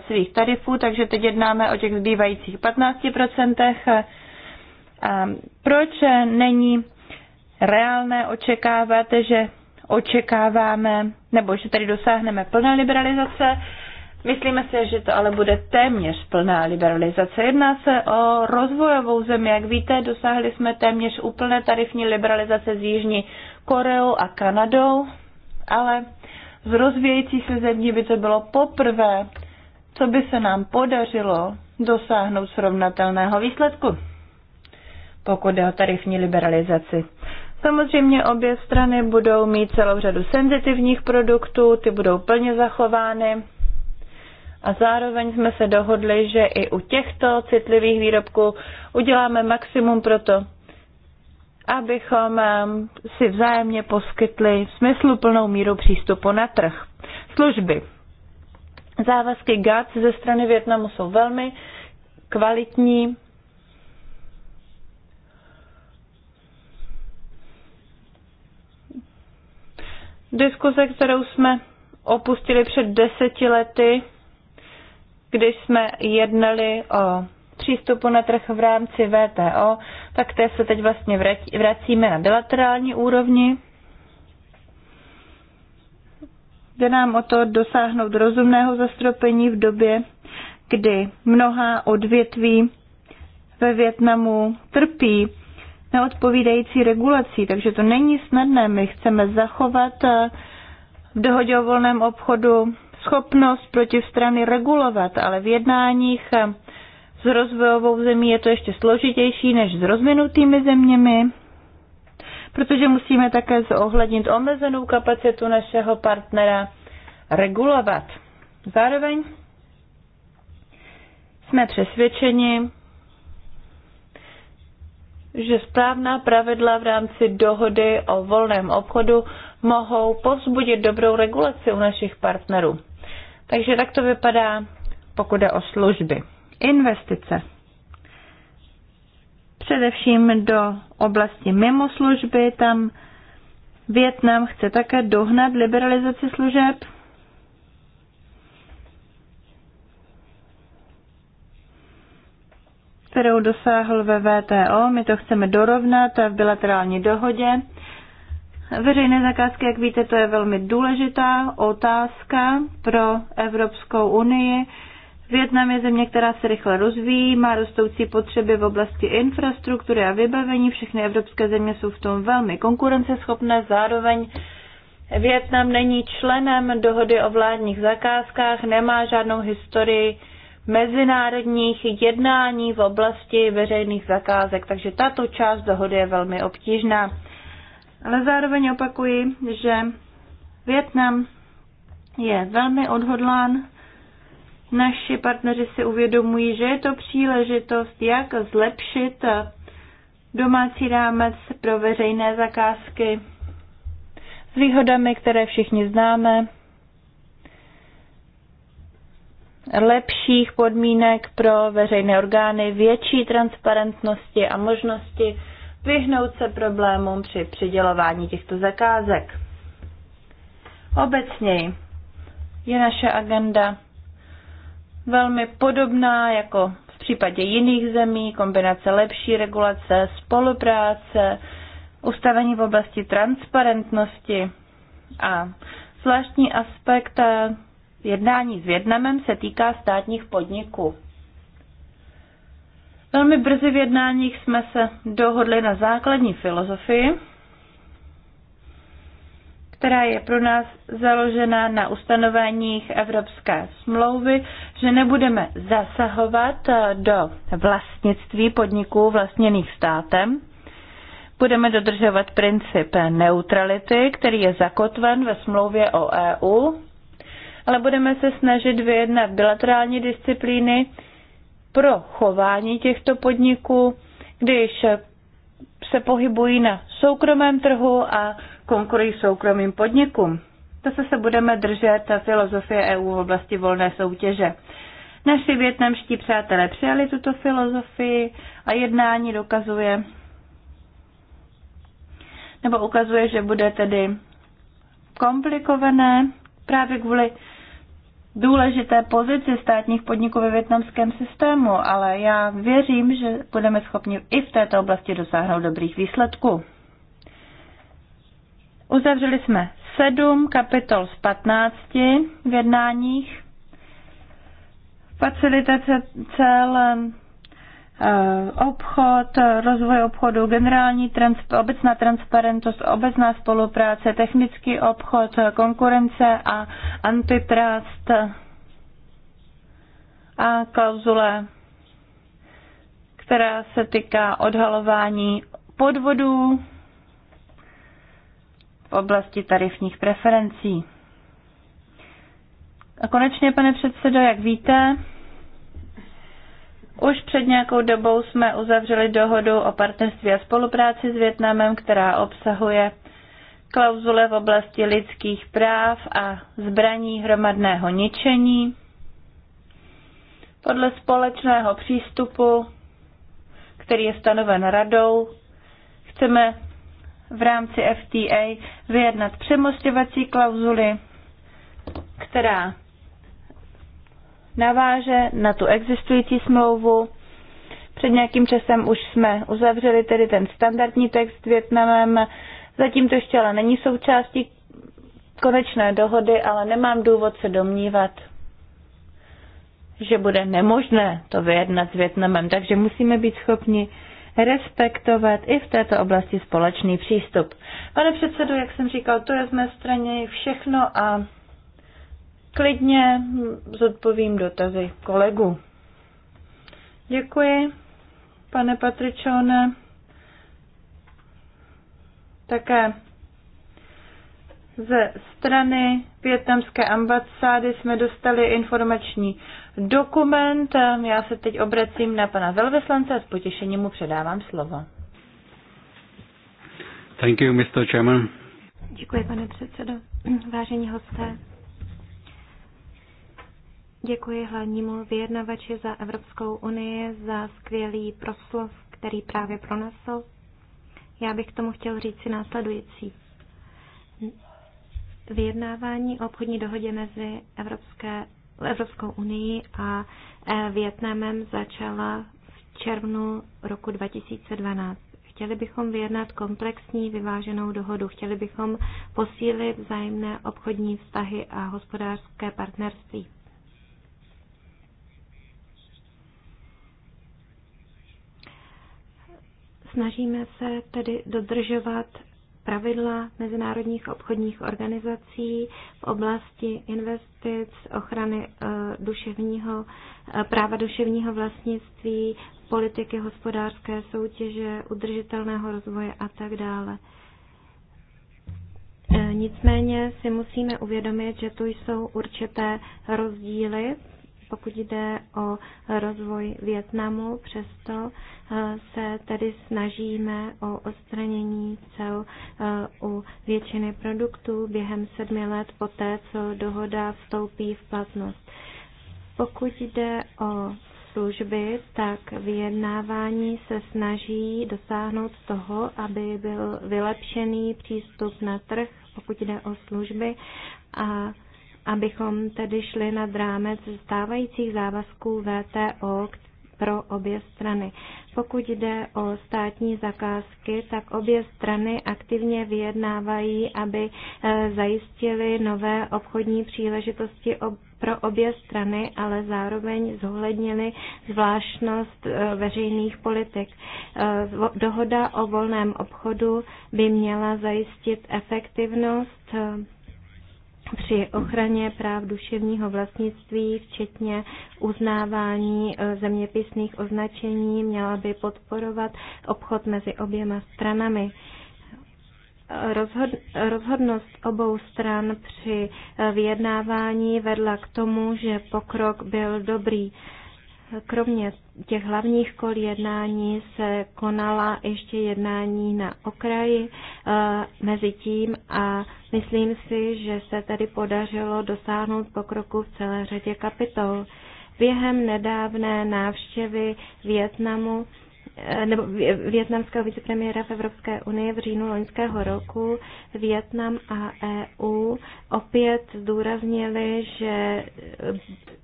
svých tarifů, takže teď jednáme o těch zbývajících 15 a proč není reálné očekávat, že očekáváme, nebo že tady dosáhneme plné liberalizace. Myslíme si, že to ale bude téměř plná liberalizace. Jedná se o rozvojovou zemi. Jak víte, dosáhli jsme téměř úplné tarifní liberalizace s Jižní Koreou a Kanadou, ale z rozvíjející se zemí by to bylo poprvé, co by se nám podařilo dosáhnout srovnatelného výsledku, pokud jde o tarifní liberalizaci. Samozřejmě obě strany budou mít celou řadu senzitivních produktů, ty budou plně zachovány. A zároveň jsme se dohodli, že i u těchto citlivých výrobků uděláme maximum pro to, abychom eh, si vzájemně poskytli smysluplnou míru přístupu na trh. Služby. Závazky GATS ze strany Větnamu jsou velmi kvalitní, Diskuze, kterou jsme opustili před deseti lety, když jsme jednali o přístupu na trh v rámci VTO, tak té se teď vlastně vracíme na bilaterální úrovni. Jde nám o to dosáhnout rozumného zastropení v době, kdy mnoha odvětví ve Větnamu trpí neodpovídající regulací, takže to není snadné. My chceme zachovat eh, v dohodě o volném obchodu schopnost protistrany regulovat, ale v jednáních eh, s rozvojovou zemí je to ještě složitější než s rozvinutými zeměmi, protože musíme také zohlednit omezenou kapacitu našeho partnera regulovat. Zároveň jsme přesvědčeni, že správná pravidla v rámci dohody o volném obchodu mohou povzbudit dobrou regulaci u našich partnerů. Takže tak to vypadá, pokud jde o služby. Investice. Především do oblasti mimo služby, tam Větnam chce také dohnat liberalizaci služeb kterou dosáhl ve VTO. My to chceme dorovnat v bilaterální dohodě. Veřejné zakázky, jak víte, to je velmi důležitá otázka pro Evropskou unii. Větnam je země, která se rychle rozvíjí, má rostoucí potřeby v oblasti infrastruktury a vybavení. Všechny evropské země jsou v tom velmi konkurenceschopné. Zároveň Větnam není členem dohody o vládních zakázkách, nemá žádnou historii mezinárodních jednání v oblasti veřejných zakázek, takže tato část dohody je velmi obtížná. Ale zároveň opakuji, že Větnam je velmi odhodlán. Naši partneři si uvědomují, že je to příležitost, jak zlepšit domácí rámec pro veřejné zakázky s výhodami, které všichni známe, lepších podmínek pro veřejné orgány, větší transparentnosti a možnosti vyhnout se problémům při přidělování těchto zakázek. Obecněji je naše agenda velmi podobná jako v případě jiných zemí, kombinace lepší regulace, spolupráce, ustavení v oblasti transparentnosti a zvláštní aspekt jednání s Větnamem se týká státních podniků. Velmi brzy v jednáních jsme se dohodli na základní filozofii, která je pro nás založena na ustanoveních Evropské smlouvy, že nebudeme zasahovat eh, do vlastnictví podniků vlastněných státem. Budeme dodržovat princip neutrality, který je zakotven ve smlouvě o EU ale budeme se snažit vyjednat bilaterální disciplíny pro chování těchto podniků, když se pohybují na soukromém trhu a konkurují soukromým podnikům. To se se budeme držet filozofie EU v oblasti volné soutěže. Naši větnamští přátelé přijali tuto filozofii a jednání dokazuje, nebo ukazuje, že bude tedy komplikované právě kvůli důležité pozici státních podniků ve větnamském systému, ale já věřím, že budeme schopni i v této oblasti dosáhnout dobrých výsledků. Uzavřeli jsme sedm kapitol z 15 v jednáních. Facilitace cel, Eh, obchod, rozvoj obchodu, generální trans, obecná transparentnost, obecná spolupráce, technický obchod, konkurence a antitrust a klauzule, která se týká odhalování podvodů v oblasti tarifních preferencí. A konečně, pane předsedo, jak víte, už před nějakou dobou jsme uzavřeli dohodu o partnerství a spolupráci s Větnamem, která obsahuje klauzule v oblasti lidských práv a zbraní hromadného ničení. Podle společného přístupu, který je stanoven radou, chceme v rámci FTA vyjednat přemostěvací klauzuly, která naváže na tu existující smlouvu. Před nějakým časem už jsme uzavřeli tedy ten standardní text s Větnamem. Zatím to ještě ale není součástí konečné dohody, ale nemám důvod se domnívat, že bude nemožné to vyjednat s Větnamem, takže musíme být schopni respektovat i v této oblasti společný přístup. Pane předsedu, jak jsem říkal, to je z mé straně všechno a Klidně zodpovím dotazy kolegu. Děkuji, pane Patričone. Také ze strany větnamské ambasády jsme dostali informační dokument. Já se teď obracím na pana velvyslance a s potěšením mu předávám slovo. Thank you, Mr. Chairman. Děkuji, pane předsedo. Vážení hosté, Děkuji hlavnímu vyjednavači za Evropskou unii za skvělý proslov, který právě pronesl. Já bych k tomu chtěl říct si následující. Vyjednávání o obchodní dohodě mezi Evropské, Evropskou unii a e, Větnamem začala v červnu roku 2012. Chtěli bychom vyjednat komplexní vyváženou dohodu, chtěli bychom posílit vzájemné obchodní vztahy a hospodářské partnerství. Snažíme se tedy dodržovat pravidla mezinárodních obchodních organizací v oblasti investic, ochrany eh, duševního, eh, práva duševního vlastnictví, politiky hospodářské soutěže, udržitelného rozvoje a tak dále. Eh, nicméně si musíme uvědomit, že tu jsou určité rozdíly pokud jde o rozvoj Větnamu, přesto eh, se tedy snažíme o odstranění cel eh, u většiny produktů během sedmi let poté, co dohoda vstoupí v platnost. Pokud jde o služby, tak vyjednávání se snaží dosáhnout toho, aby byl vylepšený přístup na trh, pokud jde o služby a abychom tedy šli nad rámec stávajících závazků VTO pro obě strany. Pokud jde o státní zakázky, tak obě strany aktivně vyjednávají, aby eh, zajistili nové obchodní příležitosti pro obě strany, ale zároveň zohlednili zvláštnost eh, veřejných politik. Eh, dohoda o volném obchodu by měla zajistit efektivnost při ochraně práv duševního vlastnictví, včetně uznávání e, zeměpisných označení, měla by podporovat obchod mezi oběma stranami. Rozhod, rozhodnost obou stran při e, vyjednávání vedla k tomu, že pokrok byl dobrý. Kromě těch hlavních kol jednání se konala ještě jednání na okraji eh, mezi tím a myslím si, že se tady podařilo dosáhnout pokroku v celé řadě kapitol. Během nedávné návštěvy Větnamu eh, nebo větnamského vicepremiéra v Evropské unii v říjnu loňského roku Větnam a EU opět zdůraznili, že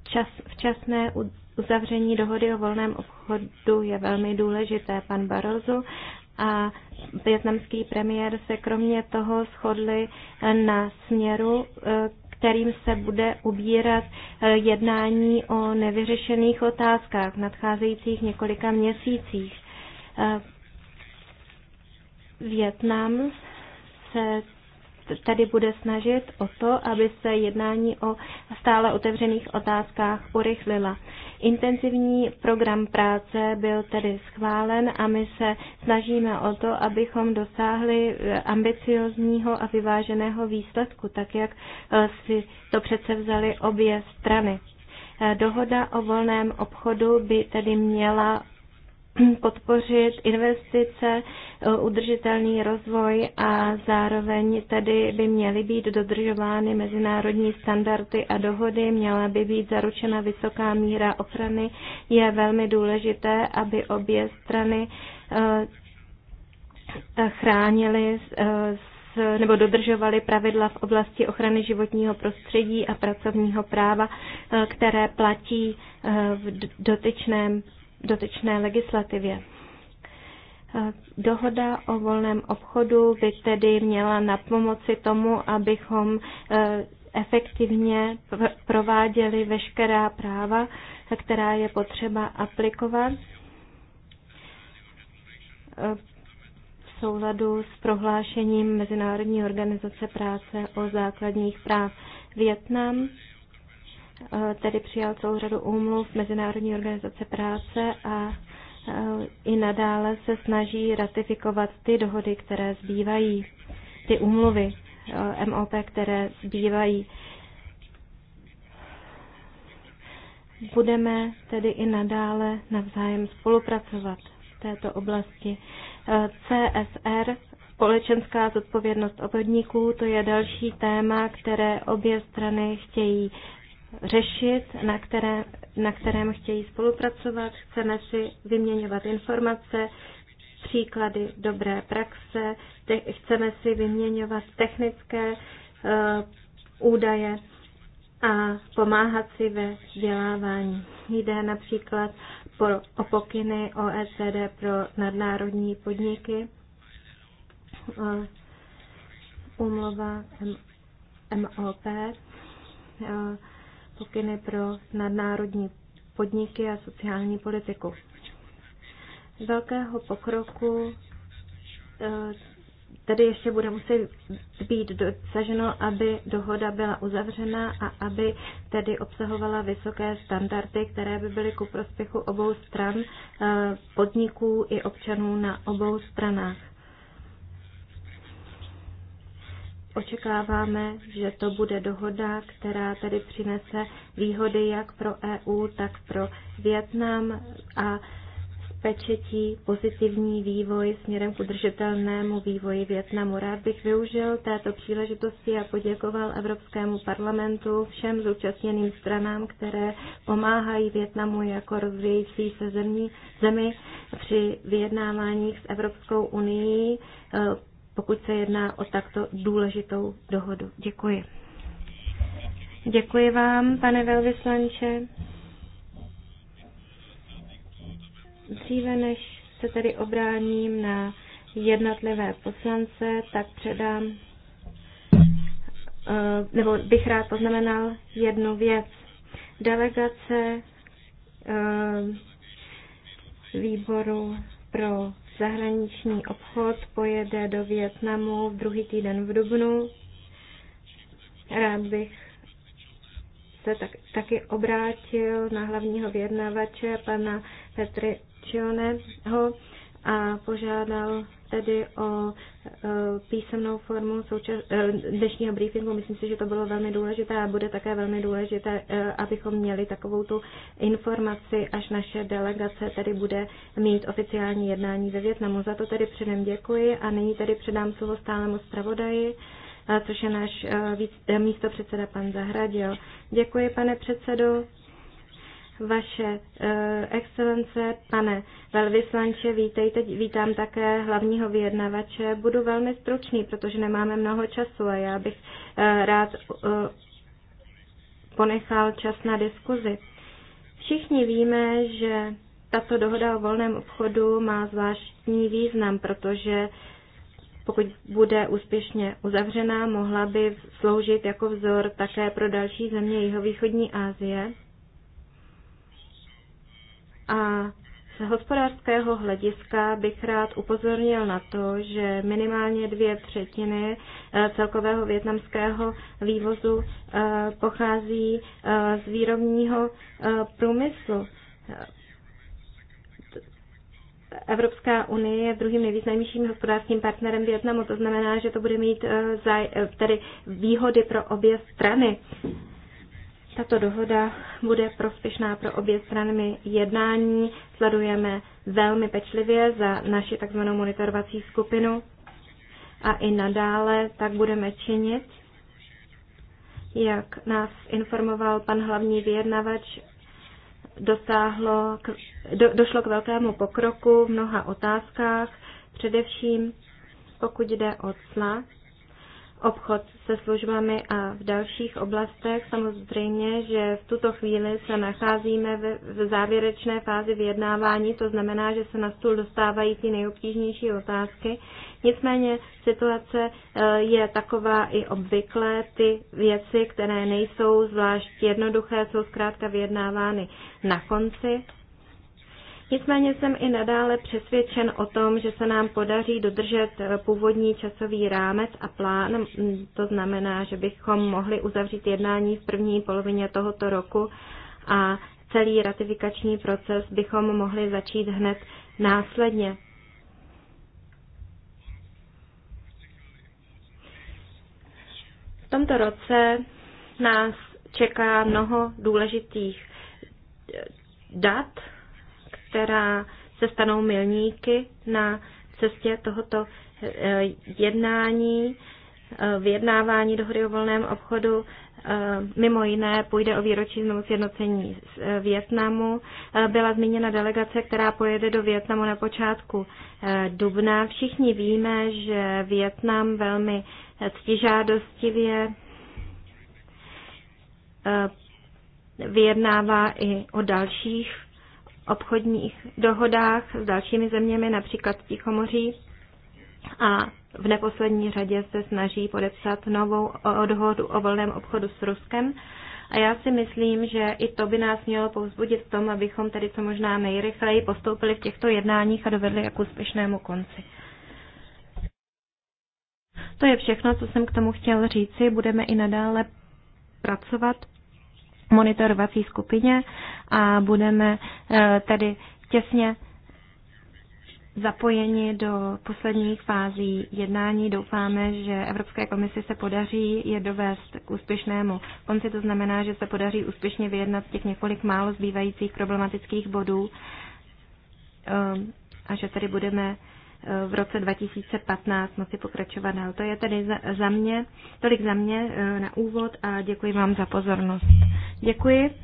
čas, včasné uzavření dohody o volném obchodu je velmi důležité. Pan Barozu a větnamský premiér se kromě toho shodli eh, na směru, eh, kterým se bude ubírat eh, jednání o nevyřešených otázkách v nadcházejících několika měsících. Větnam se tady bude snažit o to, aby se jednání o stále otevřených otázkách urychlila. Intenzivní program práce byl tedy schválen a my se snažíme o to, abychom dosáhli eh, ambiciozního a vyváženého výsledku, tak jak eh, si to přece vzali obě strany. Eh, dohoda o volném obchodu by tedy měla podpořit investice, e, udržitelný rozvoj a zároveň tady by měly být dodržovány mezinárodní standardy a dohody, měla by být zaručena vysoká míra ochrany. Je velmi důležité, aby obě strany e, chránili e, nebo dodržovali pravidla v oblasti ochrany životního prostředí a pracovního práva, které platí v dotyčném dotyčné legislativě. Dohoda o volném obchodu by tedy měla napomoci tomu, abychom eh, efektivně prováděli veškerá práva, která je potřeba aplikovat eh, v souladu s prohlášením Mezinárodní organizace práce o základních práv Větnam Eh, tedy přijal celou řadu úmluv Mezinárodní organizace práce a eh, i nadále se snaží ratifikovat ty dohody, které zbývají, ty úmluvy eh, MOP, které zbývají. Budeme tedy i nadále navzájem spolupracovat v této oblasti. CSR, společenská zodpovědnost obchodníků, to je další téma, které obě strany chtějí řešit, na, které, na kterém chtějí spolupracovat. Chceme si vyměňovat informace, příklady dobré praxe, te, chceme si vyměňovat technické e, údaje a pomáhat si ve vzdělávání. Jde například po, o pokyny OECD pro nadnárodní podniky, uh, eh, umlova MOP, pokyny pro nadnárodní podniky a sociální politiku. Z velkého pokroku eh, tady ještě bude muset být dosaženo, aby dohoda byla uzavřena a aby tedy obsahovala vysoké standardy, které by byly ku prospěchu obou stran, eh, podniků i občanů na obou stranách. Očekáváme, že to bude dohoda, která tedy přinese výhody jak pro EU, tak pro Větnam a pečetí pozitivní vývoj směrem k udržitelnému vývoji Větnamu. Rád bych využil této příležitosti a poděkoval Evropskému parlamentu všem zúčastněným stranám, které pomáhají Větnamu jako rozvíjející se zemí, zemi při vyjednáváních s Evropskou unii pokud se jedná o takto důležitou dohodu. Děkuji. Děkuji vám, pane velvyslanče. Dříve než se tedy obráním na jednotlivé poslance, tak předám, eh, nebo bych rád poznamenal jednu věc. Delegace eh, výboru pro zahraniční obchod pojede do Větnamu v druhý týden v Dubnu. Rád bych se tak, taky obrátil na hlavního vyjednavače pana Petry Čioneho a požádal tedy o e, písemnou formu e, dnešního briefingu. Myslím si, že to bylo velmi důležité a bude také velmi důležité, e, abychom měli takovou tu informaci, až naše delegace tedy bude mít oficiální jednání ve Větnamu. Za to tedy předem děkuji a nyní tedy předám slovo stálemu zpravodaji což je náš místo předseda pan Zahradil. Děkuji, pane předsedo vaše eh, excelence, pane velvyslanče, vítejte, vítám také hlavního vyjednavače. Budu velmi stručný, protože nemáme mnoho času a já bych eh, rád eh, ponechal čas na diskuzi. Všichni víme, že tato dohoda o volném obchodu má zvláštní význam, protože pokud bude úspěšně uzavřená, mohla by sloužit jako vzor také pro další země jihovýchodní Asie. A z hospodářského hlediska bych rád upozornil na to, že minimálně dvě třetiny eh, celkového větnamského vývozu eh, pochází eh, z výrobního průmyslu. Evropská unie je druhým nejvýznamnějším hospodářským partnerem Větnamu, to znamená, že to bude mít tedy výhody pro obě strany. Tato dohoda bude prospěšná pro obě strany jednání. Sledujeme velmi pečlivě za naši takzvanou monitorovací skupinu a i nadále tak budeme činit. Jak nás informoval pan hlavní vyjednavač, dosáhlo k, do, došlo k velkému pokroku v mnoha otázkách, především pokud jde o cla obchod se službami a v dalších oblastech. Samozřejmě, že v tuto chvíli se nacházíme v závěrečné fázi vyjednávání, to znamená, že se na stůl dostávají ty nejobtížnější otázky. Nicméně situace eh, je taková i obvykle. Ty věci, které nejsou zvlášť jednoduché, jsou zkrátka vyjednávány na konci Nicméně jsem i nadále přesvědčen o tom, že se nám podaří dodržet eh, původní časový rámec a plán. To znamená, že bychom mohli uzavřít jednání v první polovině tohoto roku a celý ratifikační proces bychom mohli začít hned následně. V tomto roce nás čeká mnoho důležitých eh, dat, která se stanou milníky na cestě tohoto eh, jednání, eh, vyjednávání dohody o volném obchodu. Eh, mimo jiné půjde o výročí znovu sjednocení z Větnamu. Byla zmíněna delegace, která pojede do Větnamu na počátku dubna. Všichni víme, že Větnam velmi ctižádostivě vyjednává i o dalších obchodních dohodách s dalšími zeměmi, například Tichomoří, a v neposlední řadě se snaží podepsat novou dohodu o volném obchodu s Ruskem. A já si myslím, že i to by nás mělo povzbudit v tom, abychom tedy co možná nejrychleji postoupili v těchto jednáních a dovedli k úspěšnému konci. To je všechno, co jsem k tomu chtěl říci. Budeme i nadále pracovat monitorovací skupině a budeme eh, tedy těsně zapojeni do posledních fází jednání. Doufáme, že Evropské komisi se podaří je dovést k úspěšnému konci. To znamená, že se podaří úspěšně vyjednat těch několik málo zbývajících problematických bodů eh, a že tedy budeme v roce 2015 moci pokračovat dál. To je tedy za mě, tolik za mě eh, na úvod a děkuji vám za pozornost. Děkuji.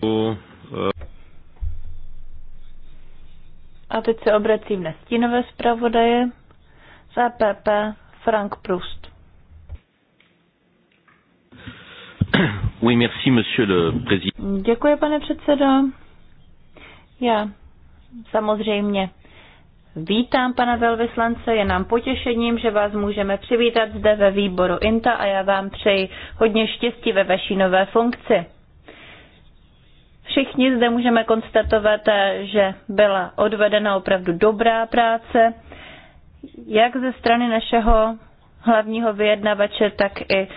A teď se obracím na stínové zpravodaje. Za PP Frank Proust. Oui, merci, monsieur le président. Děkuji, pane předsedo. Já samozřejmě Vítám pana velvyslance, je nám potěšením, že vás můžeme přivítat zde ve výboru INTA a já vám přeji hodně štěstí ve vaší nové funkci. Všichni zde můžeme konstatovat, že byla odvedena opravdu dobrá práce, jak ze strany našeho hlavního vyjednavače, tak i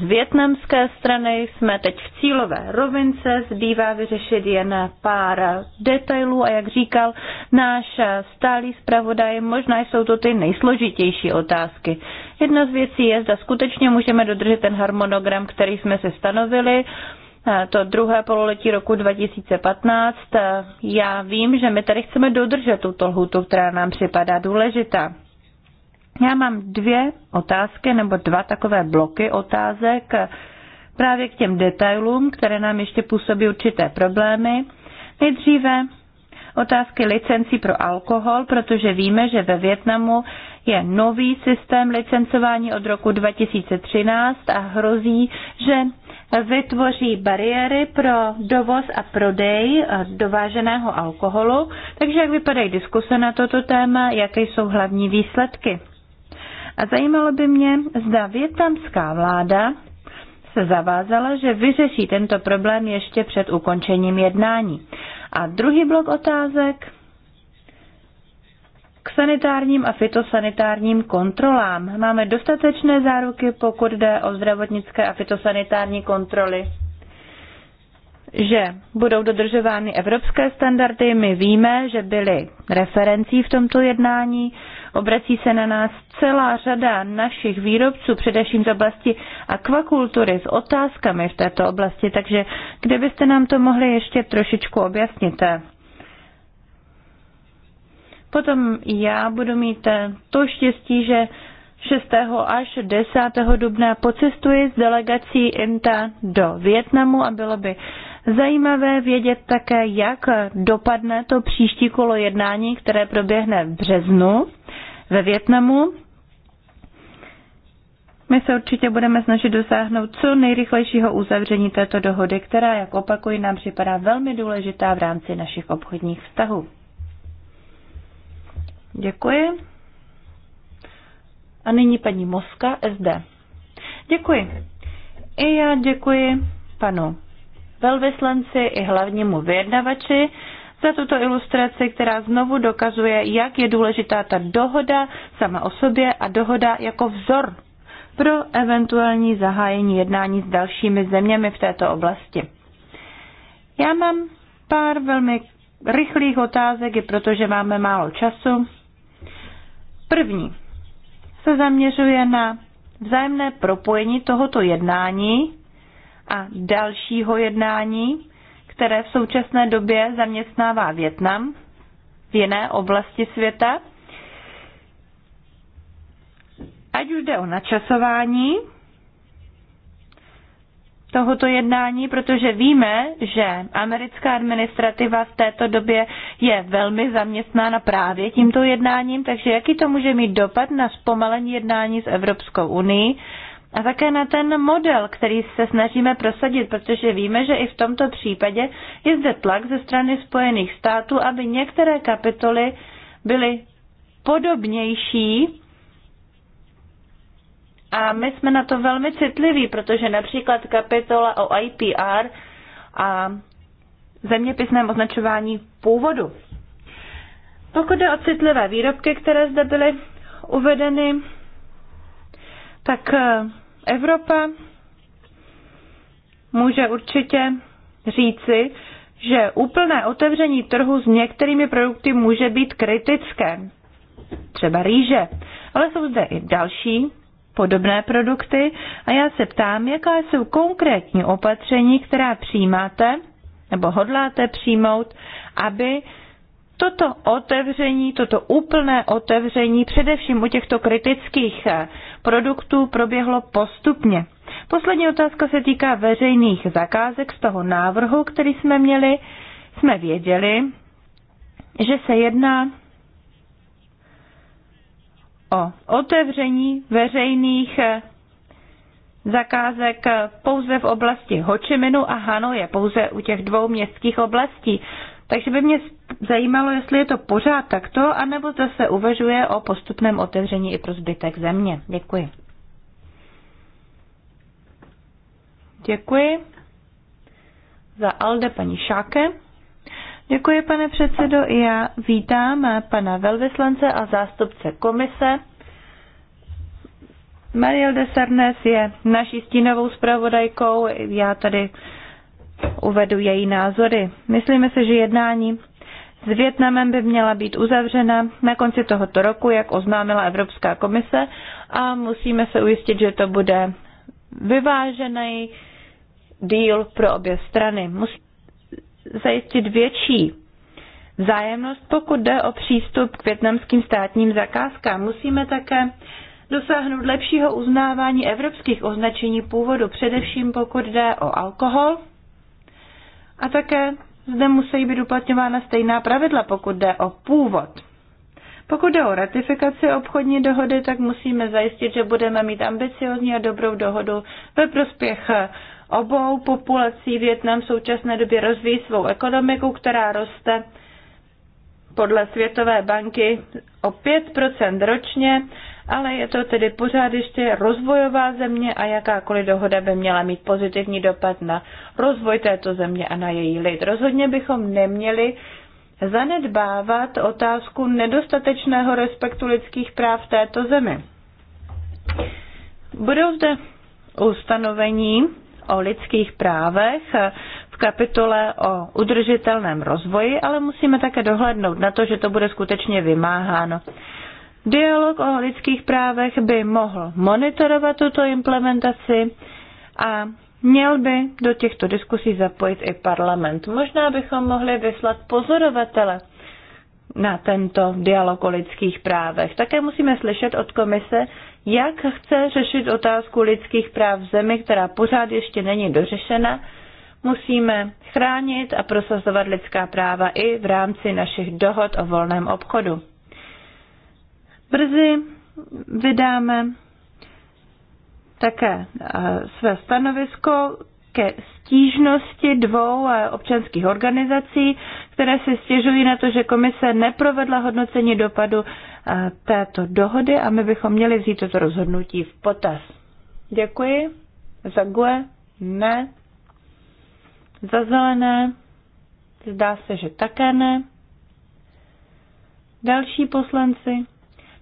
z větnamské strany. Jsme teď v cílové rovince, zbývá vyřešit jen pár detailů a jak říkal náš stálý zpravodaj, možná jsou to ty nejsložitější otázky. Jedna z věcí je, zda skutečně můžeme dodržet ten harmonogram, který jsme se stanovili to druhé pololetí roku 2015. Já vím, že my tady chceme dodržet tuto lhutu, která nám připadá důležitá. Já mám dvě otázky nebo dva takové bloky otázek právě k těm detailům, které nám ještě působí určité problémy. Nejdříve otázky licencí pro alkohol, protože víme, že ve Větnamu je nový systém licencování od roku 2013 a hrozí, že vytvoří bariéry pro dovoz a prodej eh, dováženého alkoholu. Takže jak vypadají diskuse na toto téma, jaké jsou hlavní výsledky? A zajímalo by mě, zda větnamská vláda se zavázala, že vyřeší tento problém ještě před ukončením jednání. A druhý blok otázek k sanitárním a fitosanitárním kontrolám. Máme dostatečné záruky, pokud jde o zdravotnické a fitosanitární kontroly že budou dodržovány evropské standardy. My víme, že byly referencí v tomto jednání Obrací se na nás celá řada našich výrobců, především z oblasti akvakultury, s otázkami v této oblasti, takže kde byste nám to mohli ještě trošičku objasnit. Potom já budu mít to štěstí, že 6. až 10. dubna pocestuji s delegací INTA do Větnamu a bylo by zajímavé vědět také, jak dopadne to příští kolo jednání, které proběhne v březnu ve Větnamu. My se určitě budeme snažit dosáhnout co nejrychlejšího uzavření této dohody, která, jak opakuji, nám připadá velmi důležitá v rámci našich obchodních vztahů. Děkuji. A nyní paní Moska, SD. Děkuji. I já děkuji panu velvyslanci i hlavnímu vyjednavači za tuto ilustraci, která znovu dokazuje, jak je důležitá ta dohoda sama o sobě a dohoda jako vzor pro eventuální zahájení jednání s dalšími zeměmi v této oblasti. Já mám pár velmi rychlých otázek, i protože máme málo času. První se zaměřuje na vzájemné propojení tohoto jednání a dalšího jednání které v současné době zaměstnává Větnam v jiné oblasti světa. Ať už jde o načasování tohoto jednání, protože víme, že americká administrativa v této době je velmi zaměstnána právě tímto jednáním, takže jaký to může mít dopad na zpomalení jednání s Evropskou unii a také na ten model, který se snažíme prosadit, protože víme, že i v tomto případě je zde tlak ze strany Spojených států, aby některé kapitoly byly podobnější. A my jsme na to velmi citliví, protože například kapitola o IPR a zeměpisném označování původu. Pokud jde o citlivé výrobky, které zde byly uvedeny, tak eh, Evropa může určitě říci, že úplné otevření trhu s některými produkty může být kritické, třeba rýže. Ale jsou zde i další podobné produkty a já se ptám, jaká jsou konkrétní opatření, která přijímáte nebo hodláte přijmout, aby toto otevření, toto úplné otevření, především u těchto kritických eh, produktů proběhlo postupně. Poslední otázka se týká veřejných zakázek z toho návrhu, který jsme měli. Jsme věděli, že se jedná o otevření veřejných eh, zakázek eh, pouze v oblasti Hočiminu a Hanoje, pouze u těch dvou městských oblastí. Takže by mě zajímalo, jestli je to pořád takto, anebo zda se uvažuje o postupném otevření i pro zbytek země. Děkuji. Děkuji. Za Alde paní Šáke. Děkuji, pane předsedo. Já vítám pana velvyslance a zástupce komise. Mariel de Sarnes je naší stínovou zpravodajkou. Já tady uvedu její názory. Myslíme si, že jednání s Větnamem by měla být uzavřena na konci tohoto roku, jak oznámila Evropská komise, a musíme se ujistit, že to bude vyvážený díl pro obě strany. Musí zajistit větší vzájemnost, pokud jde o přístup k větnamským státním zakázkám. Musíme také dosáhnout lepšího uznávání evropských označení původu, především pokud jde o alkohol a také zde musí být uplatňována stejná pravidla, pokud jde o původ. Pokud jde o ratifikaci obchodní dohody, tak musíme zajistit, že budeme mít ambiciozní a dobrou dohodu ve prospěch obou populací. Větnam v současné době rozvíjí svou ekonomiku, která roste podle Světové banky o 5 ročně ale je to tedy pořád ještě rozvojová země a jakákoliv dohoda by měla mít pozitivní dopad na rozvoj této země a na její lid. Rozhodně bychom neměli zanedbávat otázku nedostatečného respektu lidských práv v této zemi. Budou zde ustanovení o lidských právech v kapitole o udržitelném rozvoji, ale musíme také dohlednout na to, že to bude skutečně vymáháno. Dialog o lidských právech by mohl monitorovat tuto implementaci a měl by do těchto diskusí zapojit i parlament. Možná bychom mohli vyslat pozorovatele na tento dialog o lidských právech. Také musíme slyšet od komise, jak chce řešit otázku lidských práv v zemi, která pořád ještě není dořešena. Musíme chránit a prosazovat lidská práva i v rámci našich dohod o volném obchodu. Brzy vydáme také eh, své stanovisko ke stížnosti dvou eh, občanských organizací, které se stěžují na to, že komise neprovedla hodnocení dopadu eh, této dohody a my bychom měli vzít toto rozhodnutí v potaz. Děkuji. Za GUE? Ne. Za zelené? Zdá se, že také ne. Další poslanci?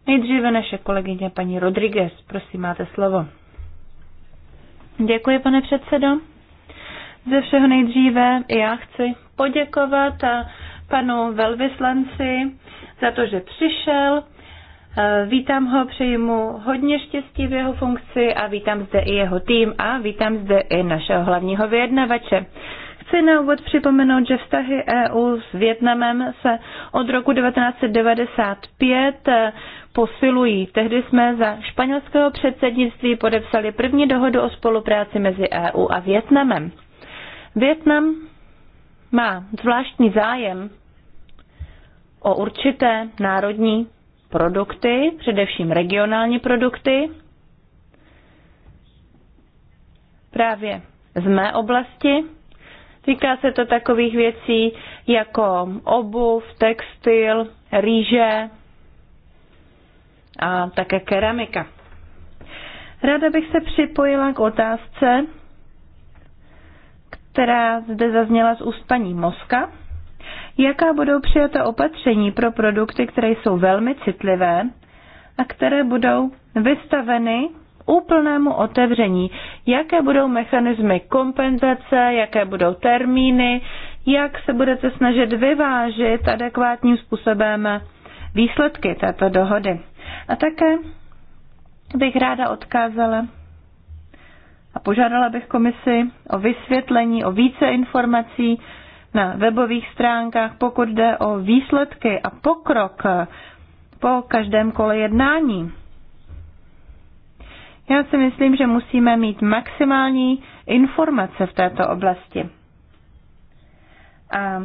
Nejdříve naše kolegyně paní Rodriguez. Prosím, máte slovo. Děkuji, pane předsedo. Ze všeho nejdříve já chci poděkovat panu velvyslanci za to, že přišel. E, vítám ho, přeji mu hodně štěstí v jeho funkci a vítám zde i jeho tým a vítám zde i našeho hlavního vyjednavače. Chci na úvod připomenout, že vztahy EU s Větnamem se od roku 1995 posilují. Tehdy jsme za španělského předsednictví podepsali první dohodu o spolupráci mezi EU a Větnamem. Větnam má zvláštní zájem o určité národní produkty, především regionální produkty, právě z mé oblasti. Týká se to takových věcí jako obuv, textil, rýže, a také keramika. Ráda bych se připojila k otázce, která zde zazněla z úst paní Moska. Jaká budou přijata opatření pro produkty, které jsou velmi citlivé a které budou vystaveny úplnému otevření? Jaké budou mechanismy kompenzace, jaké budou termíny, jak se budete snažit vyvážit adekvátním způsobem výsledky této dohody? A také bych ráda odkázala a požádala bych komisi o vysvětlení, o více informací na webových stránkách, pokud jde o výsledky a pokrok po každém kole jednání. Já si myslím, že musíme mít maximální informace v této oblasti. A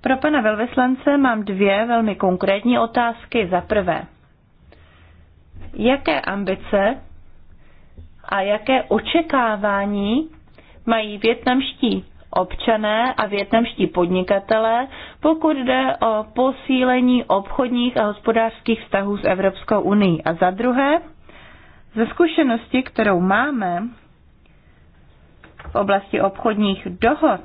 pro pana velvyslance mám dvě velmi konkrétní otázky. Za prvé, jaké ambice a jaké očekávání mají větnamští občané a větnamští podnikatelé, pokud jde o posílení obchodních a hospodářských vztahů s Evropskou unii. A za druhé, ze zkušenosti, kterou máme v oblasti obchodních dohod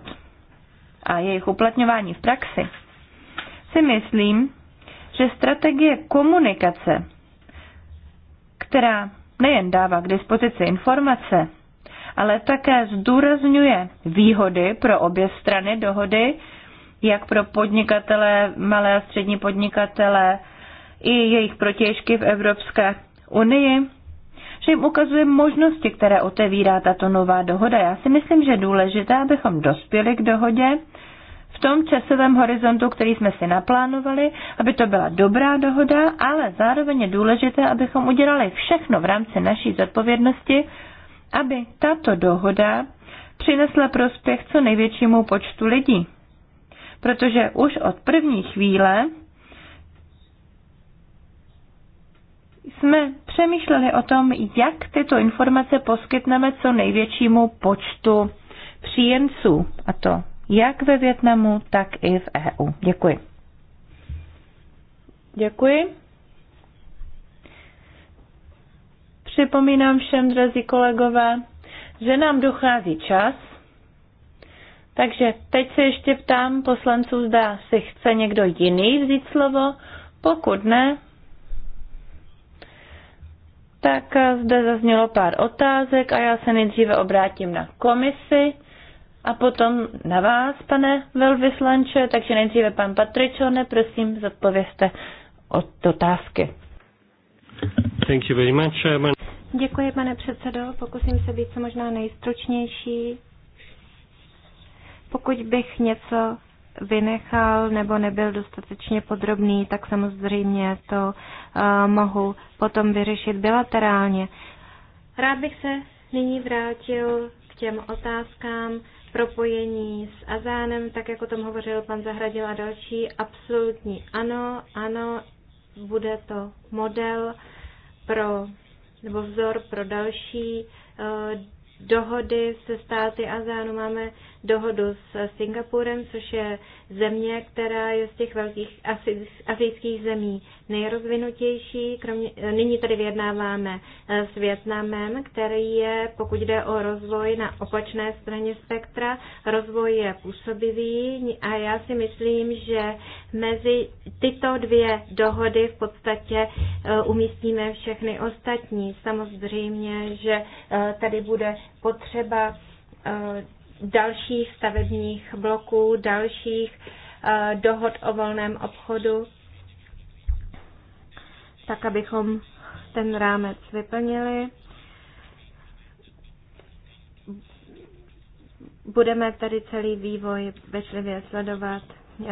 a jejich uplatňování v praxi, si myslím, že strategie komunikace která nejen dává k dispozici informace, ale také zdůrazňuje výhody pro obě strany dohody, jak pro podnikatele, malé a střední podnikatele i jejich protěžky v Evropské unii, že jim ukazuje možnosti, které otevírá tato nová dohoda. Já si myslím, že je důležité, abychom dospěli k dohodě, v tom časovém horizontu, který jsme si naplánovali, aby to byla dobrá dohoda, ale zároveň je důležité, abychom udělali všechno v rámci naší zodpovědnosti, aby tato dohoda přinesla prospěch co největšímu počtu lidí. Protože už od první chvíle jsme přemýšleli o tom, jak tyto informace poskytneme co největšímu počtu příjemců, a to jak ve Větnamu, tak i v EU. Děkuji. Děkuji. Připomínám všem, drazí kolegové, že nám dochází čas, takže teď se ještě ptám poslanců, zda si chce někdo jiný vzít slovo. Pokud ne, tak zde zaznělo pár otázek a já se nejdříve obrátím na komisi. A potom na vás, pane velvyslanče, takže nejdříve pan Patričone, prosím, zodpovězte od otázky. Thank you very much, man. Děkuji, pane předsedo. Pokusím se být co možná nejstručnější. Pokud bych něco vynechal nebo nebyl dostatečně podrobný, tak samozřejmě to uh, mohu potom vyřešit bilaterálně. Rád bych se nyní vrátil k těm otázkám, propojení s Azánem, tak jako tom hovořil pan Zahradil a další, absolutní ano, ano, bude to model pro, nebo vzor pro další uh, dohody se státy Azánu. Máme dohodu s Singapurem, což je země, která je z těch velkých azijských zemí nejrozvinutější. Kromě, nyní tady vyjednáváme eh, s Větnamem, který je, pokud jde o rozvoj na opačné straně spektra, rozvoj je působivý a já si myslím, že mezi tyto dvě dohody v podstatě eh, umístíme všechny ostatní. Samozřejmě, že eh, tady bude potřeba dalších stavebních bloků, dalších eh, dohod o volném obchodu, tak abychom ten rámec vyplnili. Budeme tady celý vývoj pečlivě sledovat. Uh,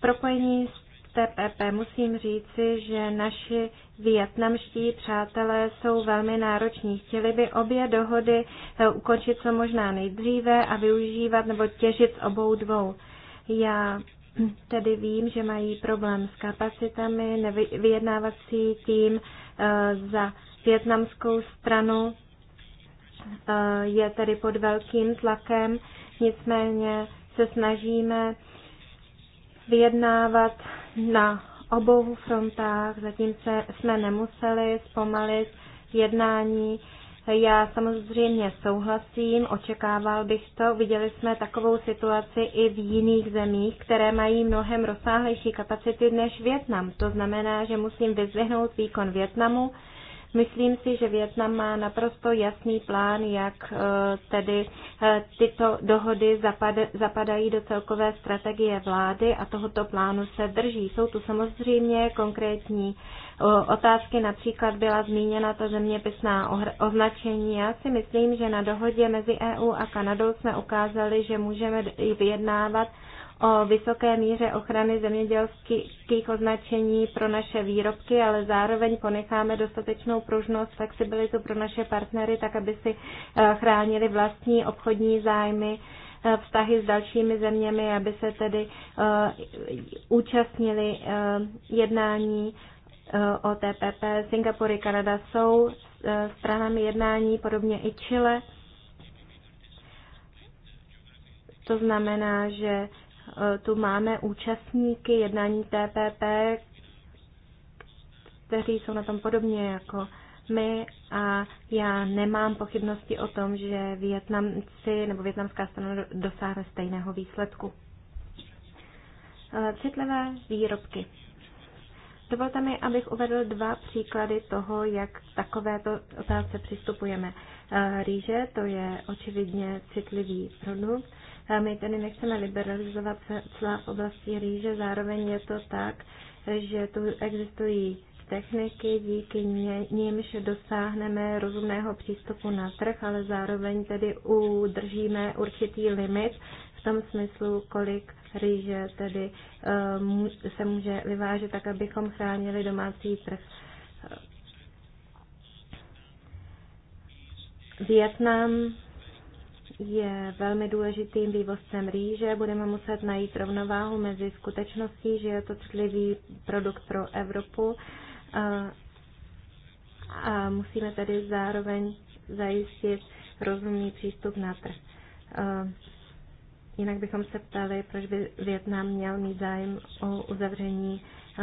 propojení s TPP musím říci, že naši vietnamští přátelé jsou velmi nároční. Chtěli by obě dohody eh, ukončit co možná nejdříve a využívat nebo těžit z obou dvou. Já tedy vím, že mají problém s kapacitami, nevyjednávací tým eh, za větnamskou stranu eh, je tedy pod velkým tlakem, nicméně se snažíme vyjednávat na obou frontách, zatím se, jsme nemuseli zpomalit jednání. Já samozřejmě souhlasím, očekával bych to. Viděli jsme takovou situaci i v jiných zemích, které mají mnohem rozsáhlejší kapacity než Větnam. To znamená, že musím vyzvihnout výkon Větnamu Myslím si, že Větnam má naprosto jasný plán, jak eh, tedy eh, tyto dohody zapadají do celkové strategie vlády a tohoto plánu se drží. Jsou tu samozřejmě konkrétní otázky, například byla zmíněna ta zeměpisná označení. Já si myslím, že na dohodě mezi EU a Kanadou jsme ukázali, že můžeme vyjednávat o vysoké míře ochrany zemědělských označení pro naše výrobky, ale zároveň ponecháme dostatečnou pružnost, flexibilitu pro naše partnery, tak aby si eh, chránili vlastní obchodní zájmy eh, vztahy s dalšími zeměmi, aby se tedy eh, účastnili jednání o TPP. Singapury, Kanada jsou stranami jednání, podobně i Chile. To znamená, že Eh, tu máme účastníky jednání TPP, kteří jsou na tom podobně jako my a já nemám pochybnosti o tom, že Větnamci nebo větnamská strana dosáhne stejného výsledku. Eh, citlivé výrobky. Dovolte mi, abych uvedl dva příklady toho, jak k takovéto otázce přistupujeme. Eh, rýže, to je očividně citlivý produkt. My tedy nechceme liberalizovat cla v oblasti rýže, zároveň je to tak, že tu existují techniky, díky nímž dosáhneme rozumného přístupu na trh, ale zároveň tedy udržíme určitý limit v tom smyslu, kolik rýže tedy eh, se může vyvážet, tak abychom chránili domácí trh. Vietnam je velmi důležitým vývozcem rýže. Budeme muset najít rovnováhu mezi skutečností, že je to citlivý produkt pro Evropu a musíme tedy zároveň zajistit rozumný přístup na trh. Jinak bychom se ptali, proč by Větnam měl mít zájem o uzavření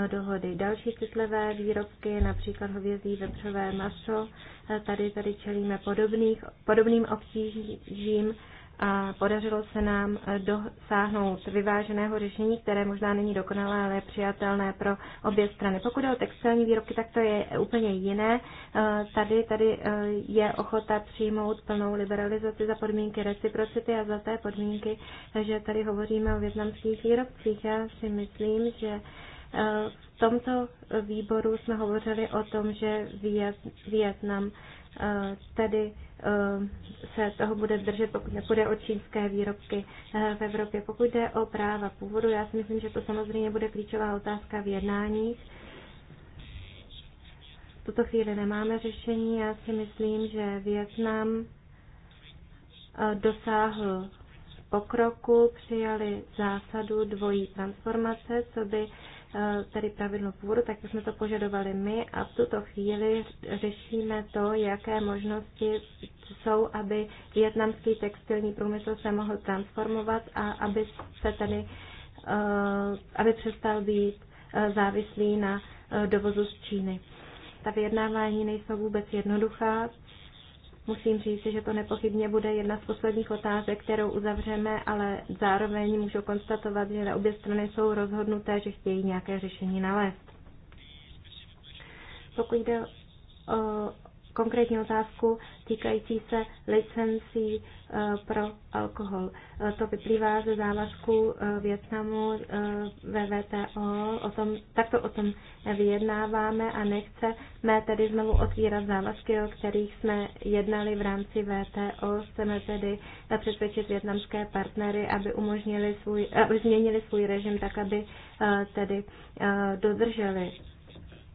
dohody. Další citlivé výrobky, například hovězí, vepřové maso, eh, tady, tady čelíme podobných, podobným obtížím a podařilo se nám eh, dosáhnout vyváženého řešení, které možná není dokonalé, ale je přijatelné pro obě strany. Pokud je o textilní výrobky, tak to je úplně jiné. Eh, tady, tady je ochota přijmout plnou liberalizaci za podmínky reciprocity a za té podmínky, že tady hovoříme o větnamských výrobcích. Já si myslím, že v tomto výboru jsme hovořili o tom, že Vietnam eh, tedy eh, se toho bude držet, pokud nepůjde o čínské výrobky eh, v Evropě. Pokud jde o práva původu, já si myslím, že to samozřejmě bude klíčová otázka v jednáních. V tuto chvíli nemáme řešení. Já si myslím, že Vietnam dosáhl pokroku, přijali zásadu dvojí transformace, co by Eh, tedy pravidlo původu, tak jsme to požadovali my a v tuto chvíli řešíme to, jaké možnosti jsou, aby větnamský textilní průmysl se mohl transformovat a aby se tedy eh, aby přestal být eh, závislý na dovozu z Číny. Ta vyjednávání nejsou vůbec jednoduchá, Musím říct, že to nepochybně bude jedna z posledních otázek, kterou uzavřeme, ale zároveň můžu konstatovat, že na obě strany jsou rozhodnuté, že chtějí nějaké řešení nalézt. Pokud jde o konkrétní otázku týkající se licencí eh, pro alkohol. Eh, to vyplývá ze závazku eh, Větnamu ve VTO. O tom, takto o tom vyjednáváme a nechceme tedy znovu otvírat závazky, o kterých jsme jednali v rámci VTO. Chceme tedy přesvědčit větnamské partnery, aby umožnili svůj, aby změnili svůj režim tak, aby tedy dodrželi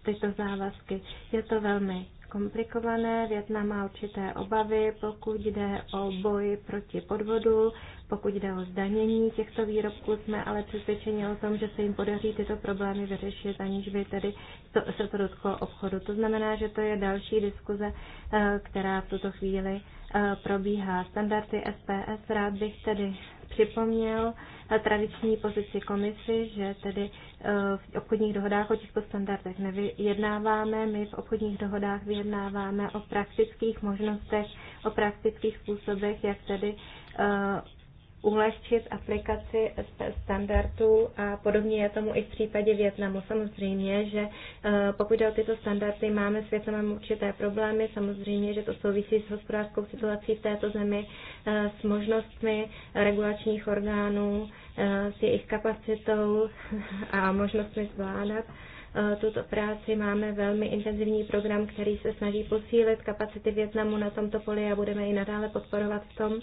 tyto závazky. Je to velmi komplikované. Větnam má určité obavy, pokud jde o boj proti podvodu, pokud jde o zdanění těchto výrobků. Jsme ale přesvědčeni o tom, že se jim podaří tyto problémy vyřešit, aniž by tedy to, se to dotklo obchodu. To znamená, že to je další diskuze, eh, která v tuto chvíli eh, probíhá. Standardy SPS rád bych tedy připomněl tradiční pozici komisy, že tedy eh, v obchodních dohodách o těchto standardech nevyjednáváme. My v obchodních dohodách vyjednáváme o praktických možnostech, o praktických způsobech, jak tedy eh, ulehčit aplikaci standardů a podobně je tomu i v případě Větnamu. Samozřejmě, že eh, pokud jde o tyto standardy, máme s Větnamem určité problémy. Samozřejmě, že to souvisí s hospodářskou situací v této zemi, eh, s možnostmi regulačních orgánů, eh, s jejich kapacitou a možnostmi zvládat tuto práci. Máme velmi intenzivní program, který se snaží posílit kapacity Větnamu na tomto poli a budeme ji nadále podporovat v tom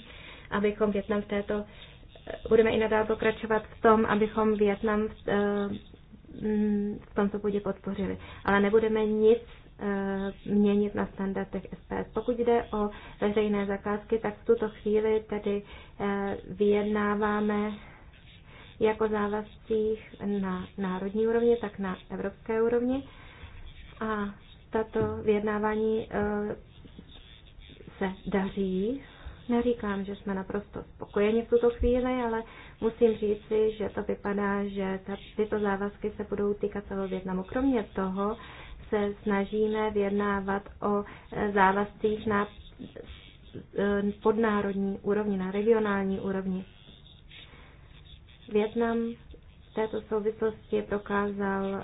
abychom Větnam v této, eh, budeme i nadále pokračovat v tom, abychom Větnam v, eh, v tomto bodě podpořili. Ale nebudeme nic eh, měnit na standardech SPS. Pokud jde o veřejné zakázky, tak v tuto chvíli tedy vyjednáváme jako závazcích na národní úrovni, tak na evropské úrovni. A tato vyjednávání se daří. Neříkám, že jsme naprosto spokojeni v tuto chvíli, ale musím říci, že to vypadá, že ta, tyto závazky se budou týkat celého Větnamu. Kromě toho se snažíme vyjednávat o e, závazcích na e, podnárodní úrovni, na regionální úrovni. Větnam v této souvislosti prokázal e,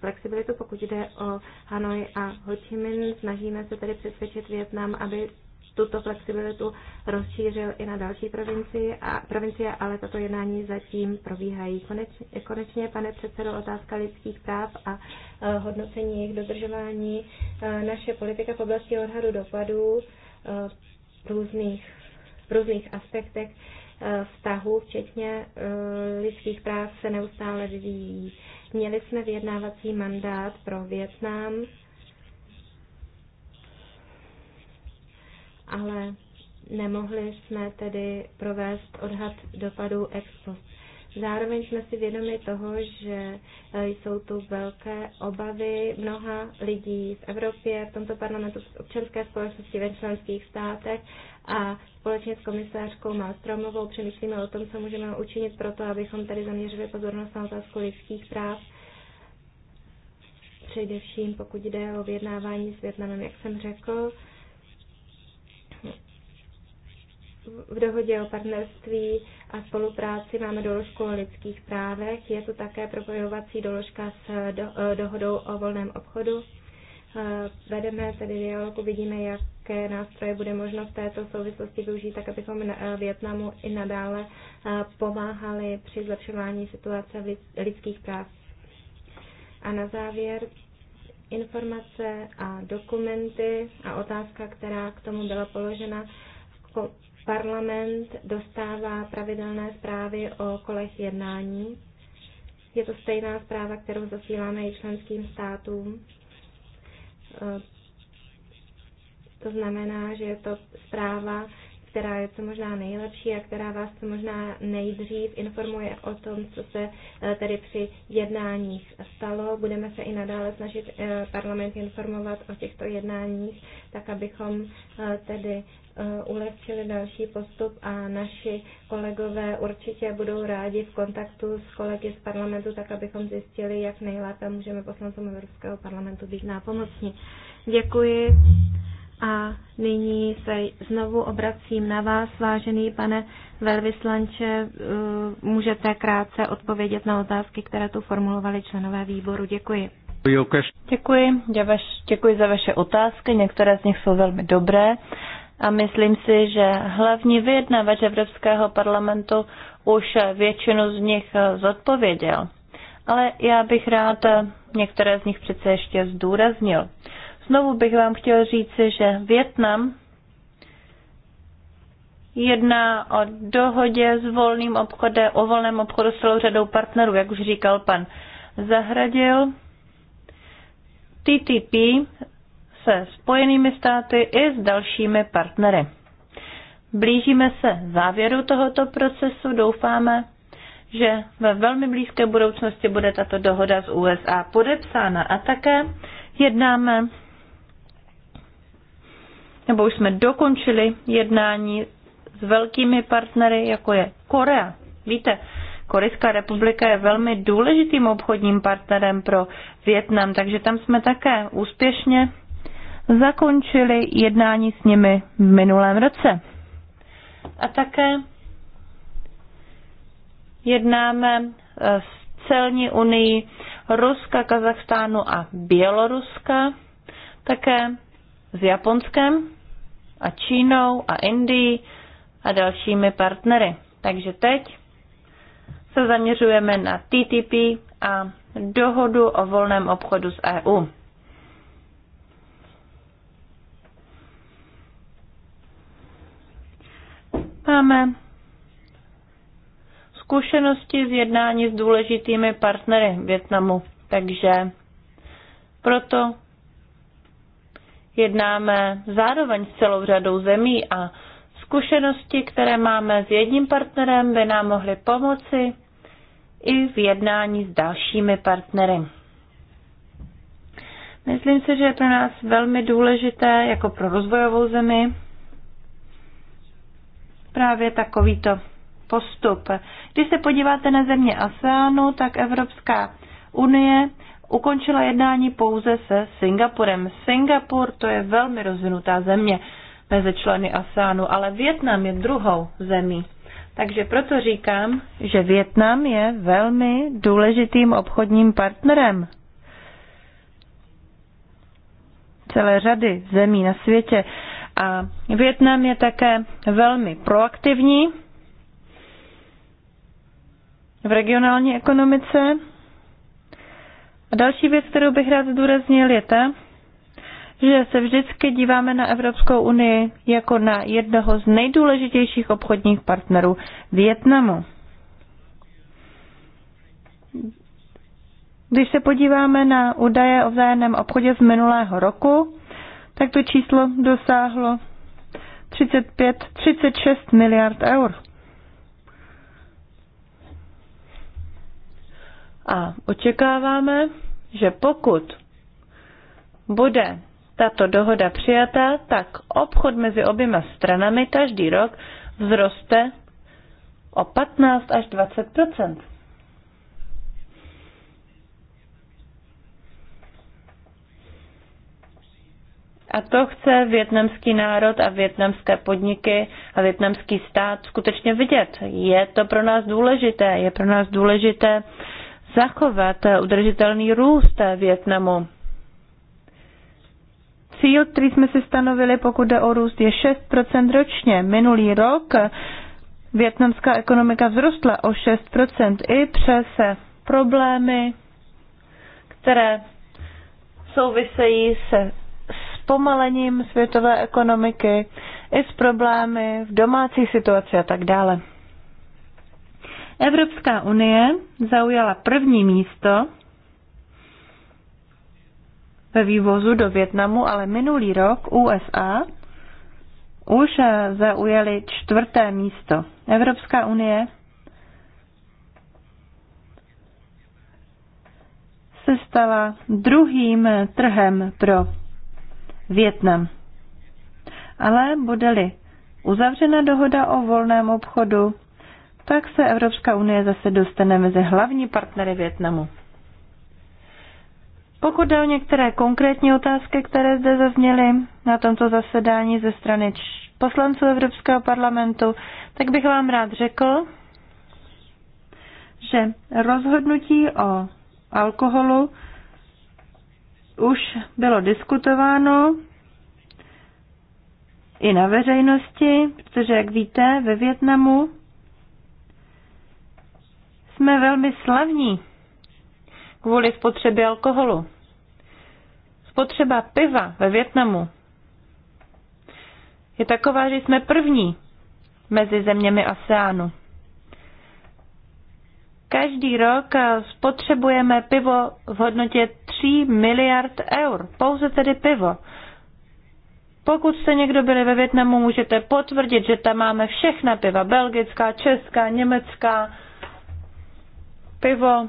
flexibilitu, pokud jde o Hanoj a Ho Chi Minh. Snažíme se tedy přesvědčit Větnam, aby tuto flexibilitu rozšířil i na další provincie, a, provincie ale tato jednání zatím probíhají. Konečně, konečně pane předsedo, otázka lidských práv a e, hodnocení jejich dodržování. E, naše politika v oblasti odhadu dopadů e, v různých, v různých aspektech vztahu, včetně lidských práv, se neustále vyvíjí. Měli jsme vyjednávací mandát pro Větnam, ale nemohli jsme tedy provést odhad dopadů ex post. Zároveň jsme si vědomi toho, že e, jsou tu velké obavy mnoha lidí v Evropě, v tomto parlamentu, v občanské společnosti ve členských státech a společně s komisářkou Malstromovou přemýšlíme o tom, co můžeme učinit pro to, abychom tady zaměřili pozornost na otázku lidských práv, především pokud jde o vyjednávání s Větnamem, jak jsem řekl. v dohodě o partnerství a spolupráci máme doložku o lidských právech. Je to také propojovací doložka s do, eh, dohodou o volném obchodu. Eh, vedeme tedy dialogu, vidíme, jaké nástroje bude možno v této souvislosti využít, tak abychom eh, Větnamu i nadále pomáhali při zlepšování situace lidských práv. A na závěr informace a dokumenty a otázka, která k tomu byla položena Parlament dostává pravidelné zprávy o kolech jednání. Je to stejná zpráva, kterou zasíláme i členským státům. Eh, to znamená, že je to zpráva, která je co možná nejlepší a která vás co možná nejdřív informuje o tom, co se eh, tedy při jednáních stalo. Budeme se i nadále snažit eh, parlament informovat o těchto jednáních, tak abychom tedy Eh, ulehčili další postup a naši kolegové určitě budou rádi v kontaktu s kolegy z parlamentu, tak abychom zjistili, jak nejlépe můžeme poslancům Evropského parlamentu být nápomocní. Děkuji. A nyní se znovu obracím na vás, vážený pane velvyslanče. Eh, můžete krátce odpovědět na otázky, které tu formulovali členové výboru. Děkuji. Děkuji, děkuji za vaše otázky, některé z nich jsou velmi dobré a myslím si, že hlavní vyjednavač Evropského parlamentu už většinu z nich eh, zodpověděl. Ale já bych rád eh, některé z nich přece ještě zdůraznil. Znovu bych vám chtěl říci, že Větnam jedná o dohodě s volným obchodem, o volném obchodu s celou řadou partnerů, jak už říkal pan Zahradil. TTP se Spojenými státy i s dalšími partnery. Blížíme se závěru tohoto procesu, doufáme, že ve velmi blízké budoucnosti bude tato dohoda z USA podepsána a také jednáme, nebo už jsme dokončili jednání s velkými partnery, jako je Korea. Víte, Korejská republika je velmi důležitým obchodním partnerem pro Větnam, takže tam jsme také úspěšně zakončili jednání s nimi v minulém roce. A také jednáme s eh, celní unii Ruska, Kazachstánu a Běloruska, také s Japonskem a Čínou a Indií a dalšími partnery. Takže teď se zaměřujeme na TTP a dohodu o volném obchodu s EU. Máme zkušenosti z jednání s důležitými partnery Větnamu, takže proto jednáme zároveň s celou řadou zemí a zkušenosti, které máme s jedním partnerem, by nám mohly pomoci i v jednání s dalšími partnery. Myslím si, že je pro nás velmi důležité, jako pro rozvojovou zemi, právě takovýto postup. Když se podíváte na země ASEANu, tak Evropská unie ukončila jednání pouze se Singapurem. Singapur to je velmi rozvinutá země mezi členy ASEANu, ale Větnam je druhou zemí. Takže proto říkám, že Větnam je velmi důležitým obchodním partnerem celé řady zemí na světě. A Větnam je také velmi proaktivní v regionální ekonomice. A další věc, kterou bych rád zdůraznil, je ta, že se vždycky díváme na Evropskou unii jako na jednoho z nejdůležitějších obchodních partnerů Větnamu. Když se podíváme na údaje o vzájemném obchodě z minulého roku, tak to číslo dosáhlo 35, 36 miliard eur. A očekáváme, že pokud bude tato dohoda přijata, tak obchod mezi oběma stranami každý rok vzroste o 15 až 20 A to chce větnamský národ a větnamské podniky a větnamský stát skutečně vidět. Je to pro nás důležité. Je pro nás důležité zachovat udržitelný růst Větnamu. Cíl, který jsme si stanovili, pokud jde o růst, je 6% ročně. Minulý rok větnamská ekonomika vzrostla o 6% i přes problémy, které souvisejí se zpomalením světové ekonomiky, i s problémy v domácí situaci a tak dále. Evropská unie zaujala první místo ve vývozu do Větnamu, ale minulý rok USA už zaujali čtvrté místo. Evropská unie se stala druhým trhem pro Větnam. Ale bude-li uzavřena dohoda o volném obchodu, tak se Evropská unie zase dostane mezi hlavní partnery Větnamu. Pokud jde o některé konkrétní otázky, které zde zazněly na tomto zasedání ze strany poslanců Evropského parlamentu, tak bych vám rád řekl, že rozhodnutí o alkoholu už bylo diskutováno i na veřejnosti, protože, jak víte, ve Větnamu jsme velmi slavní kvůli spotřebě alkoholu. Spotřeba piva ve Větnamu je taková, že jsme první mezi zeměmi ASEANu. Každý rok spotřebujeme pivo v hodnotě 3 miliard eur. Pouze tedy pivo. Pokud jste někdo byli ve Větnamu, můžete potvrdit, že tam máme všechna piva. Belgická, česká, německá. Pivo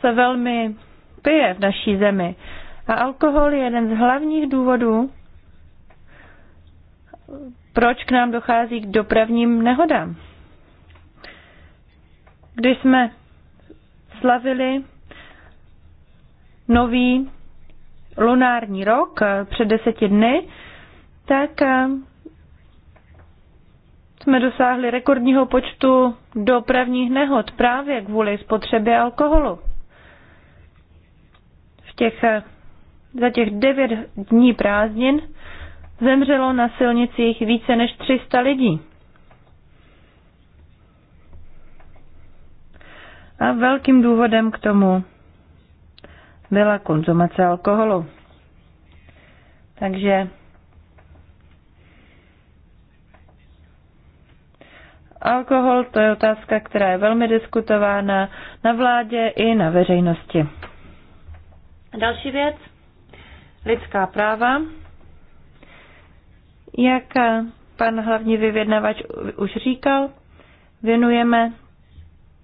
se velmi pije v naší zemi. A alkohol je jeden z hlavních důvodů, proč k nám dochází k dopravním nehodám. Když jsme slavili nový lunární rok eh, před deseti dny, tak eh, jsme dosáhli rekordního počtu dopravních nehod právě kvůli spotřebě alkoholu. V těch, eh, za těch devět dní prázdnin zemřelo na silnicích více než 300 lidí. A velkým důvodem k tomu byla konzumace alkoholu. Takže alkohol to je otázka, která je velmi diskutována na vládě i na veřejnosti. Další věc, lidská práva. Jak pan hlavní vyjednavač už říkal, věnujeme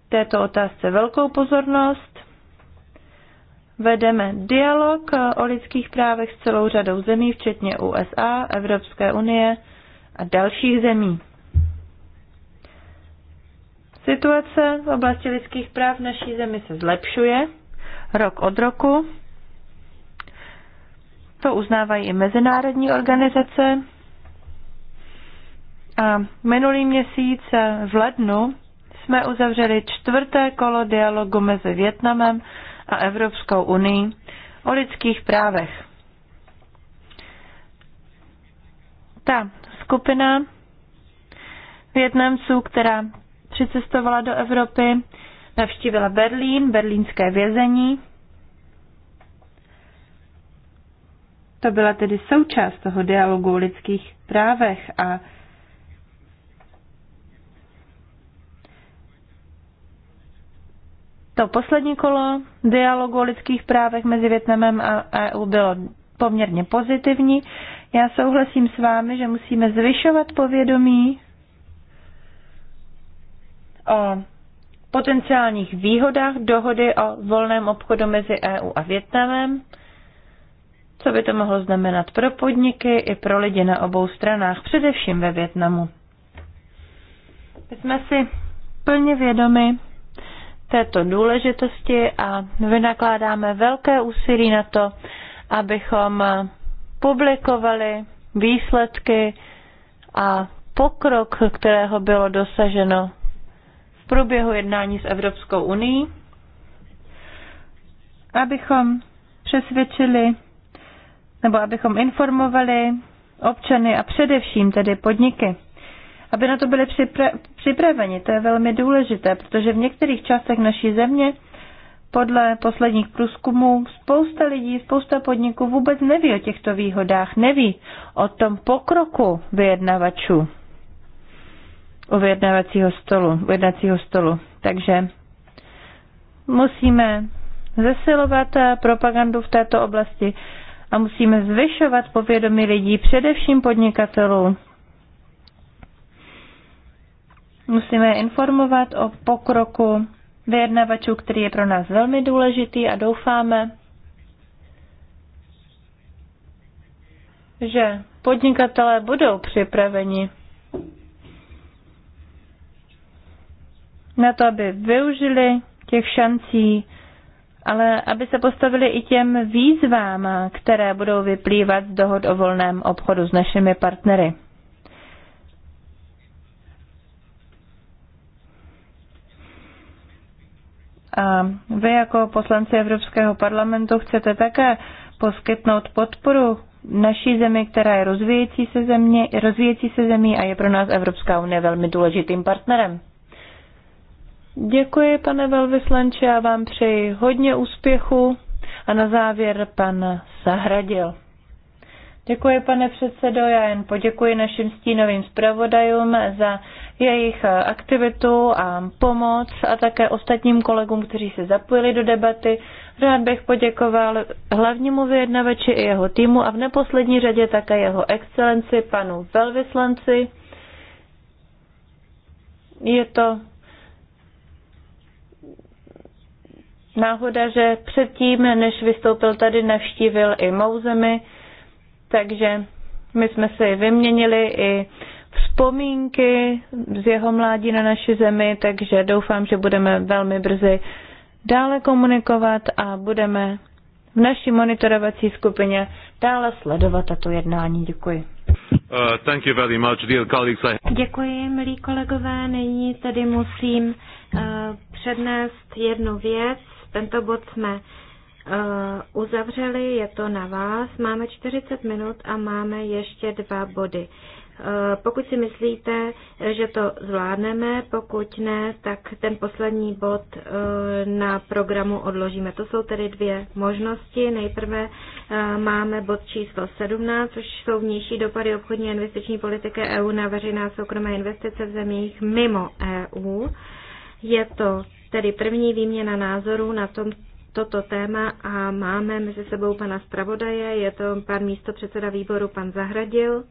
této otázce velkou pozornost. Vedeme dialog o lidských právech s celou řadou zemí, včetně USA, Evropské unie a dalších zemí. Situace v oblasti lidských práv v naší zemi se zlepšuje rok od roku. To uznávají i mezinárodní organizace. A minulý měsíc v lednu jsme uzavřeli čtvrté kolo dialogu mezi Větnamem a Evropskou unii o lidských právech. Ta skupina Větnamců, která přicestovala do Evropy, navštívila Berlín, berlínské vězení. To byla tedy součást toho dialogu o lidských právech a To poslední kolo dialogu o lidských právech mezi Větnamem a EU bylo poměrně pozitivní. Já souhlasím s vámi, že musíme zvyšovat povědomí o potenciálních výhodách dohody o volném obchodu mezi EU a Větnamem, co by to mohlo znamenat pro podniky i pro lidi na obou stranách, především ve Větnamu. My jsme si plně vědomi této důležitosti a vynakládáme velké úsilí na to, abychom publikovali výsledky a pokrok, kterého bylo dosaženo v průběhu jednání s Evropskou unii, abychom přesvědčili nebo abychom informovali občany a především tedy podniky aby na to byli připra- připraveni. To je velmi důležité, protože v některých částech naší země podle posledních průzkumů spousta lidí, spousta podniků vůbec neví o těchto výhodách, neví o tom pokroku vyjednavačů u vyjednavacího stolu, u jednacího stolu. Takže musíme zesilovat eh, propagandu v této oblasti a musíme zvyšovat povědomí lidí, především podnikatelů, Musíme informovat o pokroku vyjednavačů, který je pro nás velmi důležitý a doufáme, že podnikatelé budou připraveni na to, aby využili těch šancí, ale aby se postavili i těm výzvám, které budou vyplývat z dohod o volném obchodu s našimi partnery. A vy jako poslanci Evropského parlamentu chcete také poskytnout podporu naší zemi, která je rozvíjející se, země, rozvíjecí se zemí a je pro nás Evropská unie velmi důležitým partnerem. Děkuji, pane velvyslanče, a vám přeji hodně úspěchu. A na závěr pan Zahradil. Děkuji, pane předsedo. Já jen poděkuji našim stínovým zpravodajům za jejich aktivitu a pomoc a také ostatním kolegům, kteří se zapojili do debaty. Rád bych poděkoval hlavnímu vyjednavači i jeho týmu a v neposlední řadě také jeho excelenci, panu velvyslanci. Je to náhoda, že předtím, než vystoupil tady, navštívil i mou zemi takže my jsme si vyměnili i vzpomínky z jeho mládí na naši zemi, takže doufám, že budeme velmi brzy dále komunikovat a budeme v naší monitorovací skupině dále sledovat tato jednání. Děkuji. Uh, thank you very much, dear colleagues. I... Děkuji, milí kolegové. Nyní tady musím uh, přednést jednu věc. Tento bod jsme Eh, uzavřeli, je to na vás. Máme 40 minut a máme ještě dva body. Eh, pokud si myslíte, že to zvládneme, pokud ne, tak ten poslední bod eh, na programu odložíme. To jsou tedy dvě možnosti. Nejprve máme bod číslo 17, což jsou vnější dopady obchodní a investiční politiky EU na veřejná soukromé investice v zemích mimo EU. Je to tedy první výměna názorů na, tom, toto téma a máme mezi sebou pana zpravodaje, je to pan místo předseda výboru, pan Zahradil.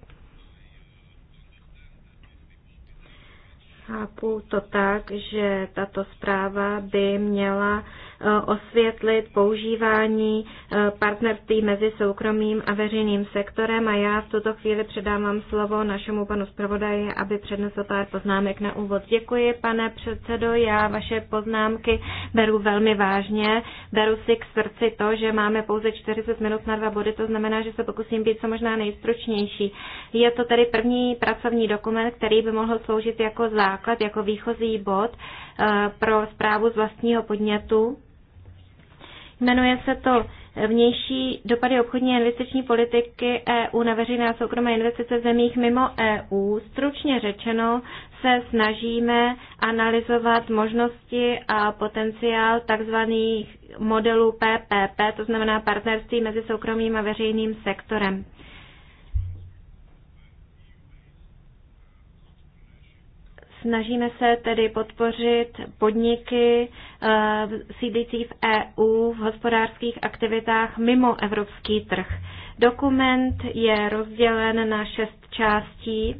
Chápu to tak, že tato zpráva by měla Eh, osvětlit používání eh, partnerství mezi soukromým a veřejným sektorem a já v tuto chvíli předávám slovo našemu panu zpravodaji, aby přednesl pár poznámek na úvod. Děkuji, pane předsedo, já vaše poznámky beru velmi vážně. Beru si k srdci to, že máme pouze 40 minut na dva body, to znamená, že se pokusím být co možná nejstručnější. Je to tedy první pracovní dokument, který by mohl sloužit jako základ, jako výchozí bod eh, pro zprávu z vlastního podnětu Jmenuje se to vnější dopady obchodní investiční politiky EU na veřejné a soukromé investice v zemích mimo EU. Stručně řečeno se snažíme analyzovat možnosti a potenciál takzvaných modelů PPP, to znamená partnerství mezi soukromým a veřejným sektorem. Snažíme se tedy podpořit podniky eh, sídlící v EU v hospodářských aktivitách mimo evropský trh. Dokument je rozdělen na šest částí,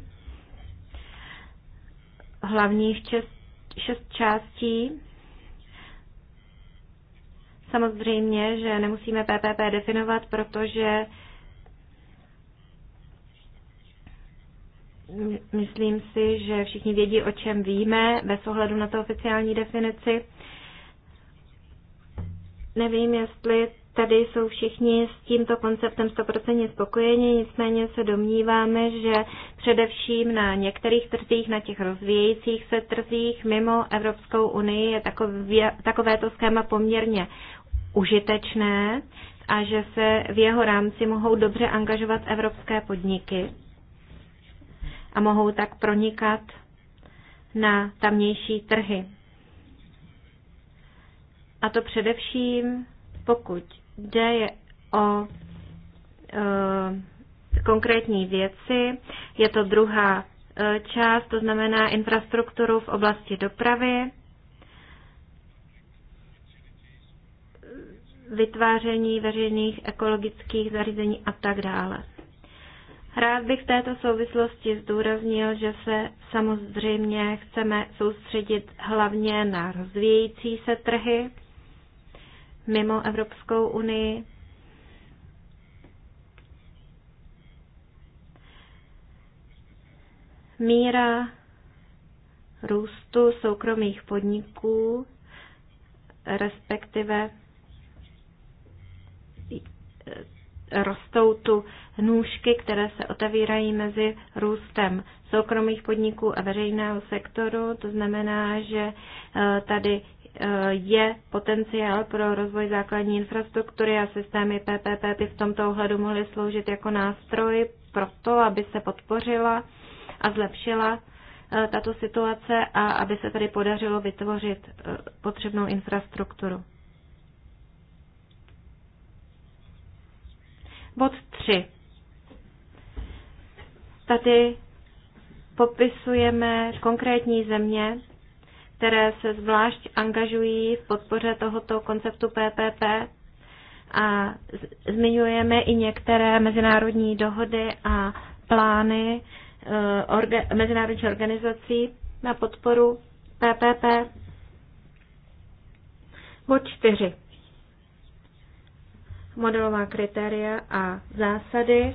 hlavních šest, šest částí. Samozřejmě, že nemusíme PPP definovat, protože uh, Myslím si, že všichni vědí, o čem víme, bez ohledu na to oficiální definici. Nevím, jestli tady jsou všichni s tímto konceptem 100% spokojeni, nicméně se domníváme, že především na některých trzích, na těch rozvíjejících se trzích mimo Evropskou unii je takové, takovéto schéma poměrně užitečné a že se v jeho rámci mohou dobře angažovat evropské podniky a mohou tak pronikat na tamnější trhy. A to především, pokud jde o e, konkrétní věci, je to druhá e, část, to znamená infrastrukturu v oblasti dopravy, vytváření veřejných ekologických zařízení a tak dále. Rád bych v této souvislosti zdůraznil, že se samozřejmě chceme soustředit hlavně na rozvíjející se trhy mimo Evropskou unii. Míra růstu soukromých podniků, respektive rostou tu nůžky, které se otevírají mezi růstem soukromých podniků a veřejného sektoru. To znamená, že eh, tady eh, je potenciál pro rozvoj základní infrastruktury a systémy PPP by v tomto ohledu mohly sloužit jako nástroj pro to, aby se podpořila a zlepšila eh, tato situace a aby se tady podařilo vytvořit potřebnou infrastrukturu. Bod 3. Tady popisujeme konkrétní země, které se zvlášť angažují v podpoře tohoto konceptu PPP a zmiňujeme i některé mezinárodní dohody a plány eh, orga, mezinárodních organizací na podporu PPP. Bod 4 modelová kritéria a zásady,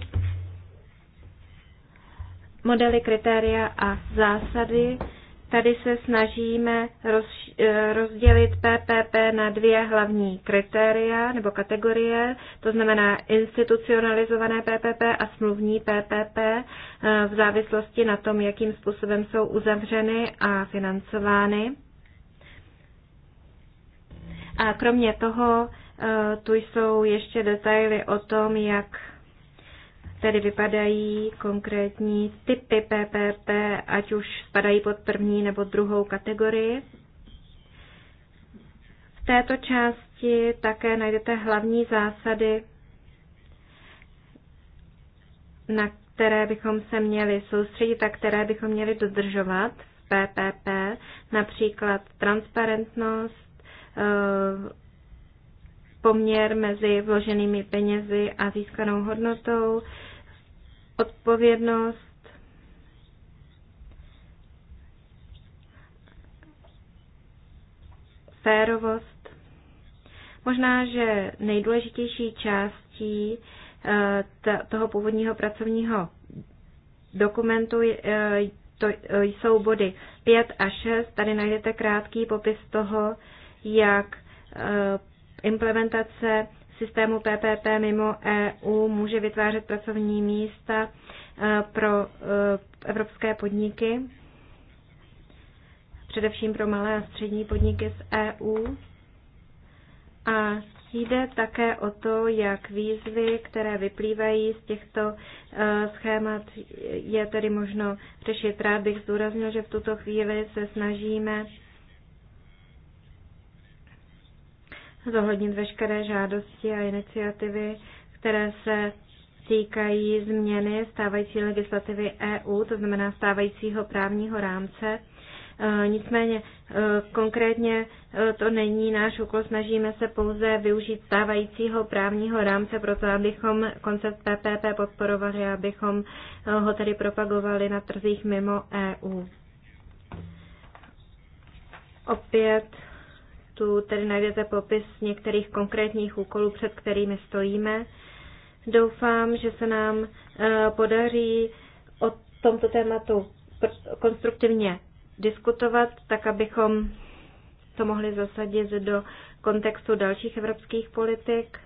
modely kritéria a zásady. Tady se snažíme roz, eh, rozdělit PPP na dvě hlavní kritéria nebo kategorie, to znamená institucionalizované PPP a smluvní PPP eh, v závislosti na tom, jakým způsobem jsou uzavřeny a financovány. A kromě toho E, tu jsou ještě detaily o tom, jak tedy vypadají konkrétní typy PPP, ať už spadají pod první nebo druhou kategorii. V této části také najdete hlavní zásady, na které bychom se měli soustředit a které bychom měli dodržovat v PPP, například transparentnost, e, poměr mezi vloženými penězi a získanou hodnotou, odpovědnost, férovost. Možná, že nejdůležitější částí eh, toho původního pracovního dokumentu eh, to eh, jsou body 5 a 6. Tady najdete krátký popis toho, jak Implementace systému PPP mimo EU může vytvářet pracovní místa e, pro e, evropské podniky, především pro malé a střední podniky z EU. A jde také o to, jak výzvy, které vyplývají z těchto e, schémat, je tedy možno řešit. Rád bych zdůraznil, že v tuto chvíli se snažíme zohlednit veškeré žádosti a iniciativy, které se týkají změny stávající legislativy EU, to znamená stávajícího právního rámce. E, nicméně e, konkrétně e, to není náš úkol, snažíme se pouze využít stávajícího právního rámce pro to, abychom koncept PPP podporovali, abychom ho tedy propagovali na trzích mimo EU. Opět tu tedy najdete popis některých konkrétních úkolů, před kterými stojíme. Doufám, že se nám e, podaří o tomto tématu konstruktivně diskutovat, tak abychom to mohli zasadit do kontextu dalších evropských politik,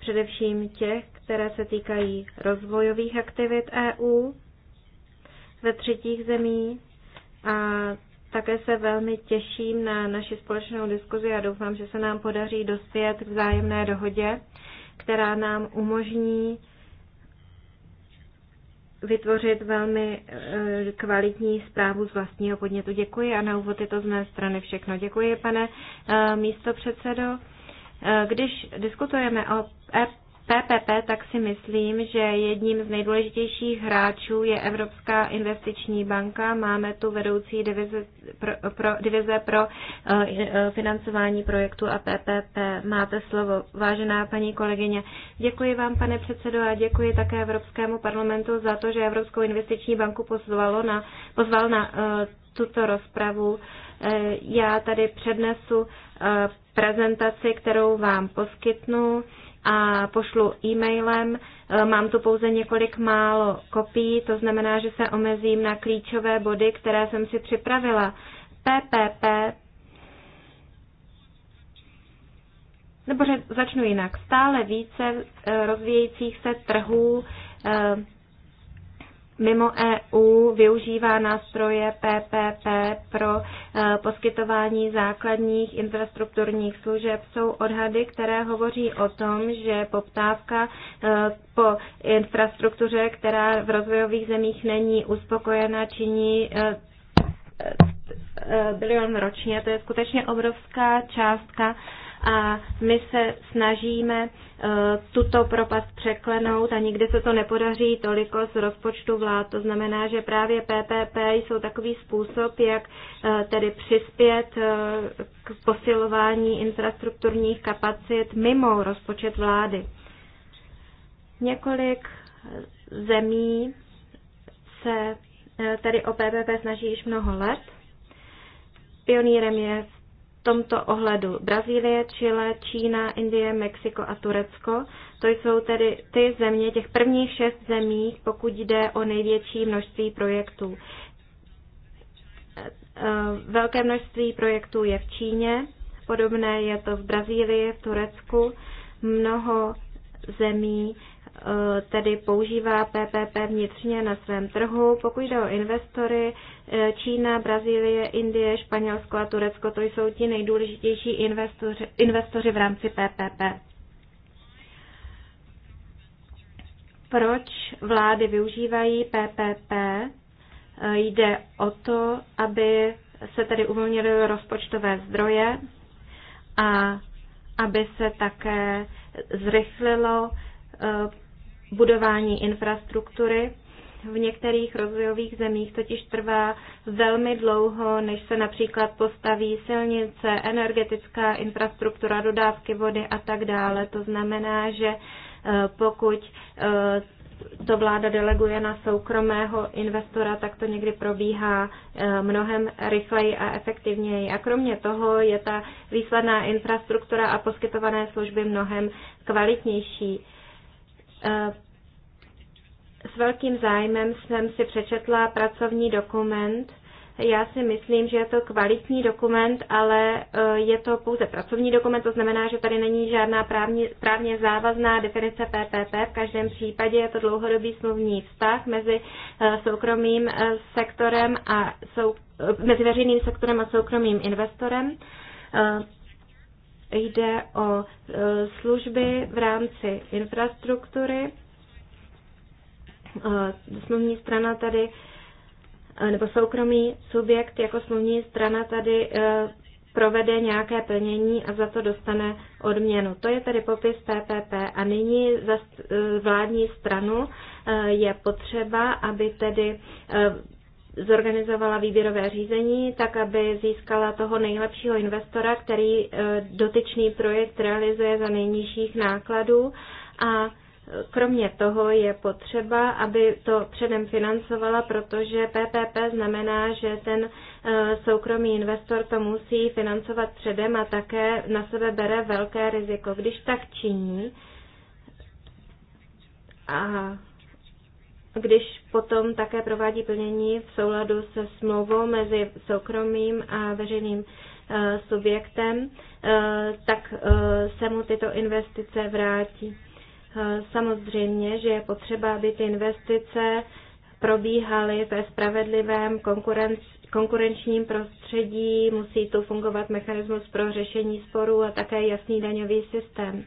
především těch, které se týkají rozvojových aktivit EU ve třetích zemí a také se velmi těším na naši společnou diskuzi a doufám, že se nám podaří dospět k vzájemné dohodě, která nám umožní vytvořit velmi eh, kvalitní zprávu z vlastního podnětu. Děkuji a na úvod je to z mé strany všechno. Děkuji, pane eh, místo předsedo. Eh, když diskutujeme o PPP, tak si myslím, že jedním z nejdůležitějších hráčů je Evropská investiční banka. Máme tu vedoucí divize pro, pro, divize pro eh, eh, financování projektu a PPP. Máte slovo, vážená paní kolegyně. Děkuji vám, pane předsedo, a děkuji také Evropskému parlamentu za to, že Evropskou investiční banku pozvalo na, pozval na eh, tuto rozpravu. Já tady přednesu prezentaci, kterou vám poskytnu a pošlu e-mailem. E, mám tu pouze několik málo kopií, to znamená, že se omezím na klíčové body, které jsem si připravila. PPP, nebo že začnu jinak, stále více e, rozvíjejících se trhů e, mimo EU využívá nástroje PPP pro eh, poskytování základních infrastrukturních služeb. Jsou odhady, které hovoří o tom, že poptávka eh, po infrastruktuře, která v rozvojových zemích není uspokojena, činí eh, bilion ročně. To je skutečně obrovská částka a my se snažíme eh, tuto propast překlenout a nikdy se to nepodaří toliko z rozpočtu vlád. To znamená, že právě PPP jsou takový způsob, jak eh, tedy přispět eh, k posilování infrastrukturních kapacit mimo rozpočet vlády. Několik zemí se tady o PPP snaží již mnoho let. Pionýrem je tomto ohledu Brazílie, Chile, Čína, Indie, Mexiko a Turecko. To jsou tedy ty země, těch prvních šest zemí, pokud jde o největší množství projektů. E, e, velké množství projektů je v Číně, podobné je to v Brazílii, v Turecku. Mnoho zemí Eh, tedy používá PPP vnitřně na svém trhu. Pokud jde o investory, eh, Čína, Brazílie, Indie, Španělsko a Turecko, to jsou ti nejdůležitější investoři, investoři v rámci PPP. Proč vlády využívají PPP? Eh, jde o to, aby se tedy uvolnily rozpočtové zdroje a aby se také zrychlilo budování infrastruktury. V některých rozvojových zemích totiž trvá velmi dlouho, než se například postaví silnice, energetická infrastruktura, dodávky vody a tak dále. To znamená, že eh, pokud eh, to vláda deleguje na soukromého investora, tak to někdy probíhá eh, mnohem rychleji a efektivněji. A kromě toho je ta výsledná infrastruktura a poskytované služby mnohem kvalitnější. Eh, s velkým zájmem jsem si přečetla pracovní dokument. Já si myslím, že je to kvalitní dokument, ale eh, je to pouze pracovní dokument, to znamená, že tady není žádná právně, právně závazná definice PPP. V každém případě je to dlouhodobý smluvní vztah mezi eh, soukromým sektorem a sou, mezi veřejným sektorem a soukromým investorem. Jde o e, služby v rámci infrastruktury. E, smluvní strana tady, e, nebo soukromý subjekt jako smluvní strana tady provede nějaké plnění a za to dostane odměnu. To je tedy popis PPP. A nyní za vládní stranu je potřeba, aby tedy zorganizovala výběrové řízení, tak aby získala toho nejlepšího investora, který e, dotyčný projekt realizuje za nejnižších nákladů a e, Kromě toho je potřeba, aby to předem financovala, protože PPP znamená, že ten e, soukromý investor to musí financovat předem a také na sebe bere velké riziko. Když tak činí, a když potom také provádí plnění v souladu se smlouvou mezi soukromým a veřejným eh, subjektem, eh, tak eh, se mu tyto investice vrátí. Samozřejmě, že je potřeba, aby ty investice probíhaly ve spravedlivém konkurenčním prostředí, musí tu fungovat mechanismus pro řešení sporů a také jasný daňový systém.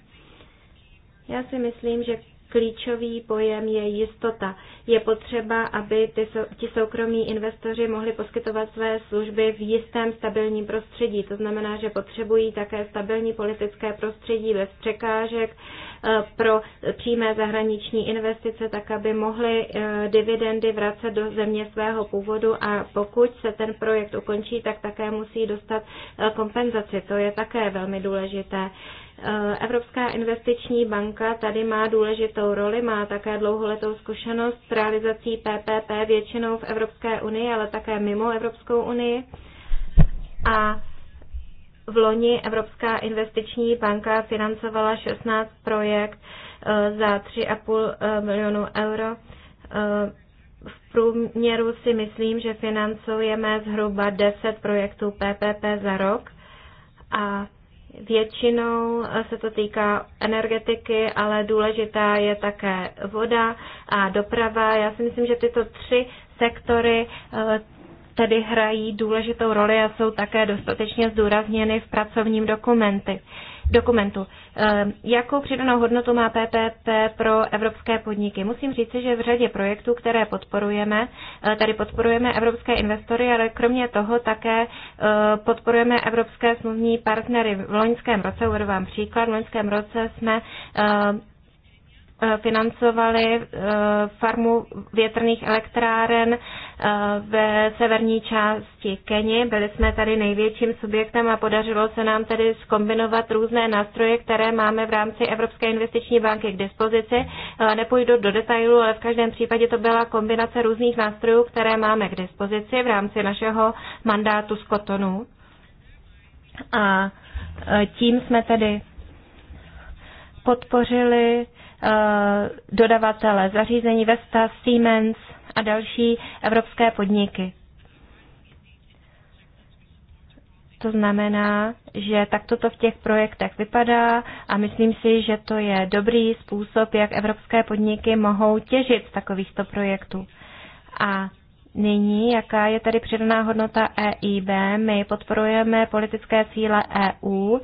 Já si myslím, že klíčový pojem je jistota. Je potřeba, aby ty, ti soukromí investoři mohli poskytovat své služby v jistém stabilním prostředí. To znamená, že potřebují také stabilní politické prostředí bez překážek eh, pro přímé zahraniční investice, tak aby mohli eh, dividendy vracet do země svého původu a pokud se ten projekt ukončí, tak také musí dostat eh, kompenzaci. To je také velmi důležité. Evropská investiční banka tady má důležitou roli, má také dlouholetou zkušenost s realizací PPP většinou v Evropské unii, ale také mimo Evropskou unii. A v loni Evropská investiční banka financovala 16 projekt eh, za 3,5 eh, milionu euro. Eh, v průměru si myslím, že financujeme zhruba 10 projektů PPP za rok a Většinou se to týká energetiky, ale důležitá je také voda a doprava. Já si myslím, že tyto tři sektory eh, tedy hrají důležitou roli a jsou také dostatečně zdůrazněny v pracovním dokumenty, dokumentu. Ehm, jakou přidanou hodnotu má PPP pro evropské podniky? Musím říci, že v řadě projektů, které podporujeme, eh, tady podporujeme evropské investory, ale kromě toho také eh, podporujeme evropské smluvní partnery. V loňském roce, uvedu vám příklad, v loňském roce jsme eh, financovali eh, farmu větrných elektráren eh, ve severní části Keni. Byli jsme tady největším subjektem a podařilo se nám tedy skombinovat různé nástroje, které máme v rámci Evropské investiční banky k dispozici. Eh, nepůjdu do detailu, ale v každém případě to byla kombinace různých nástrojů, které máme k dispozici v rámci našeho mandátu z Kotonu. A tím jsme tedy podpořili Eh, dodavatele, zařízení Vesta, Siemens a další evropské podniky. To znamená, že takto to v těch projektech vypadá a myslím si, že to je dobrý způsob, jak evropské podniky mohou těžit z takovýchto projektů. A nyní, jaká je tady přidaná hodnota EIB? My podporujeme politické cíle EU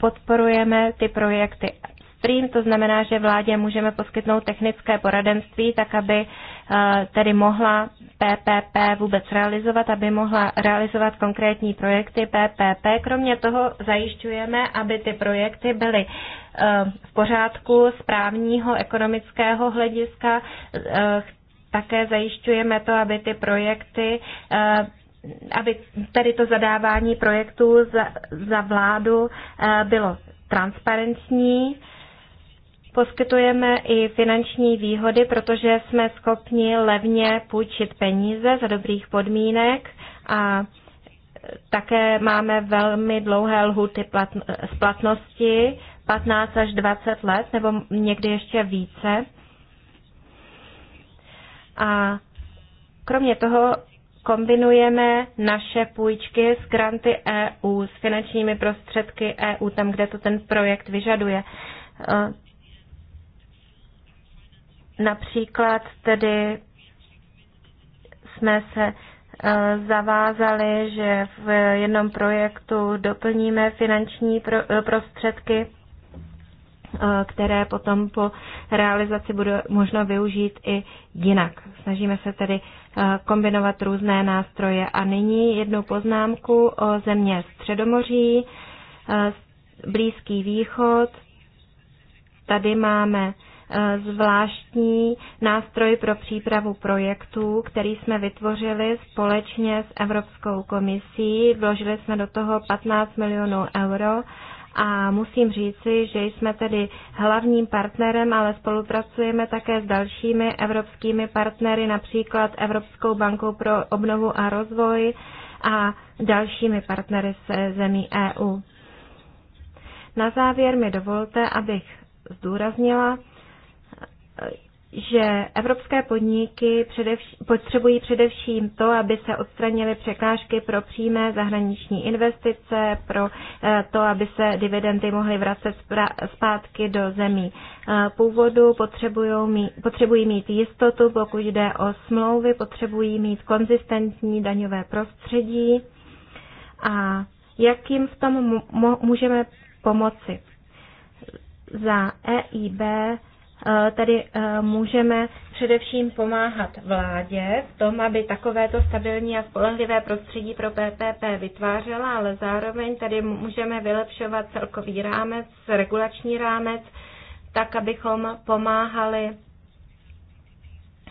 podporujeme ty projekty stream, to znamená, že vládě můžeme poskytnout technické poradenství, tak aby eh, tedy mohla PPP vůbec realizovat, aby mohla realizovat konkrétní projekty PPP. Kromě toho zajišťujeme, aby ty projekty byly eh, v pořádku z právního, ekonomického hlediska. Eh, také zajišťujeme to, aby ty projekty aby tady to zadávání projektů za, za vládu eh, bylo transparentní. Poskytujeme i finanční výhody, protože jsme schopni levně půjčit peníze za dobrých podmínek a eh, také máme velmi dlouhé lhuty eh, splatnosti, 15 až 20 let nebo někdy ještě více. A kromě toho kombinujeme naše půjčky s granty EU, s finančními prostředky EU, tam, kde to ten projekt vyžaduje. Eh, například tedy jsme se eh, zavázali, že v jednom projektu doplníme finanční eh, prostředky, které potom po realizaci bude možno využít i jinak. Snažíme se tedy kombinovat různé nástroje. A nyní jednu poznámku o země Středomoří, e, Blízký východ. Tady máme e, zvláštní nástroj pro přípravu projektů, který jsme vytvořili společně s Evropskou komisí. Vložili jsme do toho 15 milionů euro a musím říci, že jsme tedy hlavním partnerem, ale spolupracujeme také s dalšími evropskými partnery, například Evropskou bankou pro obnovu a rozvoj a dalšími partnery se zemí EU. Na závěr mi dovolte, abych zdůraznila, že evropské podniky předevš- potřebují především to, aby se odstranily překážky pro přímé zahraniční investice, pro eh, to, aby se dividendy mohly vracet zpátky do zemí eh, původu, potřebují mít, potřebují mít jistotu, pokud jde o smlouvy, potřebují mít konzistentní daňové prostředí a jak jim v tom můžeme pomoci. Za EIB Eh, tady eh, můžeme především pomáhat vládě v tom, aby takovéto stabilní a spolehlivé prostředí pro PPP vytvářela, ale zároveň tady můžeme vylepšovat celkový rámec, regulační rámec, tak, abychom pomáhali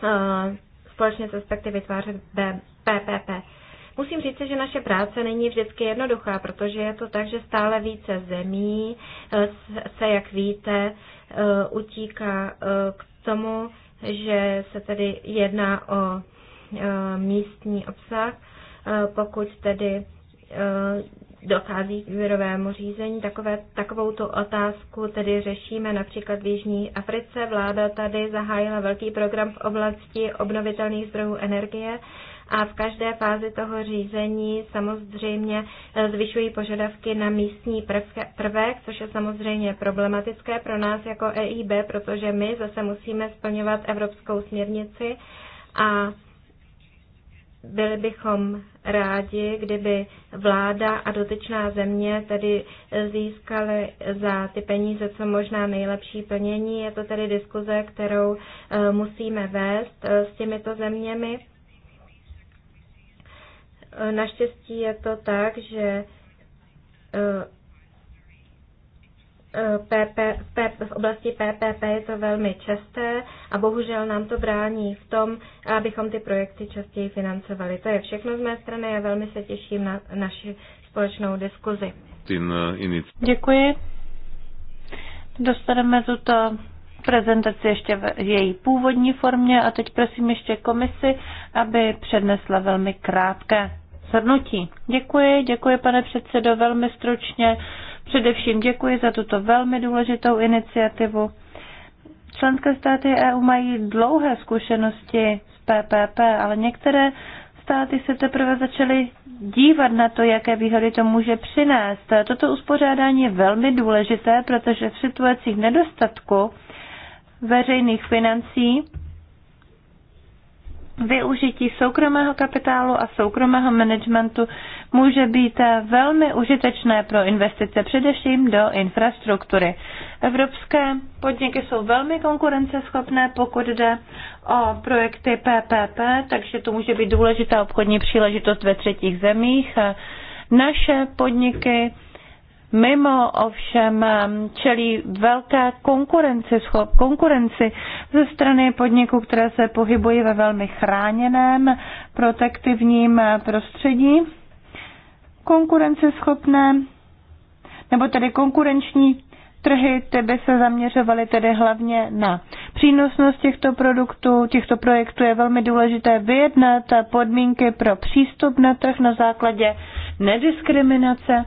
eh, společně s aspekty vytvářet PPP. Musím říct, že naše práce není vždycky jednoduchá, protože je to tak, že stále více zemí eh, se, jak víte, eh, utíká eh, k tomu, že se tedy jedná o místní obsah, pokud tedy dochází k výběrovému řízení. Takové, takovou tu otázku tedy řešíme například v Jižní Africe. Vláda tady zahájila velký program v oblasti obnovitelných zdrojů energie a v každé fázi toho řízení samozřejmě eh, zvyšují požadavky na místní prvek, což je samozřejmě problematické pro nás jako EIB, protože my zase musíme splňovat evropskou směrnici a byli bychom rádi, kdyby vláda a dotyčná země tedy eh, získaly za ty peníze co možná nejlepší plnění. Je to tedy diskuze, kterou eh, musíme vést s těmito zeměmi. Naštěstí je to tak, že eh, eh, v oblasti PPP je to velmi časté a bohužel nám to brání v tom, abychom ty projekty častěji financovali. To je všechno z mé strany a velmi se těším na naši společnou diskuzi. Eh, Děkuji. Dostaneme tuto prezentaci ještě v její původní formě a teď prosím ještě komisi, aby přednesla velmi krátké shrnutí. Děkuji, děkuji pane předsedo, velmi stručně. Především děkuji za tuto velmi důležitou iniciativu. Členské státy EU mají dlouhé zkušenosti s PPP, ale některé státy se teprve začaly dívat na to, jaké výhody to může přinést. Toto uspořádání je velmi důležité, protože v situacích nedostatku veřejných financí využití soukromého kapitálu a soukromého managementu může být velmi užitečné pro investice, především do infrastruktury. Evropské podniky jsou velmi konkurenceschopné, pokud jde o projekty PPP, takže to může být důležitá obchodní příležitost ve třetích zemích. Naše podniky Mimo ovšem čelí velké konkurenci, konkurenci ze strany podniků, které se pohybují ve velmi chráněném protektivním eh, prostředí, konkurenceschopné, nebo tedy konkurenční trhy, ty by se zaměřovaly tedy hlavně na přínosnost těchto produktů, těchto projektů je velmi důležité vyjednat podmínky pro přístup na trh na základě nediskriminace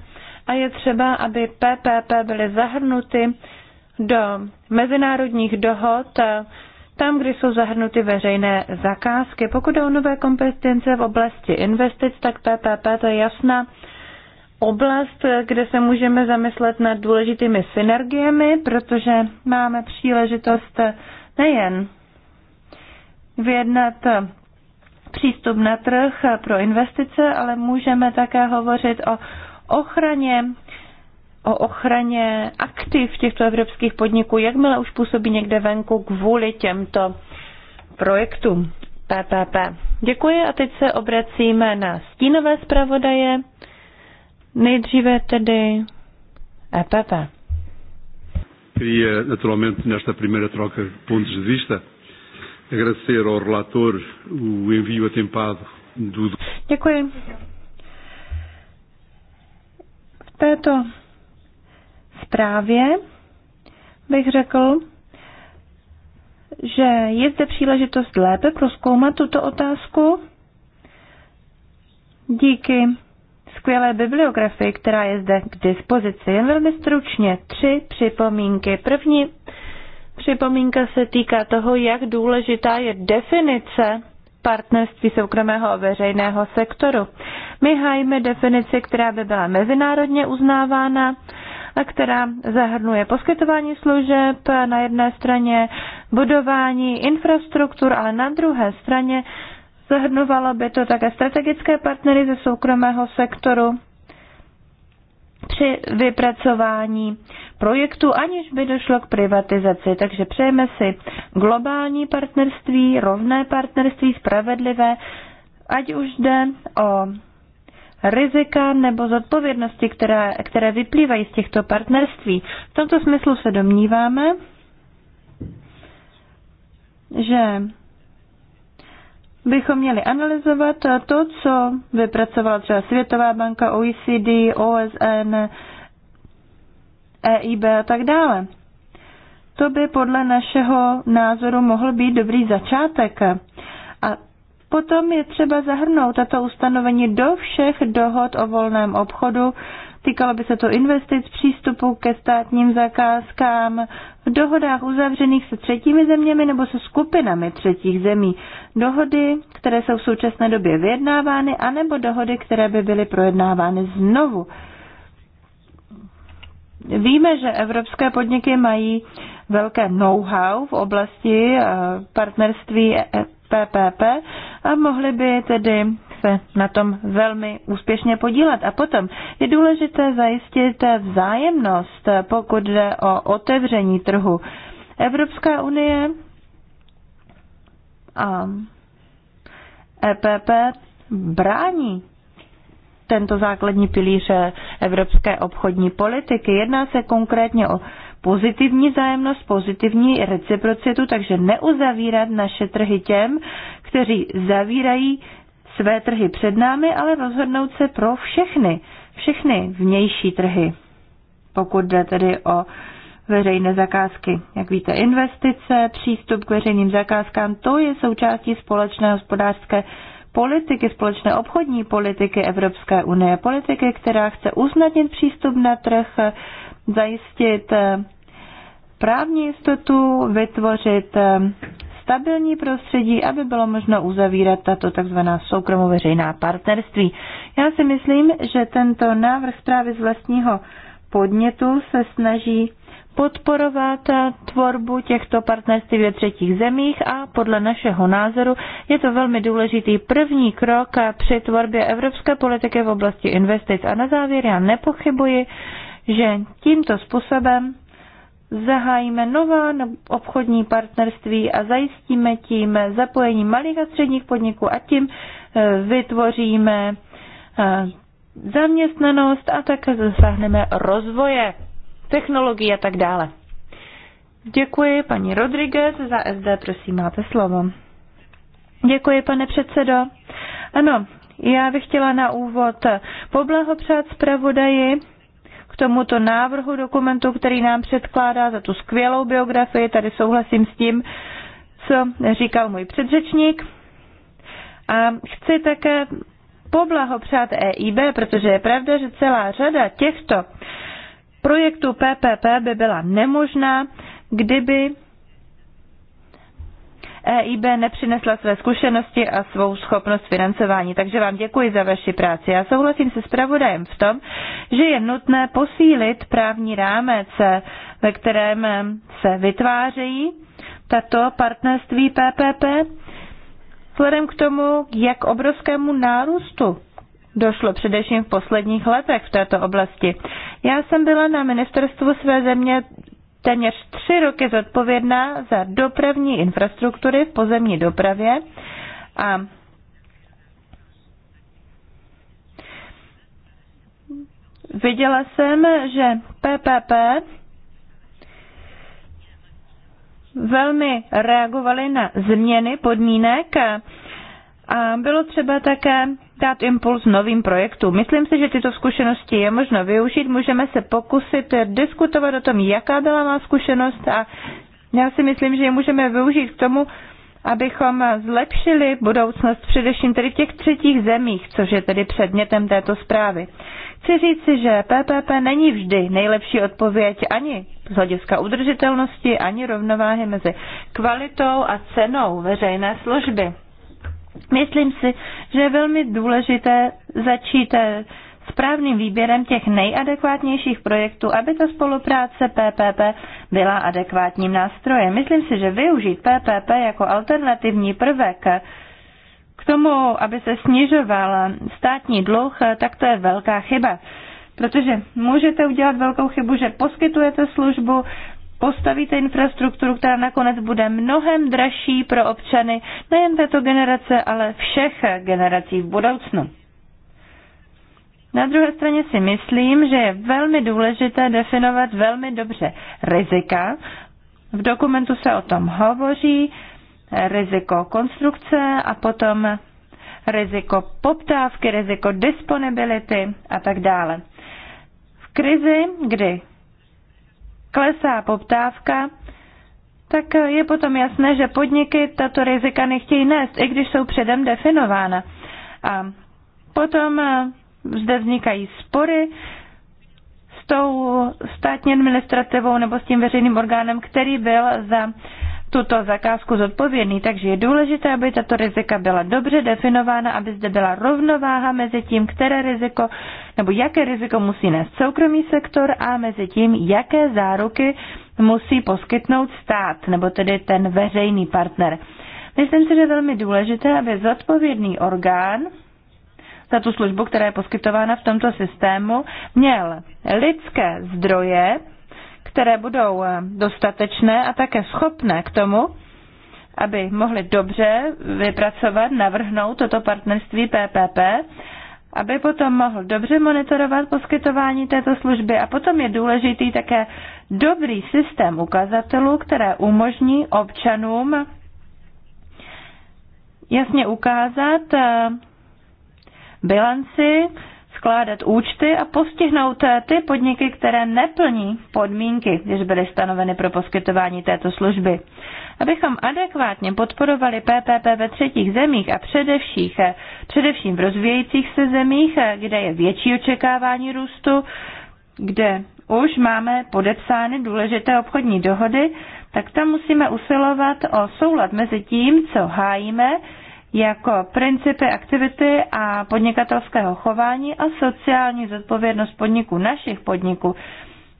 a je třeba, aby PPP byly zahrnuty do mezinárodních dohod, eh, tam, kde jsou zahrnuty veřejné zakázky. Pokud jde o nové kompetence v oblasti investic, tak PPP to je jasná oblast, eh, kde se můžeme zamyslet nad důležitými synergiemi, protože máme příležitost eh, nejen vyjednat přístup na trh pro investice, ale můžeme také hovořit o ochraně o ochraně aktiv těchto evropských podniků, jakmile už působí někde venku kvůli těmto projektům PPP. Děkuji a teď se obracíme na stínové zpravodaje, nejdříve tedy EPP. Queria, naturalmente, nesta primeira troca de pontos de vista, agradecer ao relator o envio atempado do. Děkuji této zprávě bych řekl, že je zde příležitost lépe proskoumat tuto otázku díky skvělé bibliografii, která je zde k dispozici. Jen velmi stručně tři připomínky. První připomínka se týká toho, jak důležitá je definice partnerství soukromého a veřejného sektoru. My hájíme definici, která by byla mezinárodně uznávána a která zahrnuje poskytování služeb na jedné straně, budování infrastruktur, ale na druhé straně zahrnovalo by to také strategické partnery ze soukromého sektoru při vypracování projektu, aniž by došlo k privatizaci. Takže přejeme si globální partnerství, rovné partnerství, spravedlivé, ať už jde o rizika nebo zodpovědnosti, které, které vyplývají z těchto partnerství. V tomto smyslu se domníváme, že bychom měli analyzovat to, co vypracovala třeba Světová banka, OECD, OSN, EIB a tak dále. To by podle našeho názoru mohl být dobrý začátek. A potom je třeba zahrnout tato ustanovení do všech dohod o volném obchodu, Týkalo by se to investic, přístupu ke státním zakázkám, v dohodách uzavřených se třetími zeměmi nebo se skupinami třetích zemí, dohody, které jsou v současné době vyjednávány, anebo dohody, které by byly projednávány znovu. Víme, že evropské podniky mají velké know-how v oblasti eh, partnerství PPP e a mohly by tedy se na tom velmi úspěšně podílet. A potom je důležité zajistit vzájemnost, pokud jde o otevření trhu. Evropská unie a EPP brání tento základní pilíř evropské obchodní politiky. Jedná se konkrétně o pozitivní zájemnost, pozitivní reciprocitu, takže neuzavírat naše trhy těm, kteří zavírají své trhy před námi, ale rozhodnout se pro všechny, všechny vnější trhy, pokud jde tedy o veřejné zakázky. Jak víte, investice, přístup k veřejným zakázkám, to je součástí společné hospodářské politiky, společné obchodní politiky Evropské unie, politiky, která chce usnadnit přístup na trh, zajistit eh, právní jistotu, vytvořit eh, stabilní prostředí, aby bylo možno uzavírat tato tzv. soukromoveřejná partnerství. Já si myslím, že tento návrh zprávy z vlastního podnětu se snaží podporovat tvorbu těchto partnerství ve třetích zemích a podle našeho názoru je to velmi důležitý první krok při tvorbě evropské politiky v oblasti investic. A na závěr já nepochybuji, že tímto způsobem zahájíme nová no, obchodní partnerství a zajistíme tím zapojení malých a středních podniků a tím eh, vytvoříme eh, zaměstnanost a také zasáhneme rozvoje technologií a tak dále. Děkuji paní Rodriguez za SD, prosím, máte slovo. Děkuji, pane předsedo. Ano, já bych chtěla na úvod poblahopřát zpravodaji tomuto návrhu dokumentu, který nám předkládá za tu skvělou biografii. Tady souhlasím s tím, co říkal můj předřečník. A chci také poblahopřát EIB, protože je pravda, že celá řada těchto projektů PPP by byla nemožná, kdyby EIB nepřinesla své zkušenosti a svou schopnost financování. Takže vám děkuji za vaši práci. Já souhlasím se zpravodajem v tom, že je nutné posílit právní rámec, ve kterém se vytvářejí tato partnerství PPP, vzhledem k tomu, jak obrovskému nárůstu došlo především v posledních letech v této oblasti. Já jsem byla na ministerstvu své země téměř tři roky zodpovědná za dopravní infrastruktury v pozemní dopravě a viděla jsem, že PPP velmi reagovaly na změny podmínek a bylo třeba také dát impuls novým projektům. Myslím si, že tyto zkušenosti je možno využít. Můžeme se pokusit diskutovat o tom, jaká byla má zkušenost a já si myslím, že je můžeme využít k tomu, abychom zlepšili budoucnost především tedy v těch třetích zemích, což je tedy předmětem této zprávy. Chci říci, že PPP není vždy nejlepší odpověď ani z hlediska udržitelnosti, ani rovnováhy mezi kvalitou a cenou veřejné služby. Myslím si, že je velmi důležité začít eh, správným výběrem těch nejadekvátnějších projektů, aby ta spolupráce PPP byla adekvátním nástrojem. Myslím si, že využít PPP jako alternativní prvek k tomu, aby se snižoval státní dluh, eh, tak to je velká chyba. Protože můžete udělat velkou chybu, že poskytujete službu, postavíte infrastrukturu, která nakonec bude mnohem dražší pro občany nejen této generace, ale všech generací v budoucnu. Na druhé straně si myslím, že je velmi důležité definovat velmi dobře rizika. V dokumentu se o tom hovoří, riziko konstrukce a potom riziko poptávky, riziko disponibility a tak dále. V krizi, kdy klesá poptávka, tak je potom jasné, že podniky tato rizika nechtějí nést, i když jsou předem definována. A potom eh, zde vznikají spory s tou státní administrativou nebo s tím veřejným orgánem, který byl za tuto zakázku zodpovědný, takže je důležité, aby tato rizika byla dobře definována, aby zde byla rovnováha mezi tím, které riziko nebo jaké riziko musí nést soukromý sektor a mezi tím, jaké záruky musí poskytnout stát, nebo tedy ten veřejný partner. Myslím si, že je velmi důležité, aby zodpovědný orgán za tu službu, která je poskytována v tomto systému, měl lidské zdroje, které budou eh, dostatečné a také schopné k tomu, aby mohli dobře vypracovat, navrhnout toto partnerství PPP, aby potom mohl dobře monitorovat poskytování této služby a potom je důležitý také dobrý systém ukazatelů, které umožní občanům jasně ukázat eh, bilanci skládat účty a postihnout eh, ty podniky, které neplní podmínky, když byly stanoveny pro poskytování této služby. Abychom adekvátně podporovali PPP ve třetích zemích a především, eh, především v rozvíjejících se zemích, eh, kde je větší očekávání růstu, kde už máme podepsány důležité obchodní dohody, tak tam musíme usilovat o soulad mezi tím, co hájíme, jako principy aktivity a podnikatelského chování a sociální zodpovědnost podniků, našich podniků,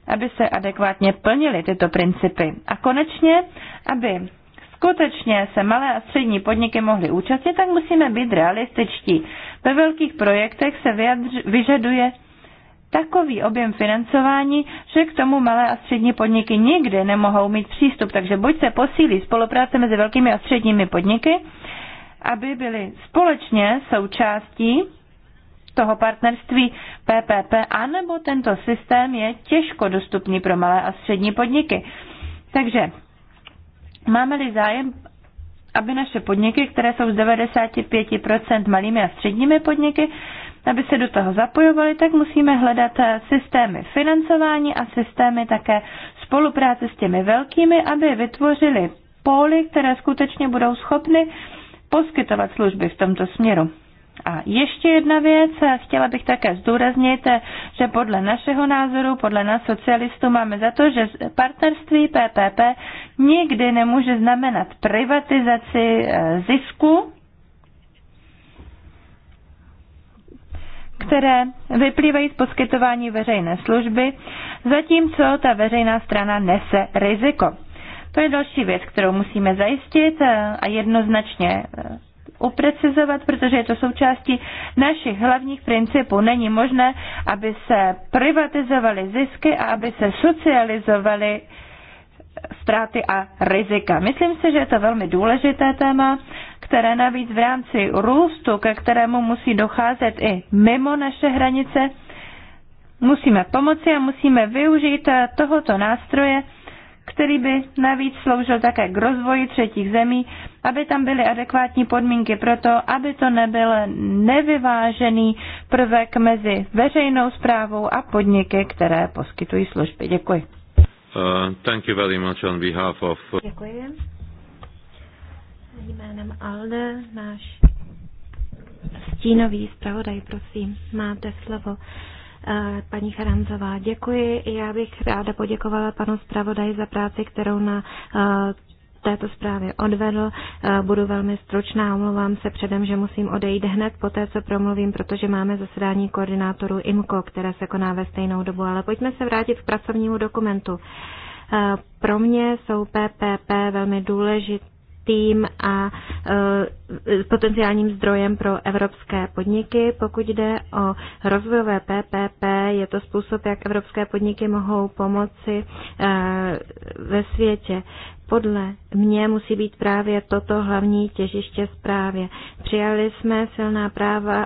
aby se adekvátně plnily tyto principy. A konečně, aby skutečně se malé a střední podniky mohly účastnit, tak musíme být realističtí. Ve velkých projektech se vyjadř, vyžaduje takový objem financování, že k tomu malé a střední podniky nikdy nemohou mít přístup. Takže buď se posílí spolupráce mezi velkými a středními podniky, aby byly společně součástí toho partnerství PPP, anebo tento systém je těžko dostupný pro malé a střední podniky. Takže máme-li zájem, aby naše podniky, které jsou z 95% malými a středními podniky, aby se do toho zapojovali, tak musíme hledat systémy financování a systémy také spolupráce s těmi velkými, aby vytvořili póly, které skutečně budou schopny uh, poskytovat služby v tomto směru. A ještě jedna věc, chtěla bych také zdůraznit, že podle našeho názoru, podle nás socialistů, máme za to, že partnerství PPP nikdy nemůže znamenat privatizaci eh, zisku, které vyplývají z poskytování veřejné služby, zatímco ta veřejná strana nese riziko. To je další věc, kterou musíme zajistit eh, a jednoznačně eh, uprecizovat, protože je to součástí našich hlavních principů. Není možné, aby se privatizovaly zisky a aby se socializovaly eh, ztráty a rizika. Myslím si, že je to velmi důležité téma, které navíc v rámci růstu, ke kterému musí docházet i mimo naše hranice, musíme pomoci a musíme využít tohoto nástroje, který by navíc sloužil také k rozvoji třetích zemí, aby tam byly adekvátní podmínky pro to, aby to nebyl nevyvážený prvek mezi veřejnou zprávou a podniky, které poskytují služby. Děkuji. Uh, thank you very much on behalf of... Uh, Děkuji. Jménem Alde, náš stínový zpravodaj, prosím, máte slovo. Paní Charanzová, děkuji. Já bych ráda poděkovala panu zpravodaji za práci, kterou na této zprávě odvedl. Budu velmi stručná, omlouvám se předem, že musím odejít hned po té, co promluvím, protože máme zasedání koordinátorů IMCO, které se koná ve stejnou dobu, ale pojďme se vrátit k pracovnímu dokumentu. Pro mě jsou PPP velmi důležité důležitým a e, potenciálním zdrojem pro evropské podniky. Pokud jde o rozvojové PPP, je to způsob, jak evropské podniky mohou pomoci e, ve světě. Podle mě musí být právě toto hlavní těžiště zprávě. Přijali jsme silná, práva,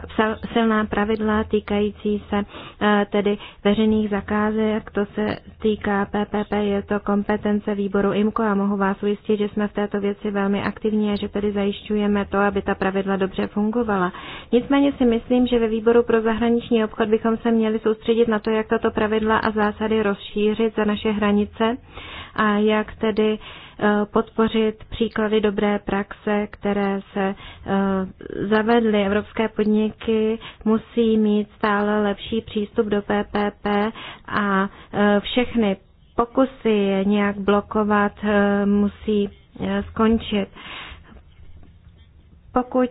silná pravidla týkající se eh, tedy veřejných zakázek, to se týká PPP, je to kompetence výboru IMCO a mohu vás ujistit, že jsme v této věci velmi aktivní a že tedy zajišťujeme to, aby ta pravidla dobře fungovala. Nicméně si myslím, že ve výboru pro zahraniční obchod bychom se měli soustředit na to, jak tato pravidla a zásady rozšířit za naše hranice a jak tedy podpořit příklady dobré praxe, které se eh, zavedly. Evropské podniky musí mít stále lepší přístup do PPP a eh, všechny pokusy je nějak blokovat eh, musí skončit. Pokud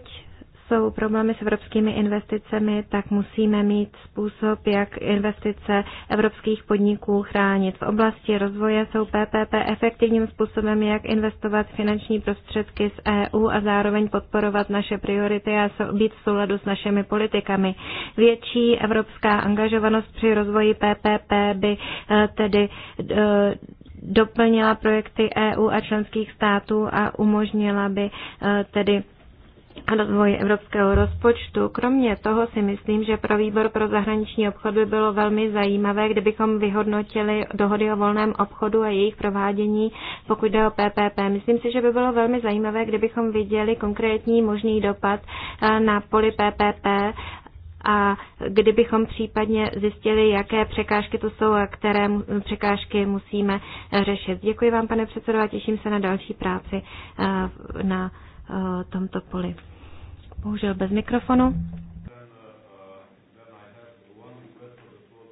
jsou problémy s evropskými investicemi, tak musíme mít způsob, jak investice evropských podniků chránit. V oblasti rozvoje jsou PPP efektivním způsobem, jak investovat finanční prostředky z EU a zároveň podporovat naše priority a být v souladu s našimi politikami. Větší evropská angažovanost při rozvoji PPP by eh, tedy eh, doplnila projekty EU a členských států a umožnila by eh, tedy a rozvoji evropského rozpočtu. Kromě toho si myslím, že pro výbor pro zahraniční obchod by bylo velmi zajímavé, kdybychom vyhodnotili dohody o volném obchodu a jejich provádění, pokud jde o PPP. Myslím si, že by bylo velmi zajímavé, kdybychom viděli konkrétní možný dopad eh, na poli PPP a kdybychom případně zjistili, jaké překážky to jsou a které překážky musíme eh, řešit. Děkuji vám, pane předsedo, a těším se na další práci eh, na Eh, tomto poli. Bohužel bez mikrofonu.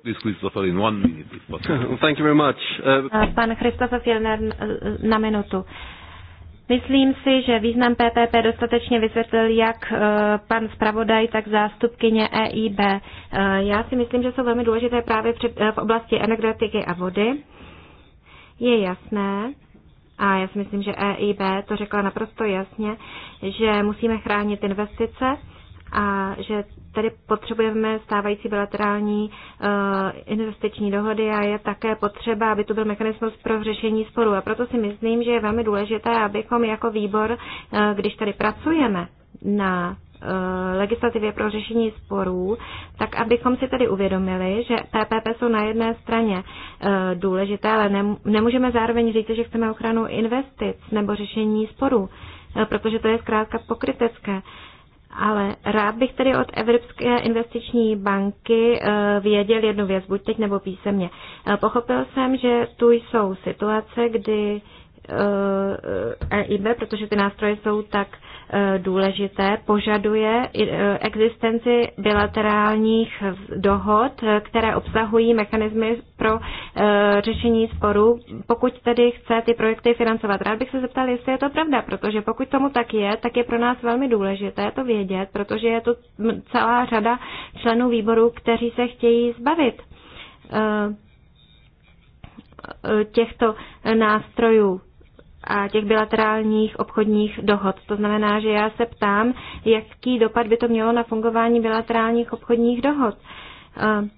Uh, eh, pan Christopher Fjellner eh, na minutu. Myslím si, že význam PPP dostatečně vysvětlil jak pan zpravodaj, tak zástupkyně EIB. Já si myslím, že jsou velmi důležité právě v oblasti energetiky a vody. Je jasné, a já si myslím, že EIB to řekla naprosto jasně, že musíme chránit investice a že tady potřebujeme stávající bilaterální eh, investiční dohody a je také potřeba, aby tu byl mechanismus pro řešení sporu. A proto si myslím, že je velmi důležité, abychom jako výbor, eh, když tady pracujeme na Eh, legislativě pro řešení sporů, tak abychom si tedy uvědomili, že PPP jsou na jedné straně eh, důležité, ale nemůžeme zároveň říct, že chceme ochranu investic nebo řešení sporů, eh, protože to je zkrátka pokrytecké. Ale rád bych tedy od Evropské investiční banky věděl jednu věc, buď teď nebo písemně. Pochopil jsem, že tu jsou situace, kdy EIB, e protože ty nástroje jsou tak Eh, důležité, požaduje eh, existenci bilaterálních dohod, eh, které obsahují mechanismy pro řešení sporů, pokud tedy chce ty projekty financovat. Rád bych se zeptal, jestli je to pravda, protože pokud tomu tak je, tak je pro nás velmi důležité to vědět, protože je to celá řada členů výboru, kteří se chtějí zbavit těchto nástrojů a těch bilaterálních obchodních dohod. To znamená, že já se ptám, jaký dopad by to mělo na fungování bilaterálních obchodních dohod. Eh,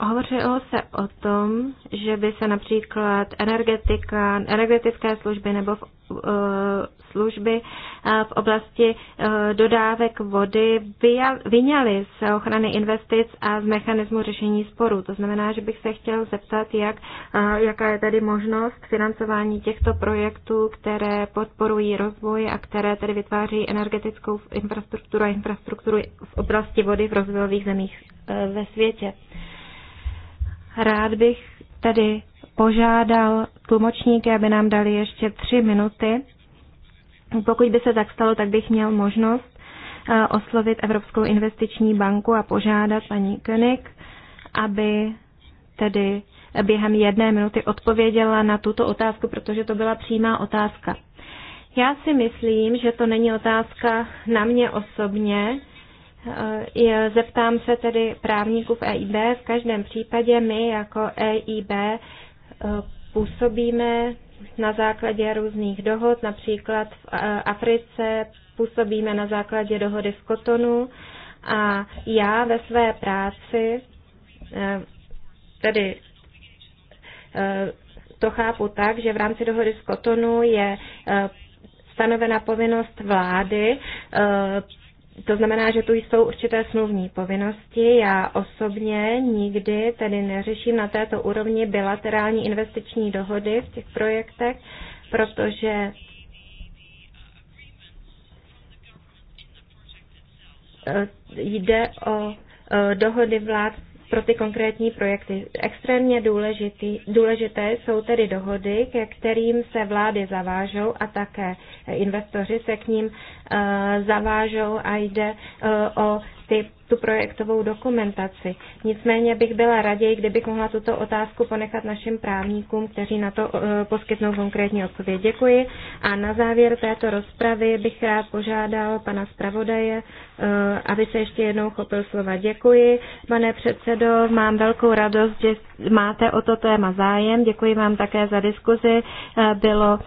Hovořilo se o tom, že by se například energetika, energetické služby nebo v, uh, služby uh, v oblasti uh, dodávek vody vyňaly z ochrany investic a z mechanismu řešení sporů. To znamená, že bych se chtěl zeptat, jak, uh, jaká je tady možnost financování těchto projektů, které podporují rozvoj a které tedy vytváří energetickou infrastrukturu a infrastrukturu v oblasti vody v rozvojových zemích uh, ve světě. Rád bych tedy požádal tlumočníky, aby nám dali ještě tři minuty. Pokud by se tak stalo, tak bych měl možnost eh, oslovit Evropskou investiční banku a požádat paní König, aby tedy během jedné minuty odpověděla na tuto otázku, protože to byla přímá otázka. Já si myslím, že to není otázka na mě osobně, Eh, zeptám se tedy právníků v EIB. V každém případě my jako EIB eh, působíme na základě různých dohod, například v eh, Africe působíme na základě dohody v Kotonu a já ve své práci tedy to chápu tak, že v rámci dohody z Kotonu je stanovena povinnost vlády to znamená, že tu jsou určité smluvní povinnosti. Já osobně nikdy tedy neřeším na této úrovni bilaterální investiční dohody v těch projektech, protože eh, jde o eh, dohody vlád pro ty konkrétní projekty. Extrémně důležitý, důležité jsou tedy dohody, ke kterým se vlády zavážou a také investoři se k ním eh, zavážou a jde eh, o ty tu projektovou dokumentaci. Nicméně bych byla raději, kdybych mohla tuto otázku ponechat našim právníkům, kteří na to eh, poskytnou konkrétní odpověď. Děkuji. A na závěr této rozpravy bych rád požádal pana zpravodaje, eh, aby se ještě jednou chopil slova. Děkuji, pane předsedo, mám velkou radost, že máte o to téma zájem. Děkuji vám také za diskuzi. Eh, bylo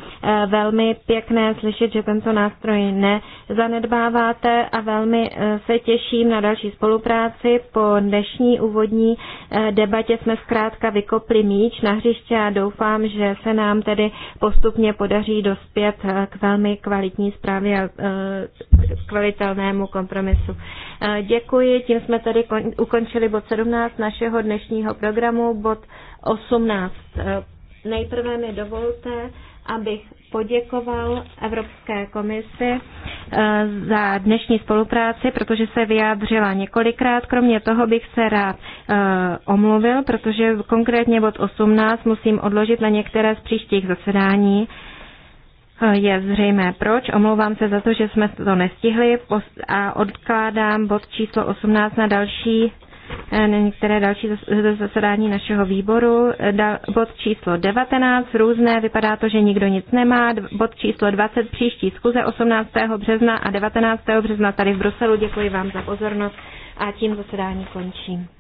velmi pěkné slyšet, že tento nástroj nezanedbáváte a velmi se těším na další naší spolupráci. Po dnešní úvodní eh, debatě jsme zkrátka vykopli míč na hřiště a doufám, že se nám tedy postupně podaří dospět eh, k velmi kvalitní zprávě a eh, kvalitelnému kompromisu. Děkuji, tím jsme tedy ukončili bod 17 našeho dnešního programu, bod 18. Nejprve mi dovolte, abych poděkoval Evropské komisi eh, za dnešní spolupráci, protože se vyjádřila několikrát. Kromě toho bych se rád eh, omluvil, protože konkrétně bod 18 musím odložit na některé z příštích zasedání. Eh, je zřejmé proč. Omlouvám se za to, že jsme to nestihli a odkládám bod číslo 18 na další Eh, na některé další zasedání našeho výboru. Eh, bod číslo 19, různé, vypadá to, že nikdo nic nemá. Bod číslo 20, příští zkuze 18. března a 19. března tady v Bruselu. Děkuji vám za pozornost a tím zasedání končím.